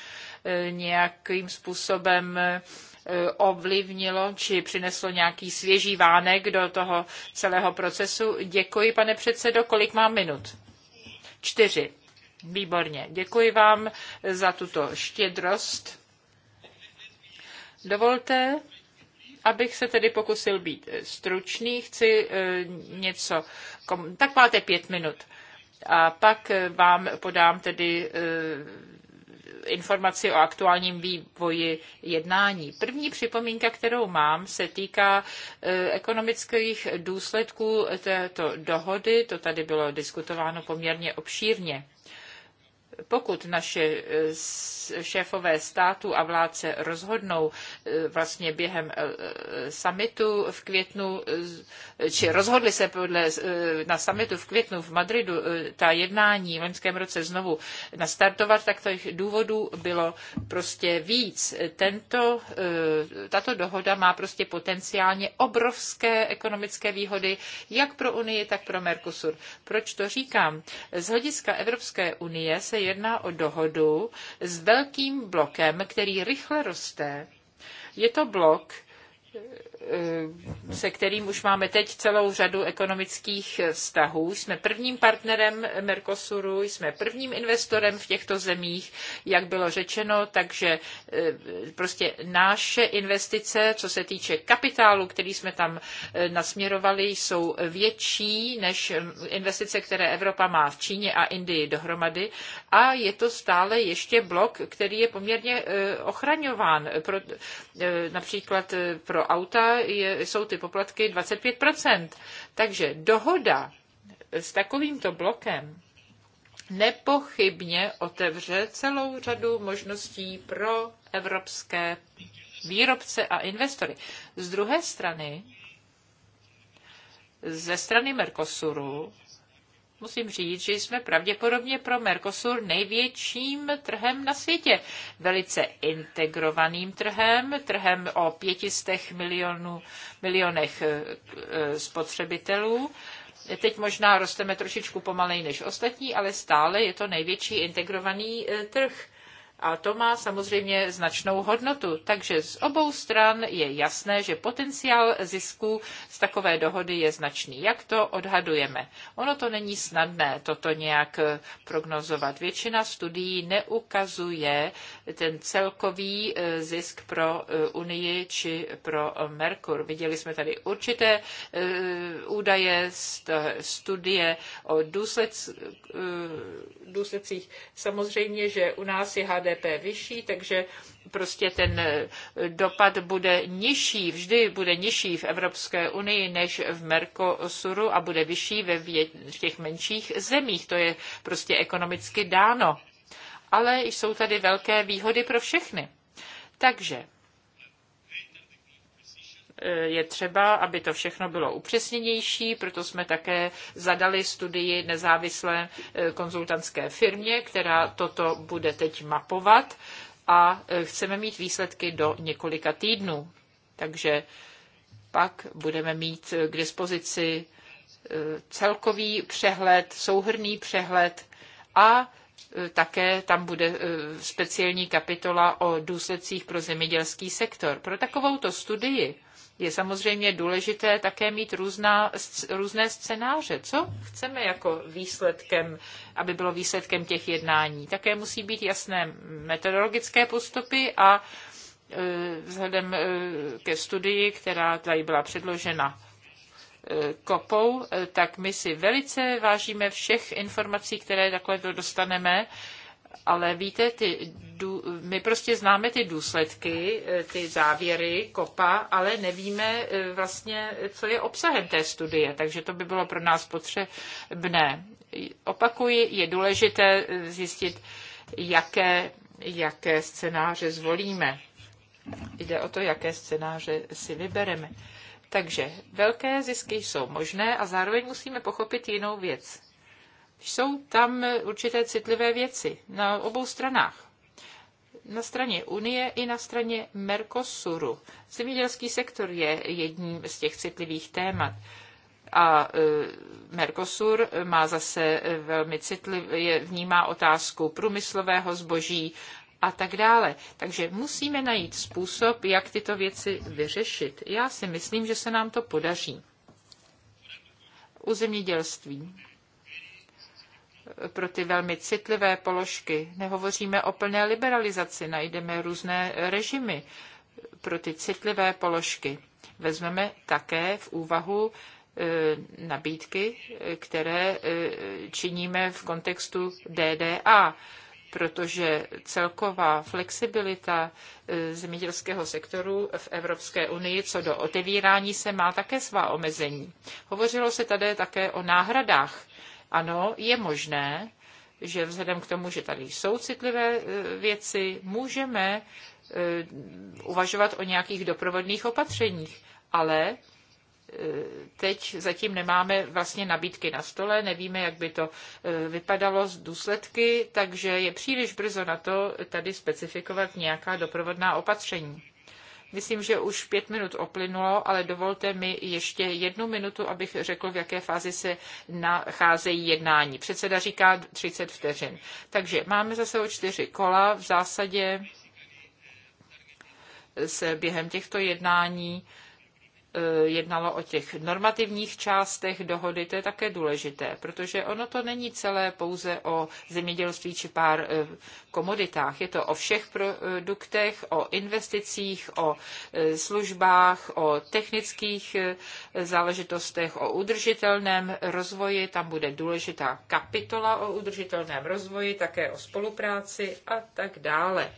S2: eh, nějakým způsobem eh, ovlivnilo či přineslo nějaký svěží vánek do toho celého procesu. Děkuji, pane předsedo. Kolik mám minut? Čtyři. Výborně. Děkuji vám za tuto štědrost. Dovolte, Abych se tedy pokusil být eh, stručný, chci eh, něco, tak máte pět minut. A pak eh, vám podám tedy informaci o aktuálním vývoji jednání. První připomínka, kterou mám, se týká ekonomických důsledků této dohody. To tady bylo diskutováno poměrně obšírně pokud naše eh, šéfové států a vládce rozhodnou eh, vlastně během eh, summitu v květnu, či rozhodli se podle, na summitu v květnu v Madridu ta jednání v loňském roce znovu nastartovat, tak těch důvodů bylo prostě víc. Tento, tato dohoda má prostě potenciálně obrovské ekonomické výhody jak pro Unii, tak pro Mercosur. Proč to říkám? Z hlediska Evropské unie se je jedná o dohodu s velkým blokem, který rychle roste. Je to blok, Eh, se kterým už máme teď celou řadu ekonomických vztahů. Jsme prvním partnerem Mercosuru, jsme prvním investorem v těchto zemích, jak bylo řečeno, takže eh, prostě naše investice, co se týče kapitálu, který jsme tam eh, nasměrovali, jsou větší než investice, které Evropa má v Číně a Indii dohromady. A je to stále ještě blok, který je poměrně ochraňován, pro, například pro auta, je, jsou ty poplatky 25%. Takže dohoda s takovýmto blokem nepochybně otevře celou řadu možností pro evropské výrobce a investory. Z druhé strany, ze strany Mercosuru musím říct, že jsme pravděpodobně pro Mercosur největším trhem na světě. Velice integrovaným trhem, trhem o 500 milionů, milionech eh, eh, spotřebitelů. Teď možná rosteme trošičku pomalej než ostatní, ale stále je to největší integrovaný eh, trh. A to má samozřejmě značnou hodnotu. Takže z obou stran je jasné, že potenciál zisku z takové dohody je značný. Jak to odhadujeme? Ono to není snadné toto nějak eh, prognozovat. Většina studií neukazuje ten celkový eh, zisk pro eh, Unii či pro Merkur. Viděli jsme tady určité údaje z studie o důsledcích. Samozřejmě, že u nás je HDP HDP vyšší, takže prostě ten eh, dopad bude nižší, vždy bude nižší v Evropské unii než v Mercosuru a bude vyšší ve v těch menších zemích. To je prostě ekonomicky dáno. Ale jsou tady velké výhody pro všechny. Takže Eh, je třeba, aby to všechno bylo upřesněnější, proto jsme také zadali studii nezávislé eh, konzultantské firmě, která toto bude teď mapovat a eh, chceme mít výsledky do několika týdnů. Takže pak budeme mít k dispozici celkový přehled, souhrný přehled a také tam bude speciální kapitola o důsledcích pro zemědělský sektor. Pro takovouto studii je samozřejmě důležité také mít různá, různé scénáře. Co chceme jako výsledkem, aby bylo výsledkem těch jednání? Také musí být jasné metodologické postupy a e, vzhledem e, ke studii, která tady byla předložena e, kopou, tak my si velice vážíme všech informací, které takhle dostaneme ale víte, ty, dů, my prostě známe ty důsledky, eh, ty závěry kopa, ale nevíme eh, vlastně, co je obsahem té studie, takže to by bylo pro nás potřebné. Opakuji, je důležité eh, zjistit, jaké, jaké scénáře zvolíme. Jde o to, jaké scénáře si vybereme. Takže velké zisky jsou možné a zároveň musíme pochopit jinou věc jsou tam určité citlivé věci na obou stranách. Na straně Unie i na straně Mercosuru. Zemědělský sektor je jedním z těch citlivých témat a e, Mercosur má zase velmi citlivě vnímá otázku průmyslového zboží a tak dále. Takže musíme najít způsob, jak tyto věci vyřešit. Já si myslím, že se nám to podaří. U zemědělství pro ty velmi citlivé položky. Nehovoříme o plné liberalizaci, najdeme různé režimy pro ty citlivé položky. Vezmeme také v úvahu e, nabídky, které e, činíme v kontextu DDA, protože celková flexibilita e, zemědělského sektoru v Evropské unii co do otevírání se má také svá omezení. Hovořilo se tady také o náhradách ano, je možné, že vzhledem k tomu, že tady jsou citlivé e, věci, můžeme e, uvažovat o nějakých doprovodných opatřeních, ale e, teď zatím nemáme vlastně nabídky na stole, nevíme, jak by to vypadalo z důsledky, takže je příliš brzo na to tady specifikovat nějaká doprovodná opatření. Myslím, že už pět minut oplynulo, ale dovolte mi ještě jednu minutu, abych řekl, v jaké fázi se nacházejí jednání. Předseda říká 30 vteřin. Takže máme zase o čtyři kola. V zásadě se během těchto jednání Eh, jednalo o těch normativních částech dohody, to je také důležité, protože ono to není celé pouze o zemědělství či pár eh, komoditách. Je to o všech produktech, o investicích, o eh, službách, o technických záležitostech, o udržitelném rozvoji. Tam bude důležitá kapitola o udržitelném rozvoji, také o spolupráci a tak dále.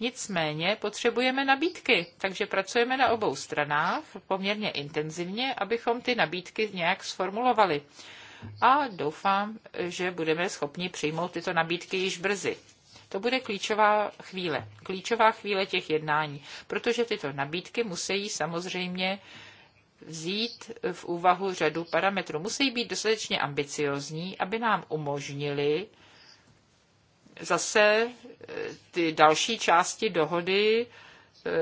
S2: Nicméně potřebujeme nabídky, takže pracujeme na obou stranách poměrně intenzivně, abychom ty nabídky nějak sformulovali. A doufám, že budeme schopni přijmout tyto nabídky již brzy. To bude klíčová chvíle, klíčová chvíle těch jednání, protože tyto nabídky musí samozřejmě vzít v úvahu řadu parametrů. Musí být dostatečně ambiciozní, aby nám umožnili zase e, ty další části dohody e,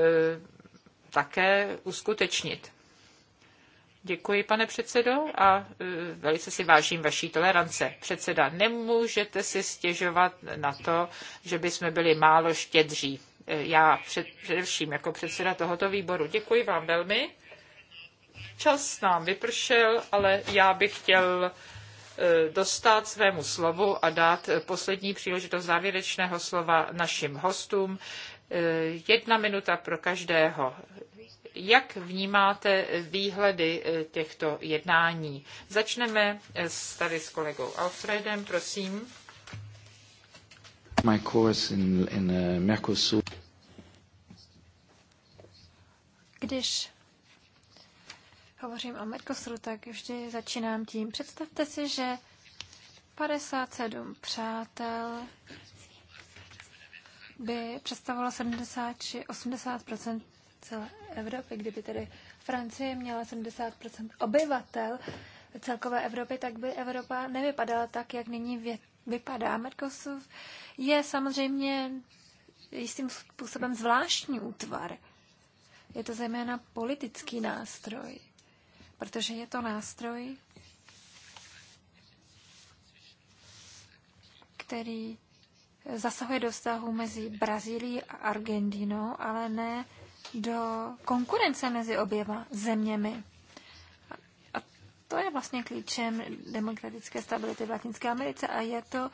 S2: také uskutečnit. Děkuji, pane předsedo, a e, velice si vážím vaší tolerance. Předseda, nemůžete si stěžovat na to, že by jsme byli málo štědří. Já před, především jako předseda tohoto výboru děkuji vám velmi. Čas nám vypršel, ale já bych chtěl E, dostat svému slovu a dát poslední příležitost závěrečného slova našim hostům. E, jedna minuta pro každého. Jak vnímáte výhledy e, těchto jednání? Začneme s, tady s kolegou Alfredem, prosím.
S5: My course in, in uh, Mercosur.
S4: Když hovořím o Mercosuru, tak vždy začínám tím. Představte si, že 57 přátel by představovalo 70 či 80 celé Evropy. Kdyby tedy Francie měla 70 obyvatel celkové Evropy, tak by Evropa nevypadala tak, jak nyní vypadá. Mercosur je samozřejmě jistým způsobem zvláštní útvar. Je to zejména politický nástroj protože je to nástroj, který zasahuje do vztahu mezi Brazílií a Argentinou, ale ne do konkurence mezi oběma zeměmi. A to je vlastně klíčem demokratické stability v Latinské Americe a je to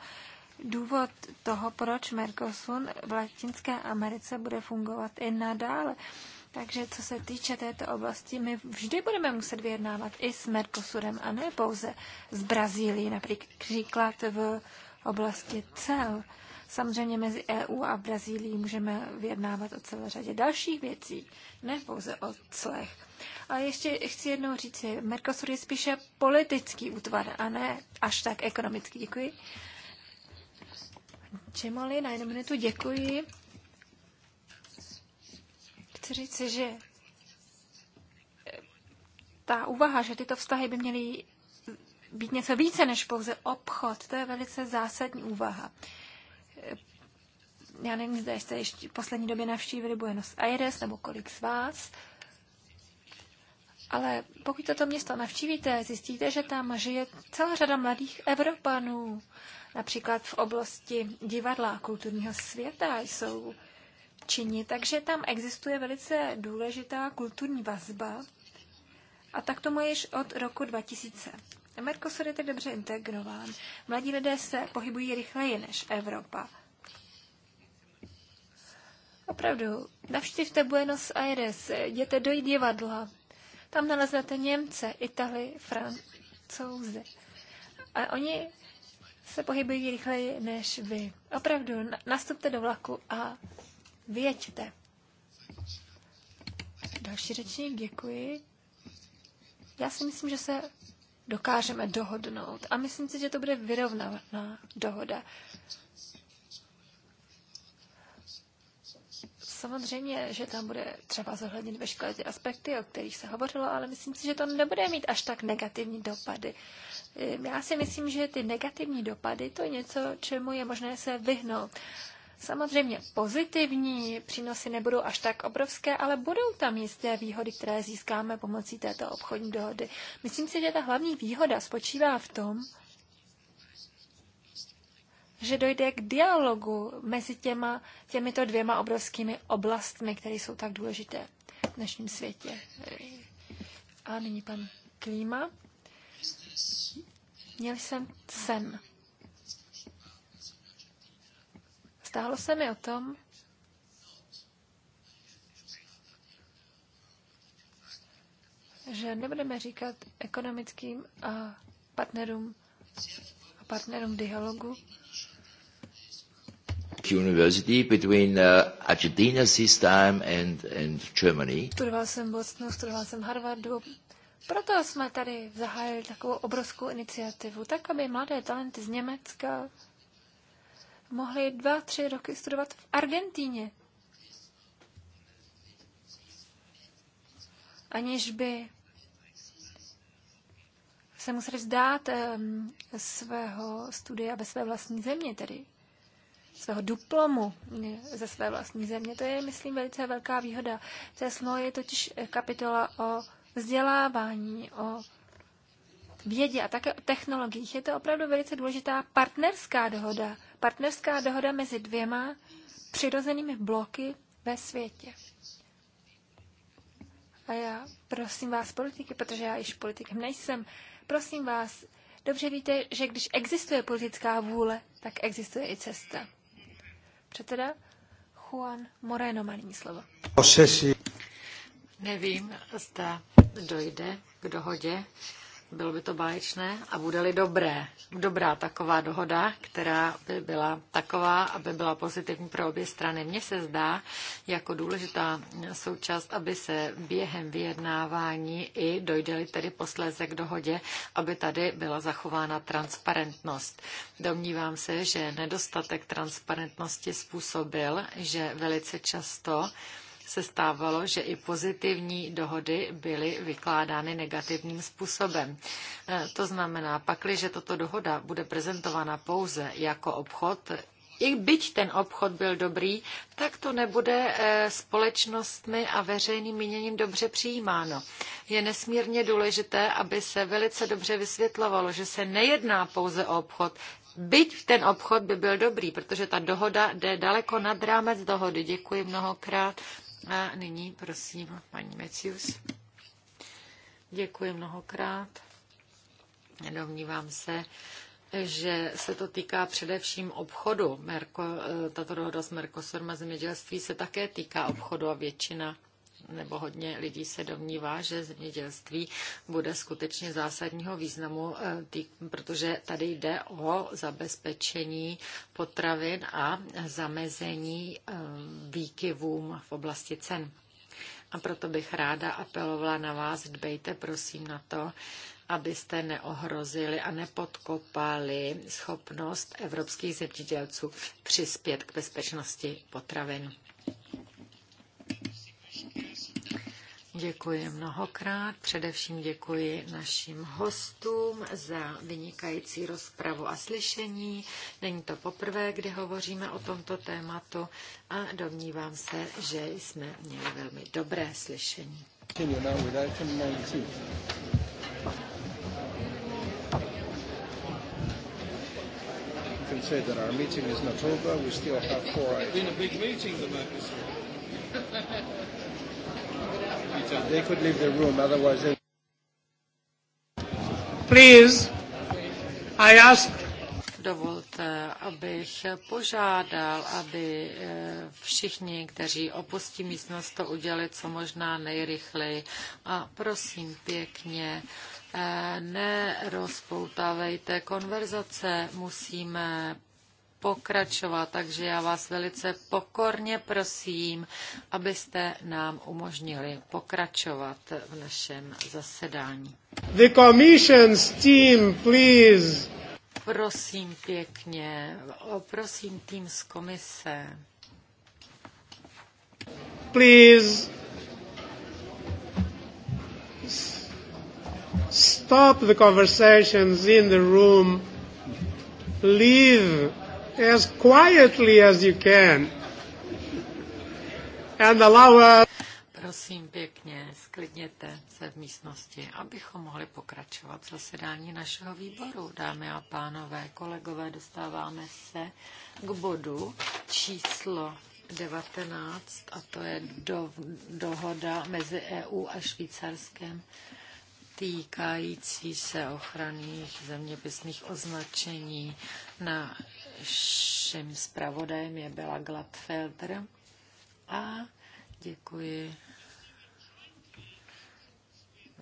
S4: důvod toho, proč Mercosur v Latinské Americe bude fungovat i nadále. Takže co se týče této oblasti, my vždy budeme muset vyjednávat i s Mercosurem a ne pouze z Brazílii, například v oblasti cel. Samozřejmě mezi EU a Brazílií můžeme vyjednávat o celé řadě dalších věcí, ne pouze o clech. A ještě chci jednou říct, Mercosur je spíše politický útvar a ne až tak ekonomický. Děkuji. Čemoli, na jednu minutu děkuji chci říci, že ta úvaha, že tyto vztahy by měly být něco více než pouze obchod, to je velice zásadní úvaha. Já nevím, zda jste ještě v poslední době navštívili Buenos Aires nebo kolik z vás, ale pokud toto město navštívíte, zjistíte, že tam žije celá řada mladých Evropanů. Například v oblasti divadla a kulturního světa jsou Činí, takže tam existuje velice důležitá kulturní vazba a tak to je již od roku 2000. Mercosur je tak dobře integrován. Mladí lidé se pohybují rychleji než Evropa. Opravdu, navštivte Buenos Aires, jděte do divadla. Tam naleznete Němce, Itali, Francouze. A oni se pohybují rychleji než vy. Opravdu, nastupte do vlaku a vyjeďte. Další řečník, děkuji. Já si myslím, že se dokážeme dohodnout a myslím si, že to bude vyrovnaná dohoda. Samozřejmě, že tam bude třeba zohlednit veškeré ty aspekty, o kterých se hovořilo, ale myslím si, že to nebude mít až tak negativní dopady. Ehm, já si myslím, že ty negativní dopady to je něco, čemu je možné se vyhnout. Samozřejmě pozitivní přínosy nebudou až tak obrovské, ale budou tam jisté výhody, které získáme pomocí této obchodní dohody. Myslím si, že ta hlavní výhoda spočívá v tom, že dojde k dialogu mezi těma, těmito dvěma obrovskými oblastmi, které jsou tak důležité v dnešním světě. A nyní pan Klíma. Měl jsem sen. Stálo se mi o tom, že nebudeme říkat ekonomickým a partnerům a partnerům dialogu.
S2: University between uh, Argentina this time and, and Germany.
S4: Studoval jsem Bostonu, studoval jsem Harvardu. Proto jsme tady zahájili takovou obrovskou iniciativu, tak aby mladé talenty z Německa, mohli dva, tři roky studovat v Argentíně. Aniž by se museli vzdát um, svého studia ve své vlastní země, tedy svého diplomu eh, ze své vlastní země. To je, myslím, velice velká výhoda. V té je totiž kapitola o vzdělávání, o vědě a také o technologiích. Je to opravdu velice důležitá partnerská dohoda. Partnerská dohoda mezi dvěma přirozenými bloky ve světě. A já prosím vás, politiky, protože já již politikem nejsem, prosím vás, dobře víte, že když existuje politická vůle, tak existuje i cesta. Předseda Juan Moreno má nyní slovo.
S3: Nevím, zda dojde k dohodě bylo by to báječné a bude-li dobré, dobrá taková dohoda, která by byla taková, aby byla pozitivní pro obě strany. Mně se zdá jako důležitá součást, aby se během vyjednávání i dojde tedy posléze k dohodě, aby tady byla zachována transparentnost. Domnívám se, že nedostatek transparentnosti způsobil, že velice často se stávalo, že i pozitivní dohody byly vykládány negativním způsobem. E, to znamená, pakliže toto dohoda bude prezentována pouze jako obchod, i byť ten obchod byl dobrý, tak to nebude e, společnostmi a veřejným míněním dobře přijímáno. Je nesmírně důležité, aby se velice dobře vysvětlovalo, že se nejedná pouze o obchod, Byť ten obchod by byl dobrý, protože ta dohoda jde daleko nad rámec dohody. Děkuji mnohokrát a nyní prosím paní Mecius. Děkuji mnohokrát. Domnívám se, že se to týká především obchodu. Merko, tato dohoda s Mercosurem a zemědělství se také týká obchodu a většina nebo hodně lidí se domnívá, že zemědělství bude skutečně zásadního významu, eh, protože tady jde o zabezpečení potravin a zamezení eh, výkyvům v oblasti cen. A proto bych ráda apelovala na vás, dbejte prosím na to, abyste neohrozili a nepodkopali schopnost evropských zemědělců přispět k bezpečnosti potravin. Děkuji mnohokrát. Především děkuji našim hostům za vynikající rozpravu a slyšení. Není to poprvé, kdy hovoříme o tomto tématu a domnívám se, že jsme měli velmi dobré slyšení.
S5: can say that our meeting is not over. We still have four It's been
S1: a big meeting, the
S5: They could leave the room, otherwise they...
S1: Please, I ask dovolte,
S3: abych požádal, aby eh, všichni, kteří opustí místnost, to udělali co možná nejrychleji. A prosím pěkně, eh, nerozpoutávejte konverzace, musíme pokračovat, takže já vás velice pokorně prosím, abyste nám umožnili pokračovat v našem zasedání.
S1: The commission's team, please.
S3: Prosím pěkně, prosím tým z komise.
S1: Please. Stop the conversations in the room. Leave as quietly as you can and allow us
S3: Prosím pěkně, sklidněte se v místnosti, abychom mohli pokračovat zasedání našeho výboru. Dámy a pánové, kolegové, dostáváme se k bodu číslo 19, a to je do, dohoda mezi EU a Švýcarskem týkající se ochranných zeměpisných označení na Naším zpravodajem je Bela Gladfelder a děkuji,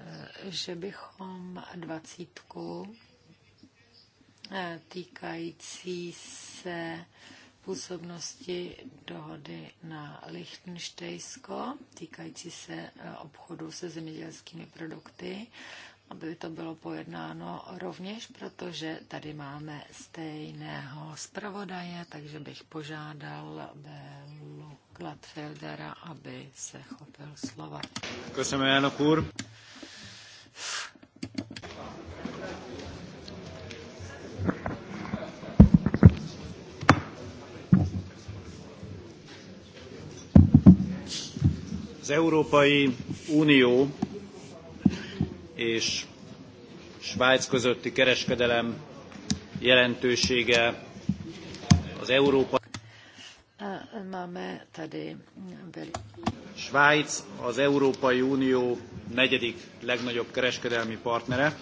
S3: eh, že bychom dvacítku eh, týkající se působnosti dohody na Lichtenštejsko, týkající se eh, obchodu se zemědělskými produkty, aby to bylo pojednáno rovněž, protože tady máme stejného zpravodaje, takže bych požádal Bélu Gladfeldera, aby se
S1: chopil slova.
S5: Děkujeme, Jano Kůr. Az Európai Unió és Svájc közötti kereskedelem jelentősége az Európa.
S3: Máme tady
S5: Svájc az Európai Unió negyedik legnagyobb kereskedelmi partnere,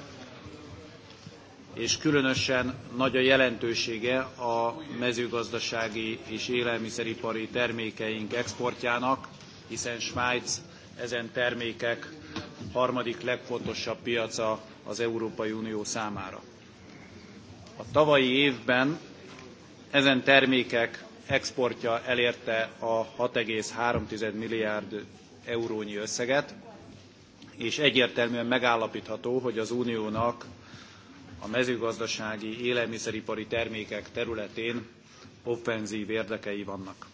S5: és különösen nagy a jelentősége a mezőgazdasági és élelmiszeripari termékeink exportjának, hiszen Svájc ezen termékek harmadik legfontosabb piaca az Európai Unió számára. A tavalyi évben ezen termékek exportja elérte a 6,3 milliárd eurónyi összeget, és egyértelműen megállapítható, hogy az uniónak a mezőgazdasági élelmiszeripari termékek területén offenzív érdekei vannak.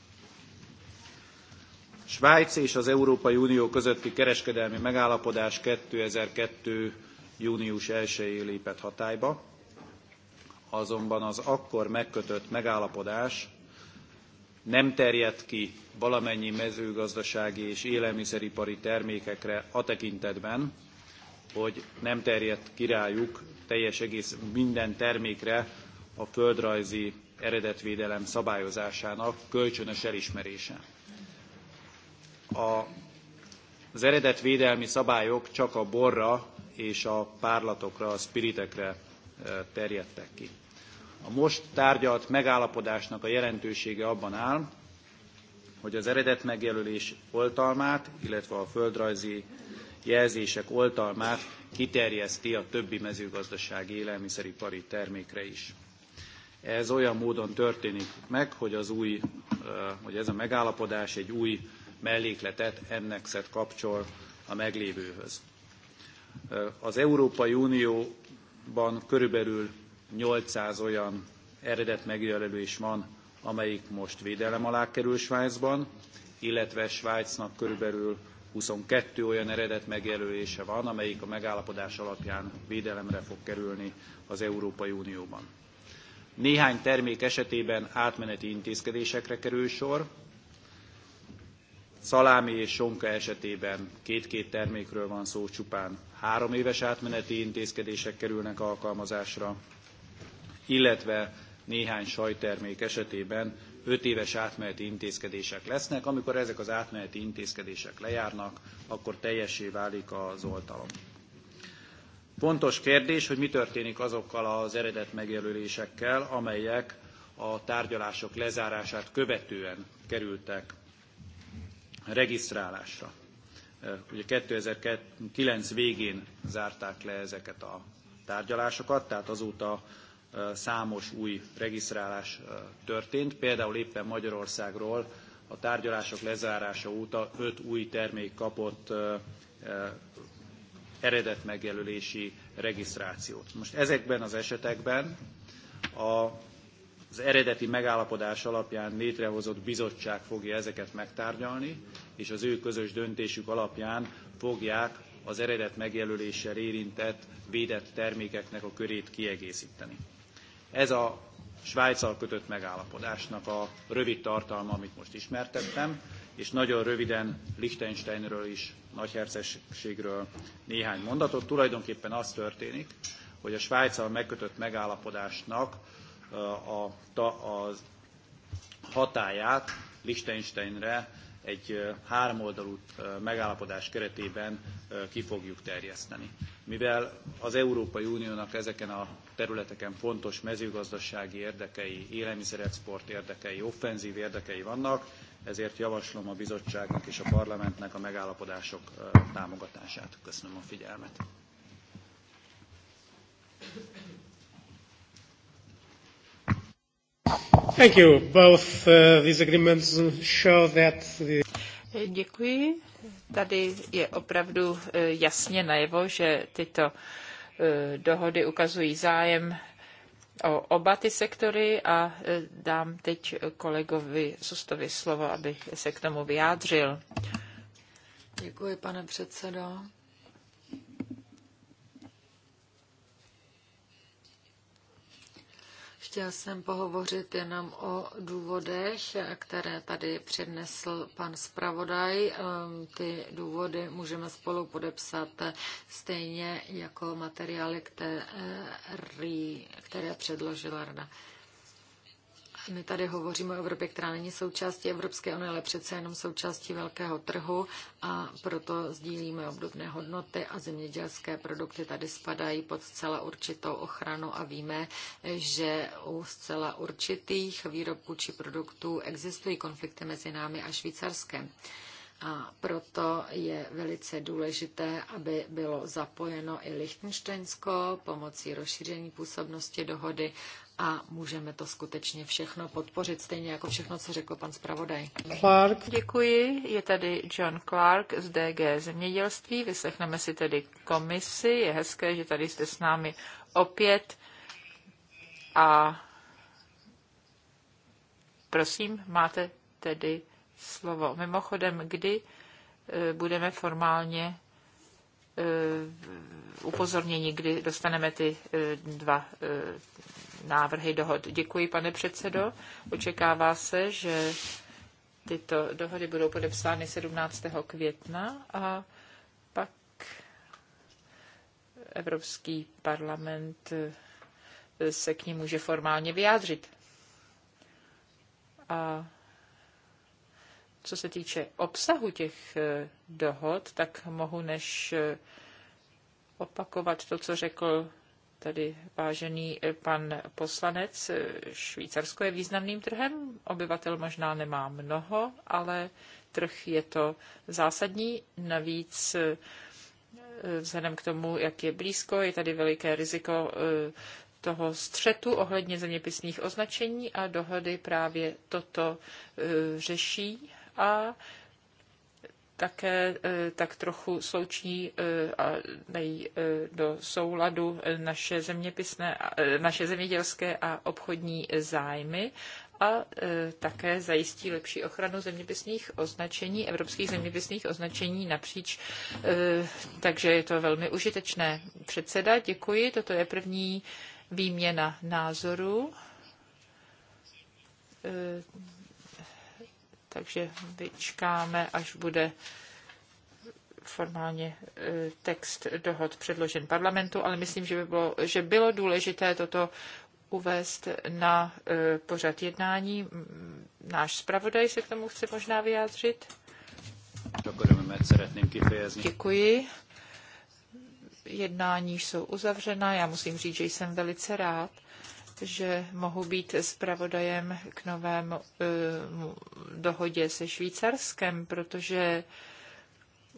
S5: Svájc és az Európai Unió közötti kereskedelmi megállapodás 2002. június 1-én lépett hatályba, azonban az akkor megkötött megállapodás nem terjed ki valamennyi mezőgazdasági és élelmiszeripari termékekre a tekintetben, hogy nem terjed királyuk teljes egész minden termékre a földrajzi eredetvédelem szabályozásának kölcsönös elismerése a, az eredetvédelmi szabályok csak a borra és a párlatokra, a spiritekre e, terjedtek ki. A most tárgyalt megállapodásnak a jelentősége abban áll, hogy az eredet megjelölés oltalmát, illetve a földrajzi jelzések oltalmát kiterjeszti a többi mezőgazdasági élelmiszeripari termékre is. Ez olyan módon történik meg, hogy, az új, e, hogy ez a megállapodás egy új mellékletet Annexet kapcsol a meglévőhöz. Az Európai Unióban körülbelül 800 olyan eredet megjelölés van, amelyik most védelem alá kerül Svájcban, illetve Svájcnak körülbelül 22 olyan eredet megjelölése van, amelyik a megállapodás alapján védelemre fog kerülni az Európai Unióban. Néhány termék esetében átmeneti intézkedésekre kerül sor, Szalámi és sonka esetében két-két termékről van szó csupán. Három éves átmeneti intézkedések kerülnek alkalmazásra, illetve néhány sajtermék esetében öt éves átmeneti intézkedések lesznek. Amikor ezek az átmeneti intézkedések lejárnak, akkor teljessé válik az oltalom. Fontos kérdés, hogy mi történik azokkal az eredet megjelölésekkel, amelyek a tárgyalások lezárását követően kerültek regisztrálásra. Ugye 2009 végén zárták le ezeket a tárgyalásokat, tehát azóta számos új regisztrálás történt. Például éppen Magyarországról a tárgyalások lezárása óta öt új termék kapott eredet megjelölési regisztrációt. Most ezekben az esetekben a az eredeti megállapodás alapján létrehozott bizottság fogja ezeket megtárgyalni, és az ő közös döntésük alapján fogják az eredet megjelöléssel érintett, védett termékeknek a körét kiegészíteni. Ez a Svájccal kötött megállapodásnak a rövid tartalma, amit most ismertettem, és nagyon röviden Liechtensteinről is, nagyhercegségről néhány mondatot. Tulajdonképpen az történik, hogy a Svájccal megkötött megállapodásnak a, a, a hatáját Liechtensteinre egy háromoldalú megállapodás keretében ki fogjuk terjeszteni. Mivel az Európai Uniónak ezeken a területeken fontos mezőgazdasági érdekei, élelmiszerexport érdekei, offenzív érdekei vannak, ezért javaslom a bizottságnak és a parlamentnek a megállapodások támogatását. Köszönöm a figyelmet.
S1: Thank you. Both uh, these agreements show that the...
S2: Děkuji. Tady je opravdu eh, jasně najevo, že tyto eh, dohody ukazují zájem o oba ty sektory a eh, dám teď kolegovi Sustovi slovo, aby se k tomu vyjádřil.
S3: Děkuji, pane předsedo. Chtěl jsem pohovořit jenom o důvodech, které tady přednesl pan zpravodaj. Ehm, ty důvody můžeme spolu podepsat stejně jako materiály, které, eh, které předložila Rada. My tady hovoříme o Evropě, která není součástí Evropské unie, ale přece jenom součástí velkého trhu a proto sdílíme obdobné hodnoty a zemědělské produkty tady spadají pod zcela určitou ochranu a víme, že u zcela určitých výrobků či produktů existují konflikty mezi námi a Švýcarskem. A proto je velice důležité, aby bylo zapojeno i Lichtensteinsko pomocí rozšíření působnosti dohody a můžeme to skutečně všechno podpořit, stejně jako všechno, co řekl pan zpravodaj.
S2: Clark. Děkuji. Je tady John Clark z DG Zemědělství. Vyslechneme si tedy komisi. Je hezké, že tady jste s námi opět. A prosím, máte tedy slovo. Mimochodem, kdy eh, budeme formálně Eh, upozornění, kdy dostaneme ty eh, dva eh, návrhy dohod. Děkuji, pane předsedo. Očekává se, že tyto dohody budou podepsány 17. května a pak Evropský parlament se k ní může formálně vyjádřit. A co se týče obsahu těch eh, dohod, tak mohu než eh, opakovat to, co řekl tady vážený eh, pan poslanec. Švýcarsko je významným trhem, obyvatel možná nemá mnoho, ale trh je to zásadní. Navíc vzhledem k tomu, jak je blízko, je tady veliké riziko toho střetu ohledně zeměpisných označení a dohody právě toto řeší a také eh, tak trochu sloučí eh, a dají eh, do souladu naše, zeměpisné, naše zemědělské a obchodní zájmy a také zajistí lepší ochranu zeměpisných označení, evropských zeměpisných označení napříč. Takže je to velmi užitečné. Předseda, děkuji. Toto je první výměna názoru takže vyčkáme, až bude formálně e, text dohod předložen parlamentu, ale myslím, že, by bylo, že bylo důležité toto uvést na e, pořad jednání. Náš zpravodaj se k tomu chce možná vyjádřit. Děkuji. Jednání jsou uzavřena. Já musím říct, že jsem velice rád, že mohu být zpravodajem k novému e, dohodě se Švýcarskem, protože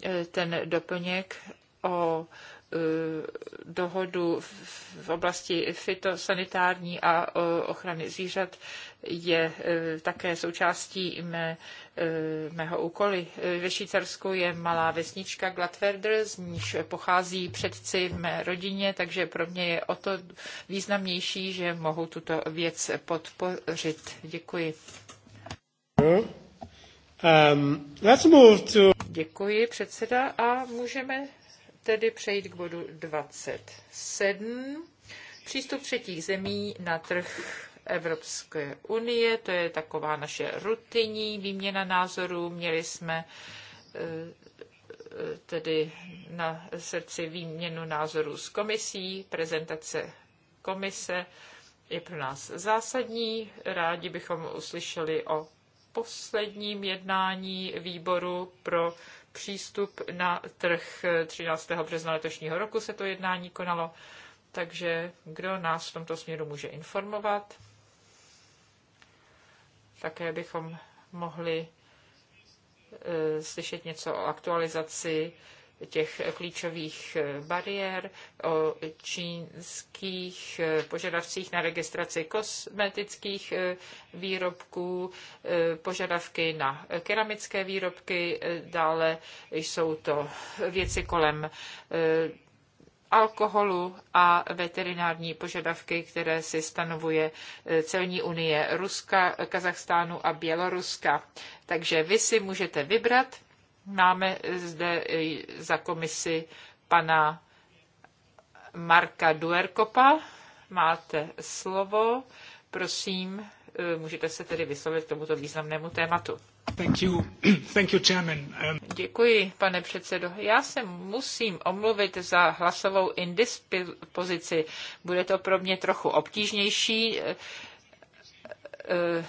S2: e, ten doplněk o e, dohodu v oblasti fitosanitární a ochrany zvířat je eh, také součástí mé, eh, mého úkoly. Eh, ve Švýcarsku je malá vesnička Glatwerder, z níž pochází předci v mé rodině, takže pro mě je o to významnější, že mohu tuto věc podpořit. Děkuji.
S1: Um, let's move to... Děkuji, předseda,
S2: a můžeme tedy přejít k bodu
S1: 27.
S2: Přístup třetích zemí na trh Evropské unie. To je taková naše rutinní výměna názorů. Měli jsme eh, eh, tedy na srdci výměnu názorů s komisí, prezentace komise je pro nás zásadní. Rádi bychom uslyšeli o posledním jednání výboru pro přístup na trh 13. března letošního roku se to jednání konalo, takže kdo nás v tomto směru může informovat? Také bychom mohli eh, slyšet něco o aktualizaci těch klíčových eh, bariér, o čínských eh, požadavcích na registraci kosmetických výrobků, požadavky na keramické výrobky, dále jsou to věci kolem alkoholu a veterinární požadavky, které si stanovuje eh, celní unie Ruska, Kazachstánu a Běloruska. Takže vy si můžete vybrat. Máme eh, zde eh, za komisi pana Marka Duerkopa. Máte slovo. Prosím, můžete se tedy vyslovit k tomuto významnému tématu.
S1: Thank you. Thank you, chairman.
S2: Um... Děkuji, pane předsedo. Já se musím omluvit za hlasovou indispozici. Bude to pro mě trochu obtížnější. E, e,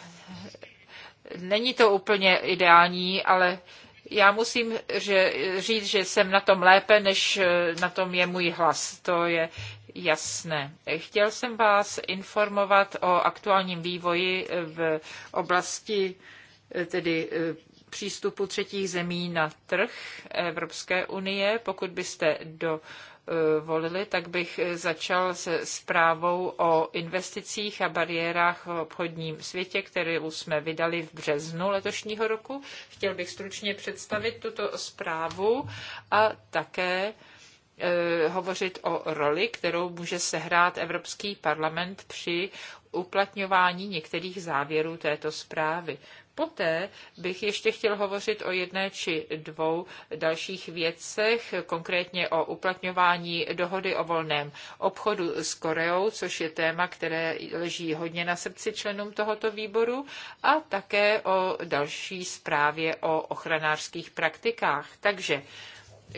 S2: není to úplně ideální, ale já musím že, říct, že jsem na tom lépe, než e, na tom je můj hlas. To je jasné. Chtěl jsem vás informovat o aktuálním vývoji v oblasti tedy e, přístupu třetích zemí na trh Evropské unie. Pokud byste do e, volili, tak bych e, začal se zprávou o investicích a bariérách v obchodním světě, kterou jsme vydali v březnu letošního roku. Chtěl bych stručně představit tuto zprávu a také hovořit o roli, kterou může sehrát Evropský parlament při uplatňování některých závěrů této zprávy. Poté bych ještě chtěl hovořit o jedné či dvou dalších věcech, konkrétně o uplatňování dohody o volném obchodu s Koreou, což je téma, které leží hodně na srdci členům tohoto výboru, a také o další zprávě o ochranářských praktikách. Takže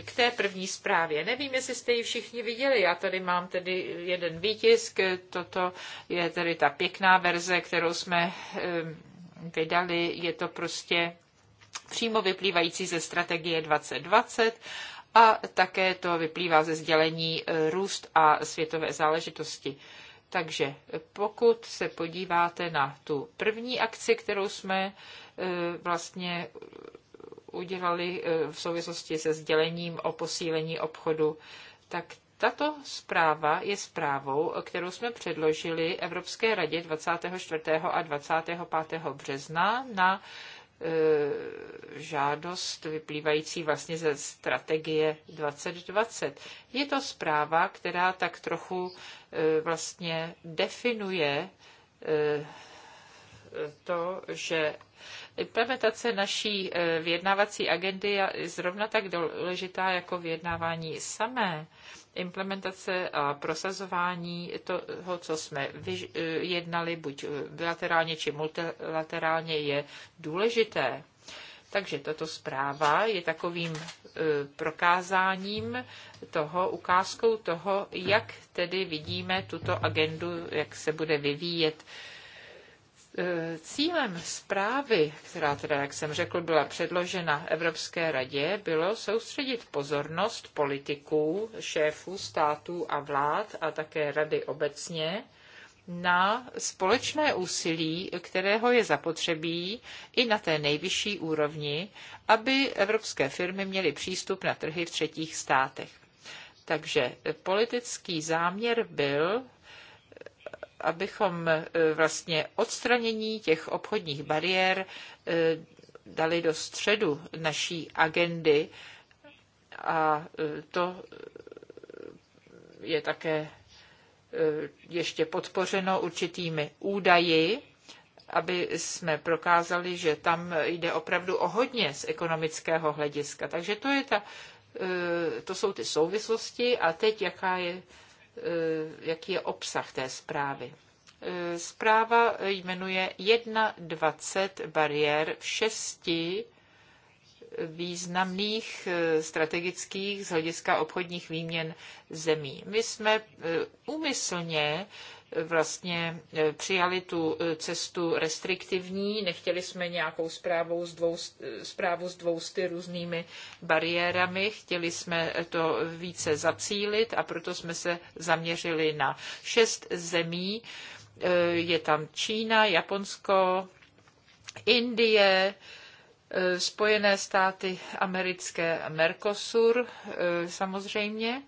S2: k té první zprávě. Nevím, jestli jste ji všichni viděli. Já tady mám tedy jeden výtisk. Toto je tedy ta pěkná verze, kterou jsme ehm, vydali. Je to prostě přímo vyplývající ze strategie 2020 a také to vyplývá ze sdělení eh, růst a světové záležitosti. Takže pokud se podíváte na tu první akci, kterou jsme eh, vlastně udělali eh, v souvislosti se sdělením o posílení obchodu, tak tato zpráva je zprávou, kterou jsme předložili Evropské radě 24. a 25. března na e, žádost vyplývající vlastně ze strategie 2020. Je to zpráva, která tak trochu e, vlastně definuje e, to, že implementace naší vyjednávací agendy je zrovna tak důležitá jako vyjednávání samé implementace a prosazování toho, co jsme eh, jednali, buď eh, bilaterálně či multilaterálně, je důležité. Takže tato zpráva je takovým eh, prokázáním toho, ukázkou toho, jak tedy vidíme tuto agendu, jak se bude vyvíjet Eh, cílem zprávy, která teda, jak jsem řekl, byla předložena Evropské radě, bylo soustředit pozornost politiků, šéfů států a vlád a také rady obecně na společné úsilí, kterého je zapotřebí i na té nejvyšší úrovni, aby evropské firmy měly přístup na trhy v třetích státech. Takže politický záměr byl abychom e, vlastně odstranění těch obchodních bariér e, dali do středu naší agendy a e, to je také ještě podpořeno určitými údaji, aby jsme prokázali, že tam jde opravdu o hodně z ekonomického hlediska. Takže to, je ta, to jsou ty souvislosti a teď jaká je Eh, jaký je obsah té zprávy. Eh, zpráva jmenuje 21 bariér v šesti významných eh, strategických z hlediska obchodních výměn zemí. My jsme úmyslně vlastně e, přijali tu e, cestu restriktivní, nechtěli jsme nějakou zprávu s dvou, zprávu s dvousty různými bariérami, chtěli jsme to více zacílit a proto jsme se zaměřili na šest zemí. E, je tam Čína, Japonsko, Indie, Spojené státy americké, Mercosur samozřejmě.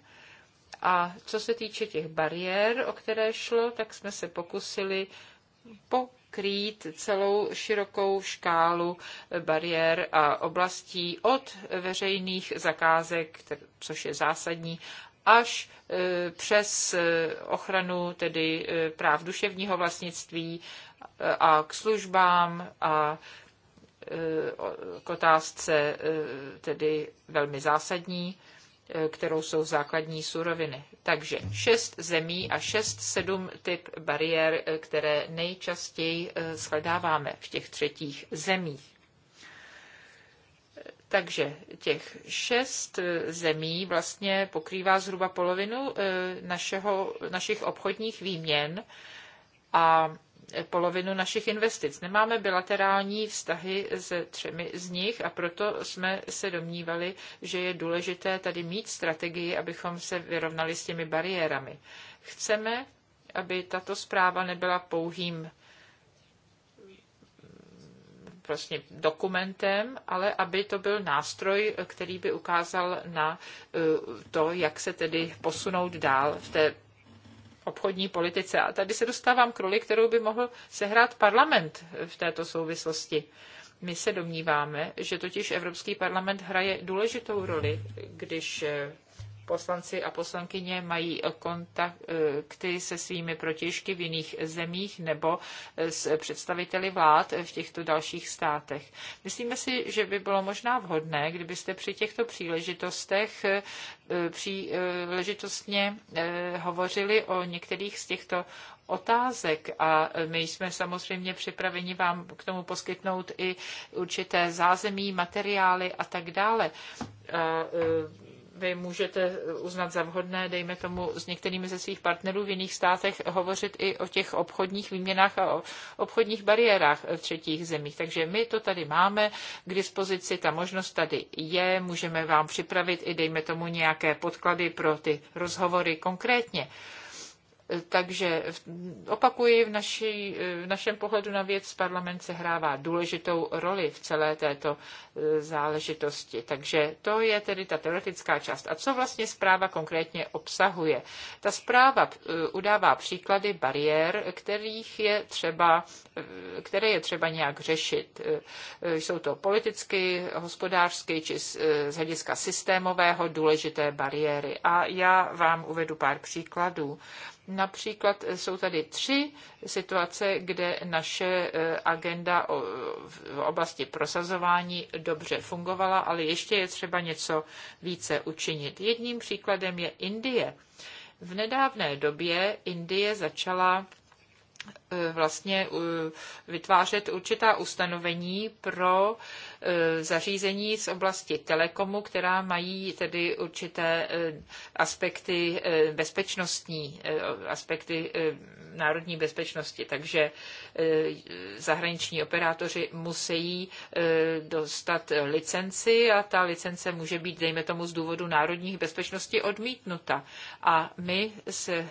S2: A co se týče těch bariér, o které šlo, tak jsme se pokusili po krýt celou širokou škálu bariér a oblastí od veřejných zakázek, což je zásadní, až e, přes e, ochranu tedy e, práv duševního vlastnictví a k službám a k otázce tedy velmi zásadní Eh, kterou jsou základní suroviny. Takže šest zemí a šest, sedm typ bariér, eh, které nejčastěji eh, shledáváme v těch třetích zemích. Takže těch šest zemí vlastně pokrývá zhruba polovinu našeho, našich obchodních výměn a polovinu našich investic. Nemáme bilaterální vztahy se třemi z nich a proto jsme se domnívali, že je důležité tady mít strategii, abychom se vyrovnali s těmi bariérami. Chceme, aby tato zpráva nebyla pouhým vlastně dokumentem, ale aby to byl nástroj, který by ukázal na eh, to, jak se tedy posunout dál v té obchodní politice. A tady se dostávám k roli, kterou by mohl sehrát parlament v této souvislosti. My se domníváme, že totiž Evropský parlament hraje důležitou roli, když eh, poslanci a poslankyně mají kontakty se svými protěžky v jiných zemích nebo s představiteli vlád v těchto dalších státech. Myslíme si, že by bylo možná vhodné, kdybyste při těchto příležitostech eh, příležitostně eh, hovořili o některých z těchto otázek a my jsme samozřejmě připraveni vám k tomu poskytnout i určité zázemí, materiály a tak dále. Eh, vy můžete uznat za vhodné, dejme tomu, s některými ze svých partnerů v jiných státech hovořit i o těch obchodních výměnách a o obchodních bariérách v třetích zemích. Takže my to tady máme k dispozici, ta možnost tady je, můžeme vám připravit i, dejme tomu, nějaké podklady pro ty rozhovory konkrétně. Takže opakuji, v, naší, v našem pohledu na věc parlament se hrává důležitou roli v celé této e, záležitosti. Takže to je tedy ta teoretická část. A co vlastně zpráva konkrétně obsahuje? Ta zpráva e, udává příklady bariér, kterých je třeba, e, které je třeba nějak řešit. Jsou to politicky, hospodářsky či z hlediska systémového důležité bariéry. A já vám uvedu pár příkladů. Například e, jsou tady tři situace, kde naše e, agenda v oblasti prosazování dobře fungovala, ale ještě je třeba něco více učinit. Jedním příkladem je Indie. V nedávné době Indie začala E, vlastně e, vytvářet určitá ustanovení pro e, zařízení z oblasti telekomu, která mají tedy určité aspekty bezpečnostní, aspekty národní bezpečnosti. Takže zahraniční operátoři musí dostat licenci a ta licence může být, dejme tomu, z důvodu národních bezpečnosti odmítnuta. A my se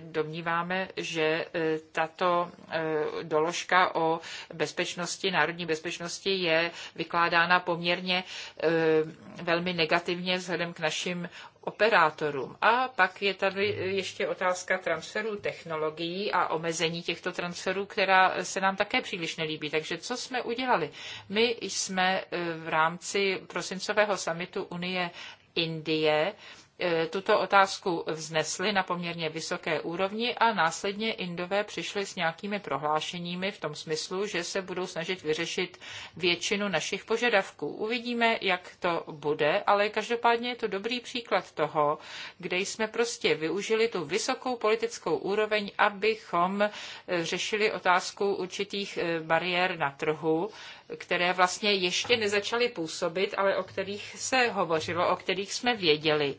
S2: domníváme, že ta tato e, doložka o bezpečnosti, národní bezpečnosti je vykládána poměrně e, velmi negativně vzhledem k našim operátorům. A pak je tady ještě otázka transferu technologií a omezení těchto transferů, která se nám také příliš nelíbí. Takže co jsme udělali? My jsme e, v rámci prosincového samitu Unie Indie E, tuto otázku vznesli na poměrně vysoké úrovni a následně Indové přišli s nějakými prohlášeními v tom smyslu, že se budou snažit vyřešit většinu našich požadavků. Uvidíme, jak to bude, ale každopádně je to dobrý příklad toho, kde jsme prostě využili tu vysokou politickou úroveň, abychom e, řešili otázku určitých e, bariér na trhu, které vlastně ještě nezačaly působit, ale o kterých se hovořilo, o kterých jsme věděli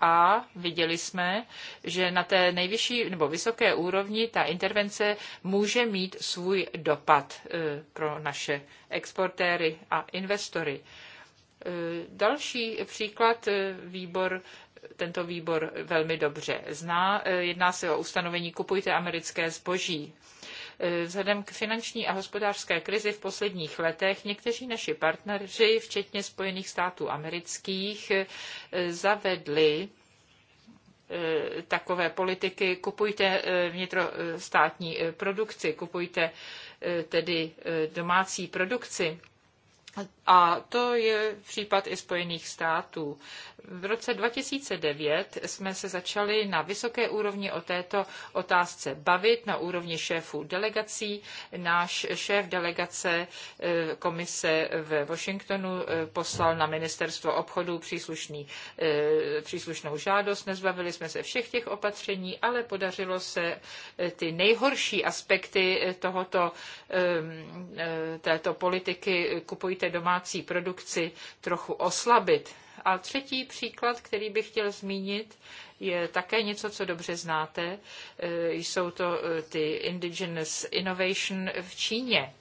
S2: a viděli jsme, že na té nejvyšší nebo vysoké úrovni ta intervence může mít svůj dopad e, pro naše exportéry a investory. E, další příklad e, výbor tento výbor velmi dobře zná. Jedná se o ustanovení kupujte americké zboží. Vzhledem k finanční a hospodářské krizi v posledních letech někteří naši partneři, včetně Spojených států amerických, eh, zavedli eh, takové politiky, kupujte eh, vnitrostátní produkci, kupujte tedy domácí produkci. A to je případ i Spojených států. V roce 2009 jsme se začali na vysoké úrovni o této otázce bavit, na úrovni šéfů delegací. Náš šéf delegace eh, komise v Washingtonu eh, poslal na ministerstvo obchodu příslušný, eh, příslušnou žádost. Nezbavili jsme se všech těch opatření, ale podařilo se ty nejhorší aspekty tohoto, této politiky kupují té domácí produkci trochu oslabit. A třetí příklad, který bych chtěl zmínit, je také něco, co dobře znáte. E, jsou to e, ty Indigenous Innovation v Číně.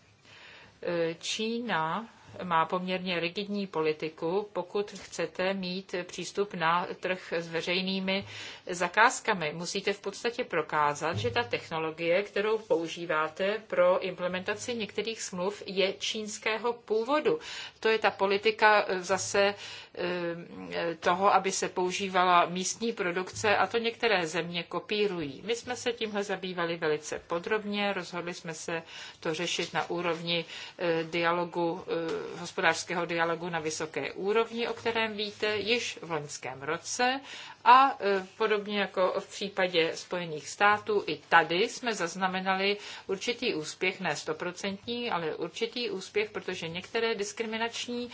S2: E, Čína má poměrně rigidní politiku, pokud chcete mít přístup na trh s veřejnými zakázkami. Musíte v podstatě prokázat, že ta technologie, kterou používáte pro implementaci některých smluv, je čínského původu. To je ta politika zase Eh, toho, aby se používala místní produkce a to některé země kopírují. My jsme se tímhle zabývali velice podrobně, rozhodli jsme se to řešit na úrovni eh, dialogu, eh, hospodářského dialogu na vysoké úrovni, o kterém víte, již v loňském roce a podobně jako v případě Spojených států, i tady jsme zaznamenali určitý úspěch, ne stoprocentní, ale určitý úspěch, protože některé diskriminační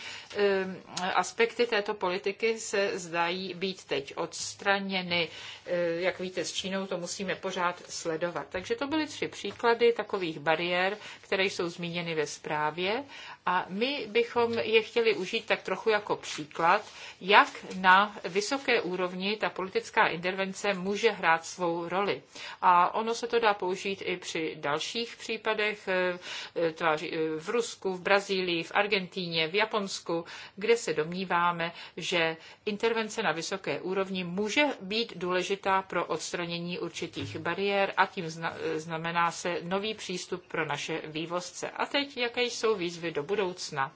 S2: aspekty té této politiky se zdají být teď odstraněny. E, jak víte, s Čínou to musíme pořád sledovat. Takže to byly tři příklady takových bariér, které jsou zmíněny ve zprávě a my bychom je chtěli užít tak trochu jako příklad, jak na vysoké úrovni ta politická intervence může hrát svou roli. A ono se to dá použít i při dalších případech e, e, e, v Rusku, v Brazílii, v Argentíně, v Japonsku, kde se domníváme, že intervence na vysoké úrovni může být důležitá pro odstranění určitých bariér a tím znamená se nový přístup pro naše vývozce. A teď, jaké jsou výzvy do budoucna? budoucna.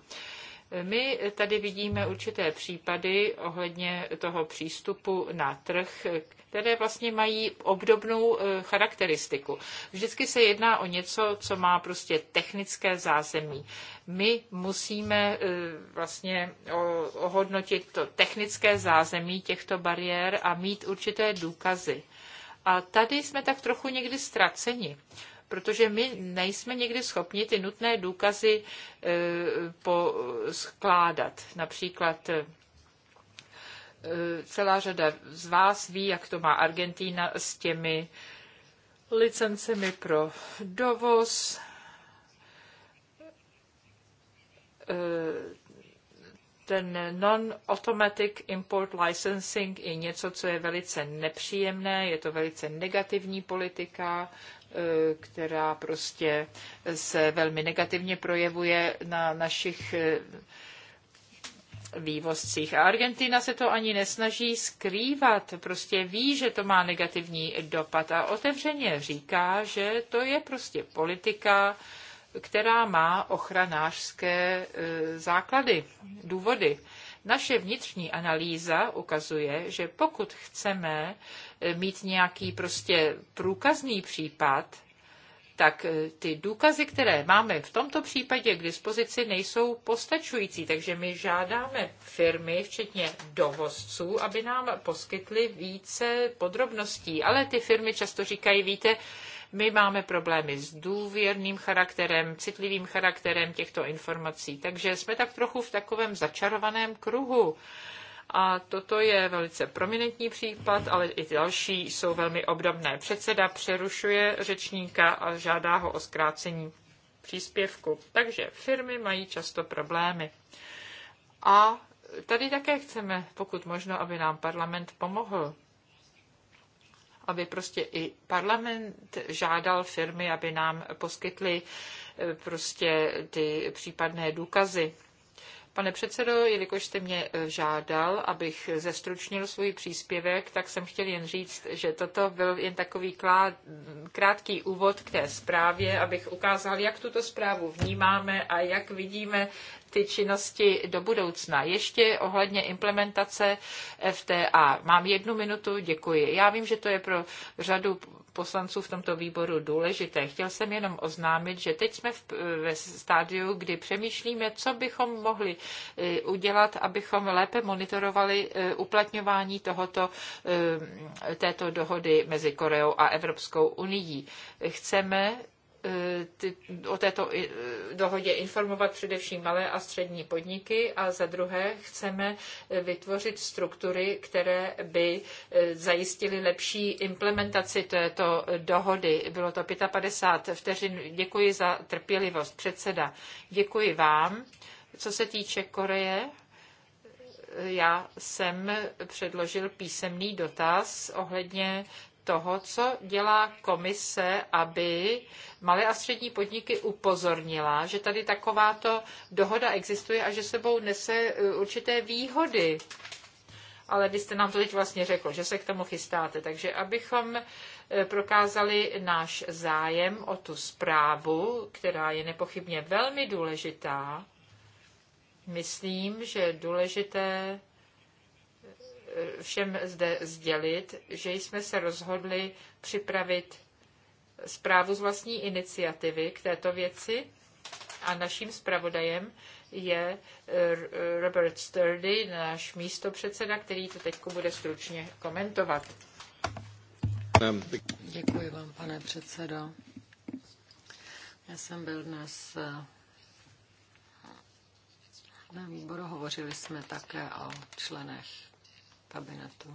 S2: My tady vidíme určité případy ohledně toho přístupu na trh, které vlastně mají obdobnou eh, charakteristiku. Vždycky se jedná o něco, co má prostě technické zázemí. My musíme eh, vlastně ohodnotit to technické zázemí těchto bariér a mít určité důkazy. A tady jsme tak trochu někdy ztraceni protože my nejsme někdy schopni ty nutné důkazy e, poskládat. Například e, celá řada z vás ví, jak to má Argentína s těmi licencemi pro dovoz. E, ten non-automatic import licensing je něco, co je velice nepříjemné, je to velice negativní politika Eh, která prostě se velmi negativně projevuje na našich eh, vývozcích. A Argentina se to ani nesnaží skrývat, prostě ví, že to má negativní dopad a otevřeně říká, že to je prostě politika, která má ochranářské eh, základy, důvody. Naše vnitřní analýza ukazuje, že pokud chceme e, mít nějaký prostě průkazný případ, tak e, ty důkazy, které máme v tomto případě k dispozici, nejsou postačující. Takže my žádáme firmy, včetně dovozců, aby nám poskytly více podrobností. Ale ty firmy často říkají, víte, my máme problémy s důvěrným charakterem, citlivým charakterem těchto informací, takže jsme tak trochu v takovém začarovaném kruhu. A toto je velice prominentní případ, ale i další jsou velmi obdobné. Předseda přerušuje řečníka a žádá ho o zkrácení příspěvku. Takže firmy mají často problémy. A tady také chceme, pokud možno, aby nám parlament pomohl aby prostě i parlament žádal firmy, aby nám poskytly eh, prostě ty případné důkazy. Pane předsedo, jelikož jste mě e, žádal, abych zestručnil svůj příspěvek, tak jsem chtěl jen říct, že toto byl jen takový krátký úvod k té zprávě, abych ukázal, jak tuto zprávu vnímáme a jak vidíme ty činnosti do budoucna. Ještě ohledně implementace FTA. Mám jednu minutu, děkuji. Já vím, že to je pro řadu poslanců v tomto výboru důležité. Chtěl jsem jenom oznámit, že teď jsme v, ve stádiu, kdy přemýšlíme, co bychom mohli e, udělat, abychom lépe monitorovali e, uplatňování tohoto, e, této dohody mezi Koreou a Evropskou unii. Chceme Eh, ty, o této eh, dohodě informovat především malé a střední podniky a za druhé chceme eh, vytvořit struktury, které by zajistily lepší implementaci této dohody. Bylo to 55 vteřin. Děkuji za trpělivost, předseda. Děkuji vám. Co se týče Koreje, já jsem předložil písemný dotaz ohledně toho, co dělá komise, aby malé a střední podniky upozornila, že tady takováto dohoda existuje a že sebou nese e, určité výhody. Ale vy jste nám to teď vlastně řekl, že se k tomu chystáte. Takže abychom e, prokázali náš zájem o tu zprávu, která je nepochybně velmi důležitá, myslím, že důležité všem zde sdělit, že jsme se rozhodli připravit zprávu z vlastní iniciativy k této věci a naším zpravodajem je eh, Robert Sturdy, náš místopředseda, který to teď bude stručně komentovat.
S3: Děkuji vám, pane předsedo. Já jsem byl dnes eh, na výboru, hovořili jsme také o členech kabinetu.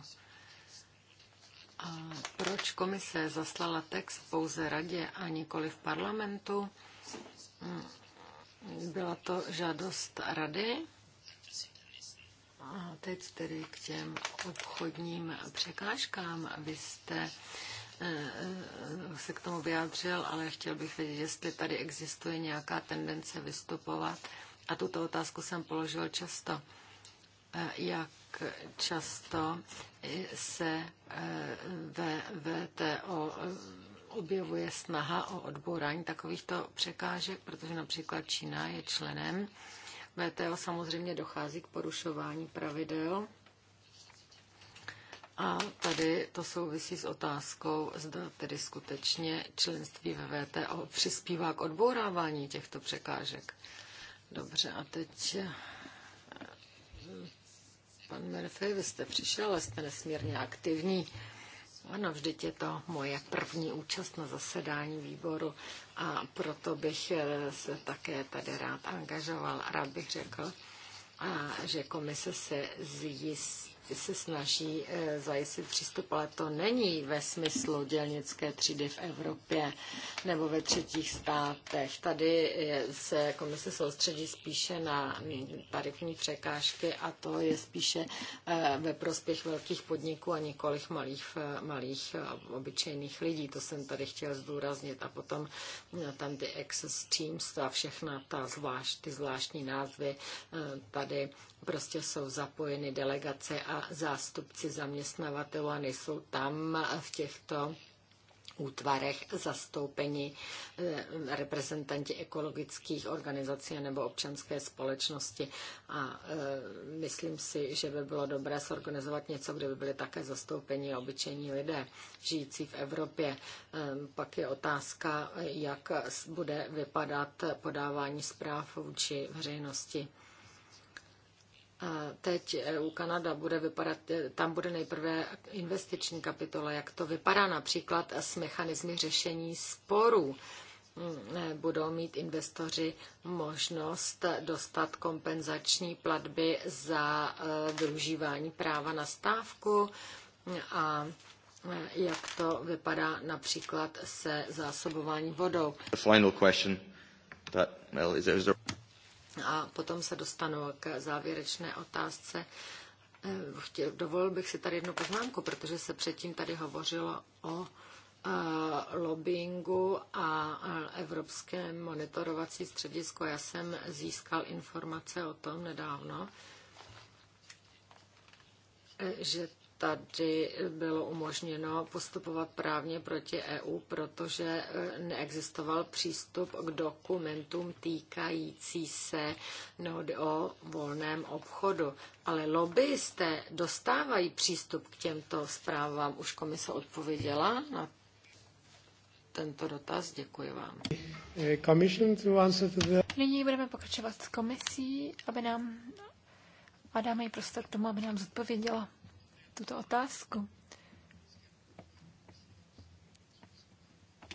S3: A proč komise zaslala text pouze radě a nikoli v parlamentu? Byla to žádost rady? A teď tedy k těm obchodním překážkám. Vy jste eh, eh, se k tomu vyjádřil, ale chtěl bych vědět, jestli tady existuje nějaká tendence vystupovat. A tuto otázku jsem položil často jak často se eh, ve VTO eh, objevuje snaha o odbourání takovýchto překážek, protože například Čína je členem. VTO samozřejmě dochází k porušování pravidel. A tady to souvisí s otázkou, zda tedy skutečně členství ve VTO přispívá k odbourávání těchto překážek. Dobře, a teď Pan Murphy, vy jste přišel, ale jste nesmírně aktivní. Ano, vždyť je to moje první účast na zasedání výboru a proto bych eh, se také tady rád angažoval. Rád bych řekl, a že komise se zjistí se snaží eh, zajistit přístup, ale to není ve smyslu dělnické třídy v Evropě nebo ve třetích státech. Tady eh, se komise soustředí spíše na tarifní překážky a to je spíše eh, ve prospěch velkých podniků a několik malých, malých obyčejných lidí. To jsem tady chtěl zdůraznit. A potom tam ty access teams a všechna ta zvlášť, ty zvláštní názvy tady prostě jsou zapojeny delegace a zástupci zaměstnavatelů a nejsou tam v těchto útvarech zastoupeni eh, reprezentanti ekologických organizací nebo občanské společnosti. A eh, myslím si, že by bylo dobré zorganizovat něco, kde by byly také zastoupeni obyčejní lidé žijící v Evropě. Ehm, pak je otázka, jak bude vypadat podávání zpráv vůči veřejnosti. Teď e u Kanada bude vypadat, e, tam bude nejprve investiční kapitola, jak to vypadá například s mechanizmy řešení sporů mm, e, budou mít investoři možnost dostat kompenzační platby za využívání práva na stávku a jak to vypadá například se zásobování vodou. A potom se dostanu k závěrečné otázce. Eh, chtěl, dovolil bych si tady jednu poznámku, protože se předtím tady hovořilo o eh, lobbyingu a Evropském monitorovací středisku. Já jsem získal informace o tom nedávno, eh, že tady bylo umožněno postupovat právně proti EU, protože e, neexistoval přístup k dokumentům týkající se dohody o volném obchodu. Ale lobbyisté dostávají přístup k těmto zprávám. Už komise odpověděla na tento dotaz. Děkuji vám.
S4: Nyní budeme pokračovat s komisí, aby nám a dáme jí prostor k tomu, aby nám zodpověděla tuto otázku.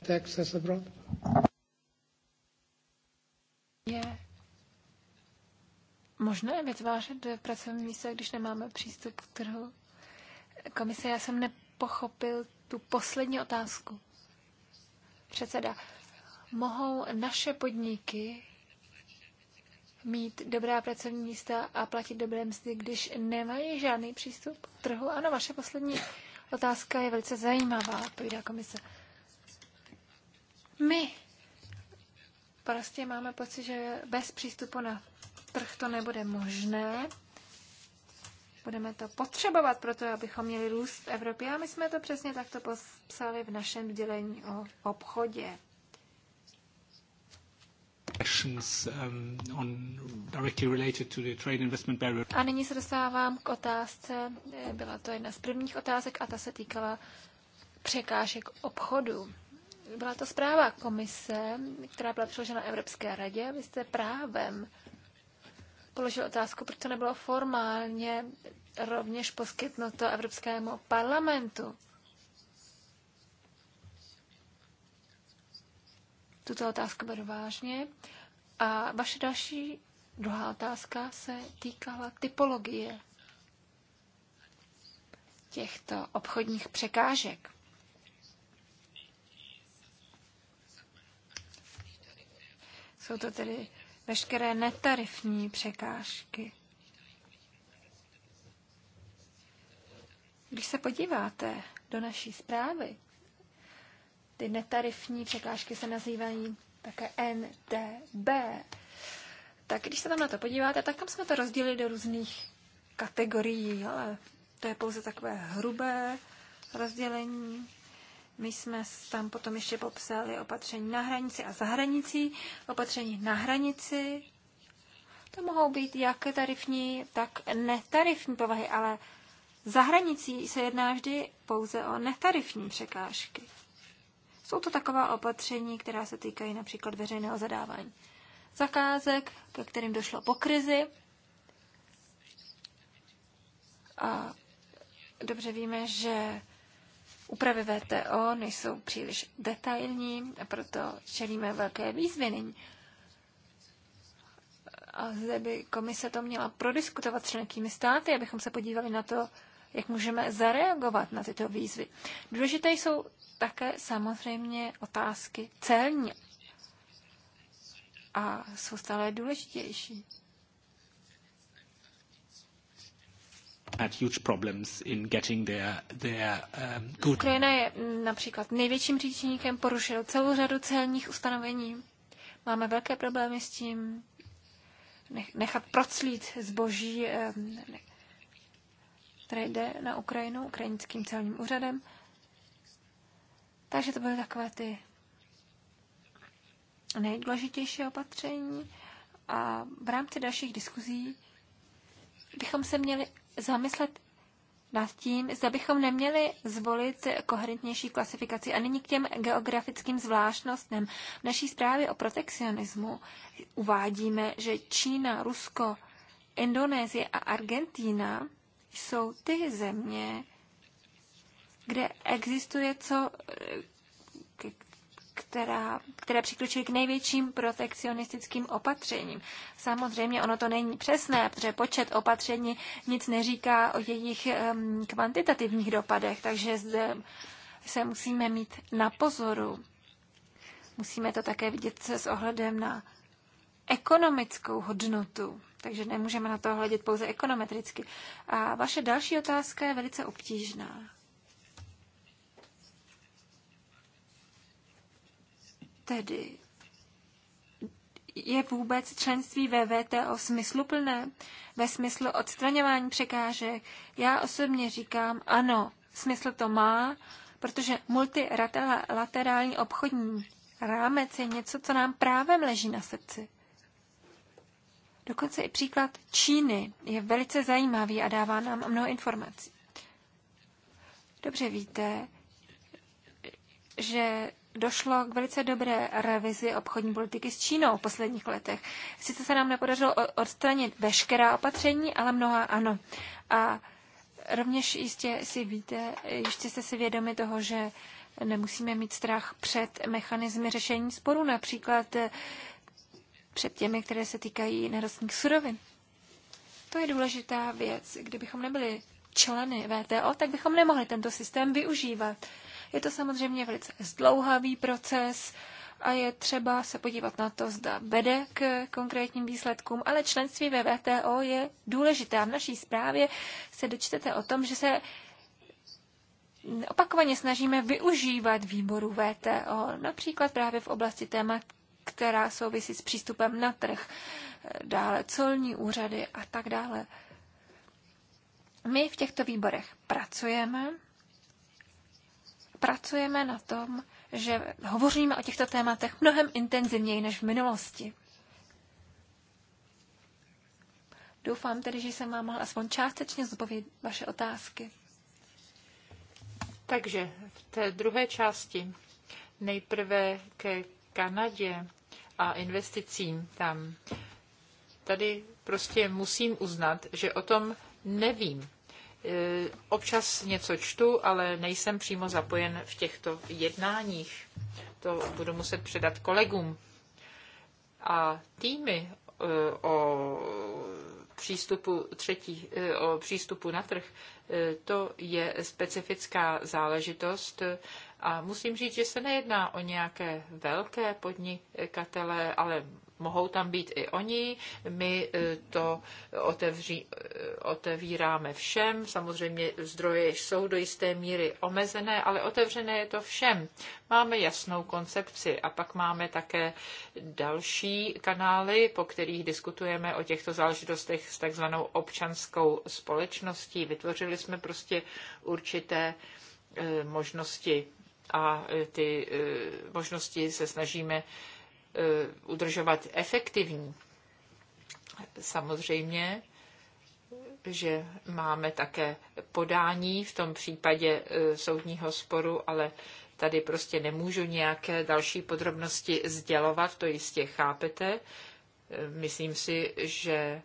S1: Texas abroad?
S4: Je možné vytvářet pracovní místa, když nemáme přístup k trhu? Komise, já jsem nepochopil tu poslední otázku. Předseda, mohou naše podniky mít dobrá pracovní místa a platit dobré mzdy, když nemají žádný přístup k trhu? Ano, vaše poslední otázka je velice zajímavá, odpovídá komise. My prostě máme pocit, že bez přístupu na trh to nebude možné. Budeme to potřebovat proto, abychom měli růst v Evropě a my jsme to přesně takto popsali v našem sdělení o obchodě
S1: questions um, on directly related to the trade investment barrier.
S4: A nyní se dostávám k otázce, eh, byla to jedna z prvních otázek a ta se týkala překážek obchodu. Byla to zpráva komise, která byla přiložena Evropské radě. Vy jste právem položil otázku, proč to nebylo formálně rovněž poskytnuto Evropskému parlamentu. tuto otázku beru vážně. A vaše další druhá otázka se týkala typologie těchto obchodních překážek. Jsou to tedy veškeré netarifní překážky. Když se podíváte do naší zprávy, ty netarifní překážky se nazývají také NTB. Tak když se tam na to podíváte, tak tam jsme to rozdělili do různých kategorií, ale to je pouze takové hrubé rozdělení. My jsme tam potom ještě popsali opatření na hranici a za hranicí. Opatření na hranici, to mohou být jak tarifní, tak netarifní povahy, ale za hranicí se jedná vždy pouze o netarifní překážky. Jsou to taková opatření, která se týkají například veřejného zadávání zakázek, ke kterým došlo po krizi. A dobře víme, že úpravy VTO nejsou příliš detailní a proto čelíme velké výzvy nyní. A zde by komise to měla prodiskutovat s členskými státy, abychom se podívali na to, jak můžeme zareagovat na tyto výzvy. Důležité jsou také samozřejmě otázky celní a jsou stále důležitější.
S5: huge problems in getting their, their um,
S4: Ukrajina je mm, například největším příčinníkem, porušil celou řadu celních ustanovení. Máme velké problémy s tím nechat proclít zboží, které jde na Ukrajinu, ukrajinským celním úřadem. Takže to byly takové ty nejdůležitější opatření. A v rámci dalších diskuzí bychom se měli zamyslet nad tím, zda bychom neměli zvolit koherentnější klasifikaci. A nyní k těm geografickým zvláštnostem. V naší zprávě o protekcionismu uvádíme, že Čína, Rusko, Indonésie a Argentína jsou ty země, kde existuje co, eh, která, které přikročily k největším protekcionistickým opatřením. Samozřejmě ono to není přesné, protože počet opatření nic neříká o jejich um, kvantitativních dopadech, takže zde se musíme mít na pozoru. Musíme to také vidět se s ohledem na ekonomickou hodnotu. Takže nemůžeme na to hledět pouze ekonometricky. A vaše další otázka je velice obtížná. Tedy, je vůbec členství ve VTO smysluplné? Ve smyslu odstraňování překážek? Já osobně říkám ano, smysl to má, protože multilaterální obchodní rámec je něco, co nám právem leží na srdci. Dokonce i příklad Číny je velice zajímavý a dává nám mnoho informací. Dobře víte, že došlo k velice dobré revizi obchodní politiky s Čínou v posledních letech. Sice se nám nepodařilo odstranit veškerá opatření, ale mnoha ano. A rovněž jistě si víte, ještě jste si vědomi toho, že nemusíme mít strach před mechanizmy řešení sporů, například před těmi, které se týkají nerostných surovin. To je důležitá věc. Kdybychom nebyli členy VTO, tak bychom nemohli tento systém využívat. Je to samozřejmě velice zdlouhavý proces a je třeba se podívat na to, zda vede k konkrétním výsledkům, ale členství ve VTO je důležité. V naší zprávě se dočtete o tom, že se opakovaně snažíme využívat výboru VTO, například právě v oblasti témat, která souvisí s přístupem na trh, dále colní úřady a tak dále. My v těchto výborech pracujeme, pracujeme na tom, že hovoříme o těchto tématech mnohem intenzivněji než v minulosti. Doufám tedy, že jsem vám mohla aspoň částečně zodpovědět vaše otázky.
S2: Takže v té druhé části nejprve ke Kanadě a investicím tam. Tady prostě musím uznat, že o tom nevím. E, občas něco čtu, ale nejsem přímo zapojen v těchto jednáních. To budu muset předat kolegům. A týmy e, o přístupu třetí, e, o přístupu na trh, to je specifická záležitost, a musím říct, že se nejedná o nějaké velké podnikatele, ale mohou tam být i oni. My e, to otevří, e, otevíráme všem. Samozřejmě zdroje jsou do jisté míry omezené, ale otevřené je to všem. Máme jasnou koncepci a pak máme také další kanály, po kterých diskutujeme o těchto záležitostech s takzvanou občanskou společností. Vytvořili jsme prostě určité e, možnosti a e, ty e, možnosti se snažíme e, udržovat efektivní. Samozřejmě, že máme také podání v tom případě soudního sporu, ale tady prostě nemůžu nějaké další podrobnosti sdělovat, to jistě chápete. Myslím si, že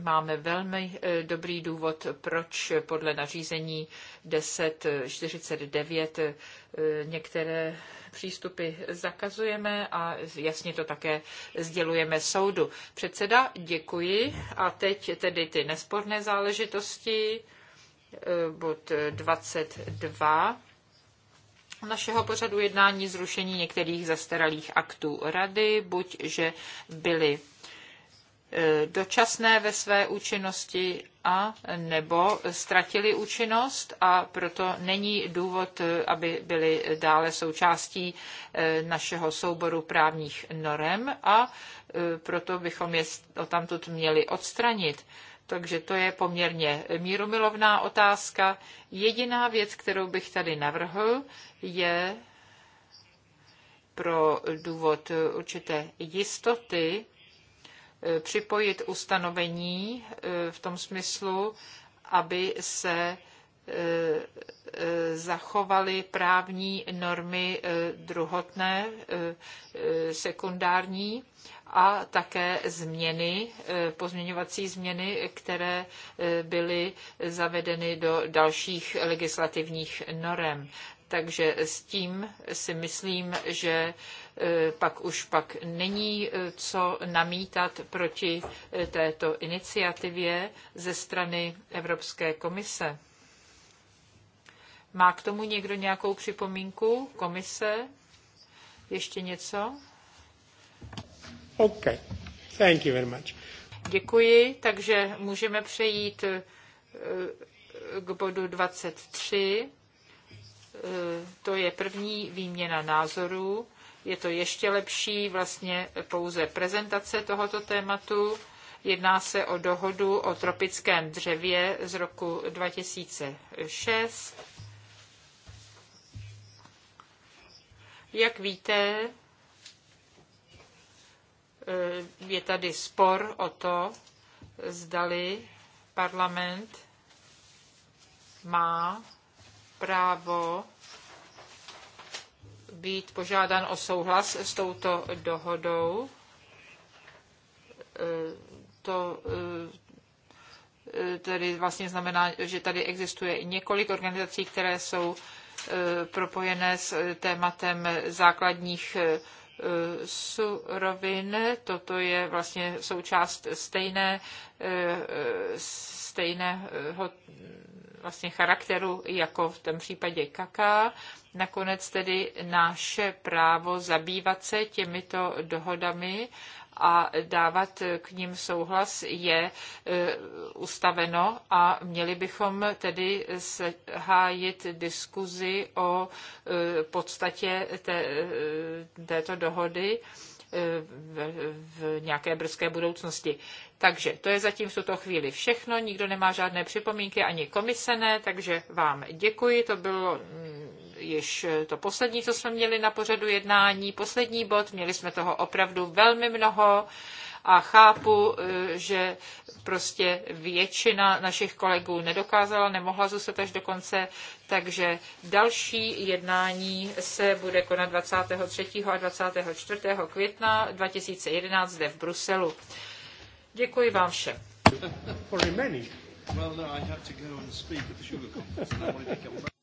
S2: máme velmi eh, dobrý důvod, proč podle nařízení 1049 eh, některé přístupy zakazujeme a jasně to také sdělujeme soudu. Předseda, děkuji. A teď tedy ty nesporné záležitosti, eh, bod 22 našeho pořadu jednání zrušení některých zastaralých aktů rady, buď že byly E, dočasné ve své účinnosti a nebo ztratili účinnost a proto není důvod, e, aby byly dále součástí e, našeho souboru právních norem a proto bychom je tamtud měli odstranit. Takže to je poměrně mírumilovná otázka. Jediná věc, kterou bych tady navrhl, je pro důvod určité jistoty, E, připojit ustanovení e, v tom smyslu, aby se e, zachovaly právní normy druhotné, sekundární a také změny, pozměňovací změny, které byly zavedeny do dalších legislativních norem. Takže s tím si myslím, že Eh, pak už pak není eh, co namítat proti eh, této iniciativě ze strany Evropské komise. Má k tomu někdo nějakou připomínku? Komise? Ještě něco?
S1: OK. Thank you very much.
S2: Děkuji, takže můžeme přejít k bodu 23. To je první výměna názorů je to ještě lepší, vlastně pouze prezentace tohoto tématu. Jedná se o dohodu o tropickém dřevě z roku 2006. Jak víte, eh, je tady spor o to, zdali parlament má právo být požádán o souhlas s touto dohodou. E, to e, e, tedy vlastně znamená, že tady existuje několik organizací, které jsou propojené s tématem základních surovin. Toto je vlastně součást stejné, stejného vlastně charakteru jako v tom případě kaká. Nakonec tedy naše právo zabývat se těmito dohodami a dávat k ním souhlas je e, ustaveno a měli bychom tedy hájit diskuzi o e, podstatě té, e, této dohody E, v, v nějaké brzké budoucnosti. Takže to je zatím v tuto chvíli všechno. Nikdo nemá žádné připomínky, ani komise ne, takže vám děkuji. To bylo mm, již e, to poslední, co jsme měli na pořadu jednání. Poslední bod, měli jsme toho opravdu velmi mnoho a chápu, eh, že prostě většina našich kolegů nedokázala, nemohla zůstat až do konce, takže další jednání se bude konat 23. a 24. května 2011 zde v Bruselu. Děkuji vám všem.
S1: Well, no, I have to go
S2: and speak at the sugar conference.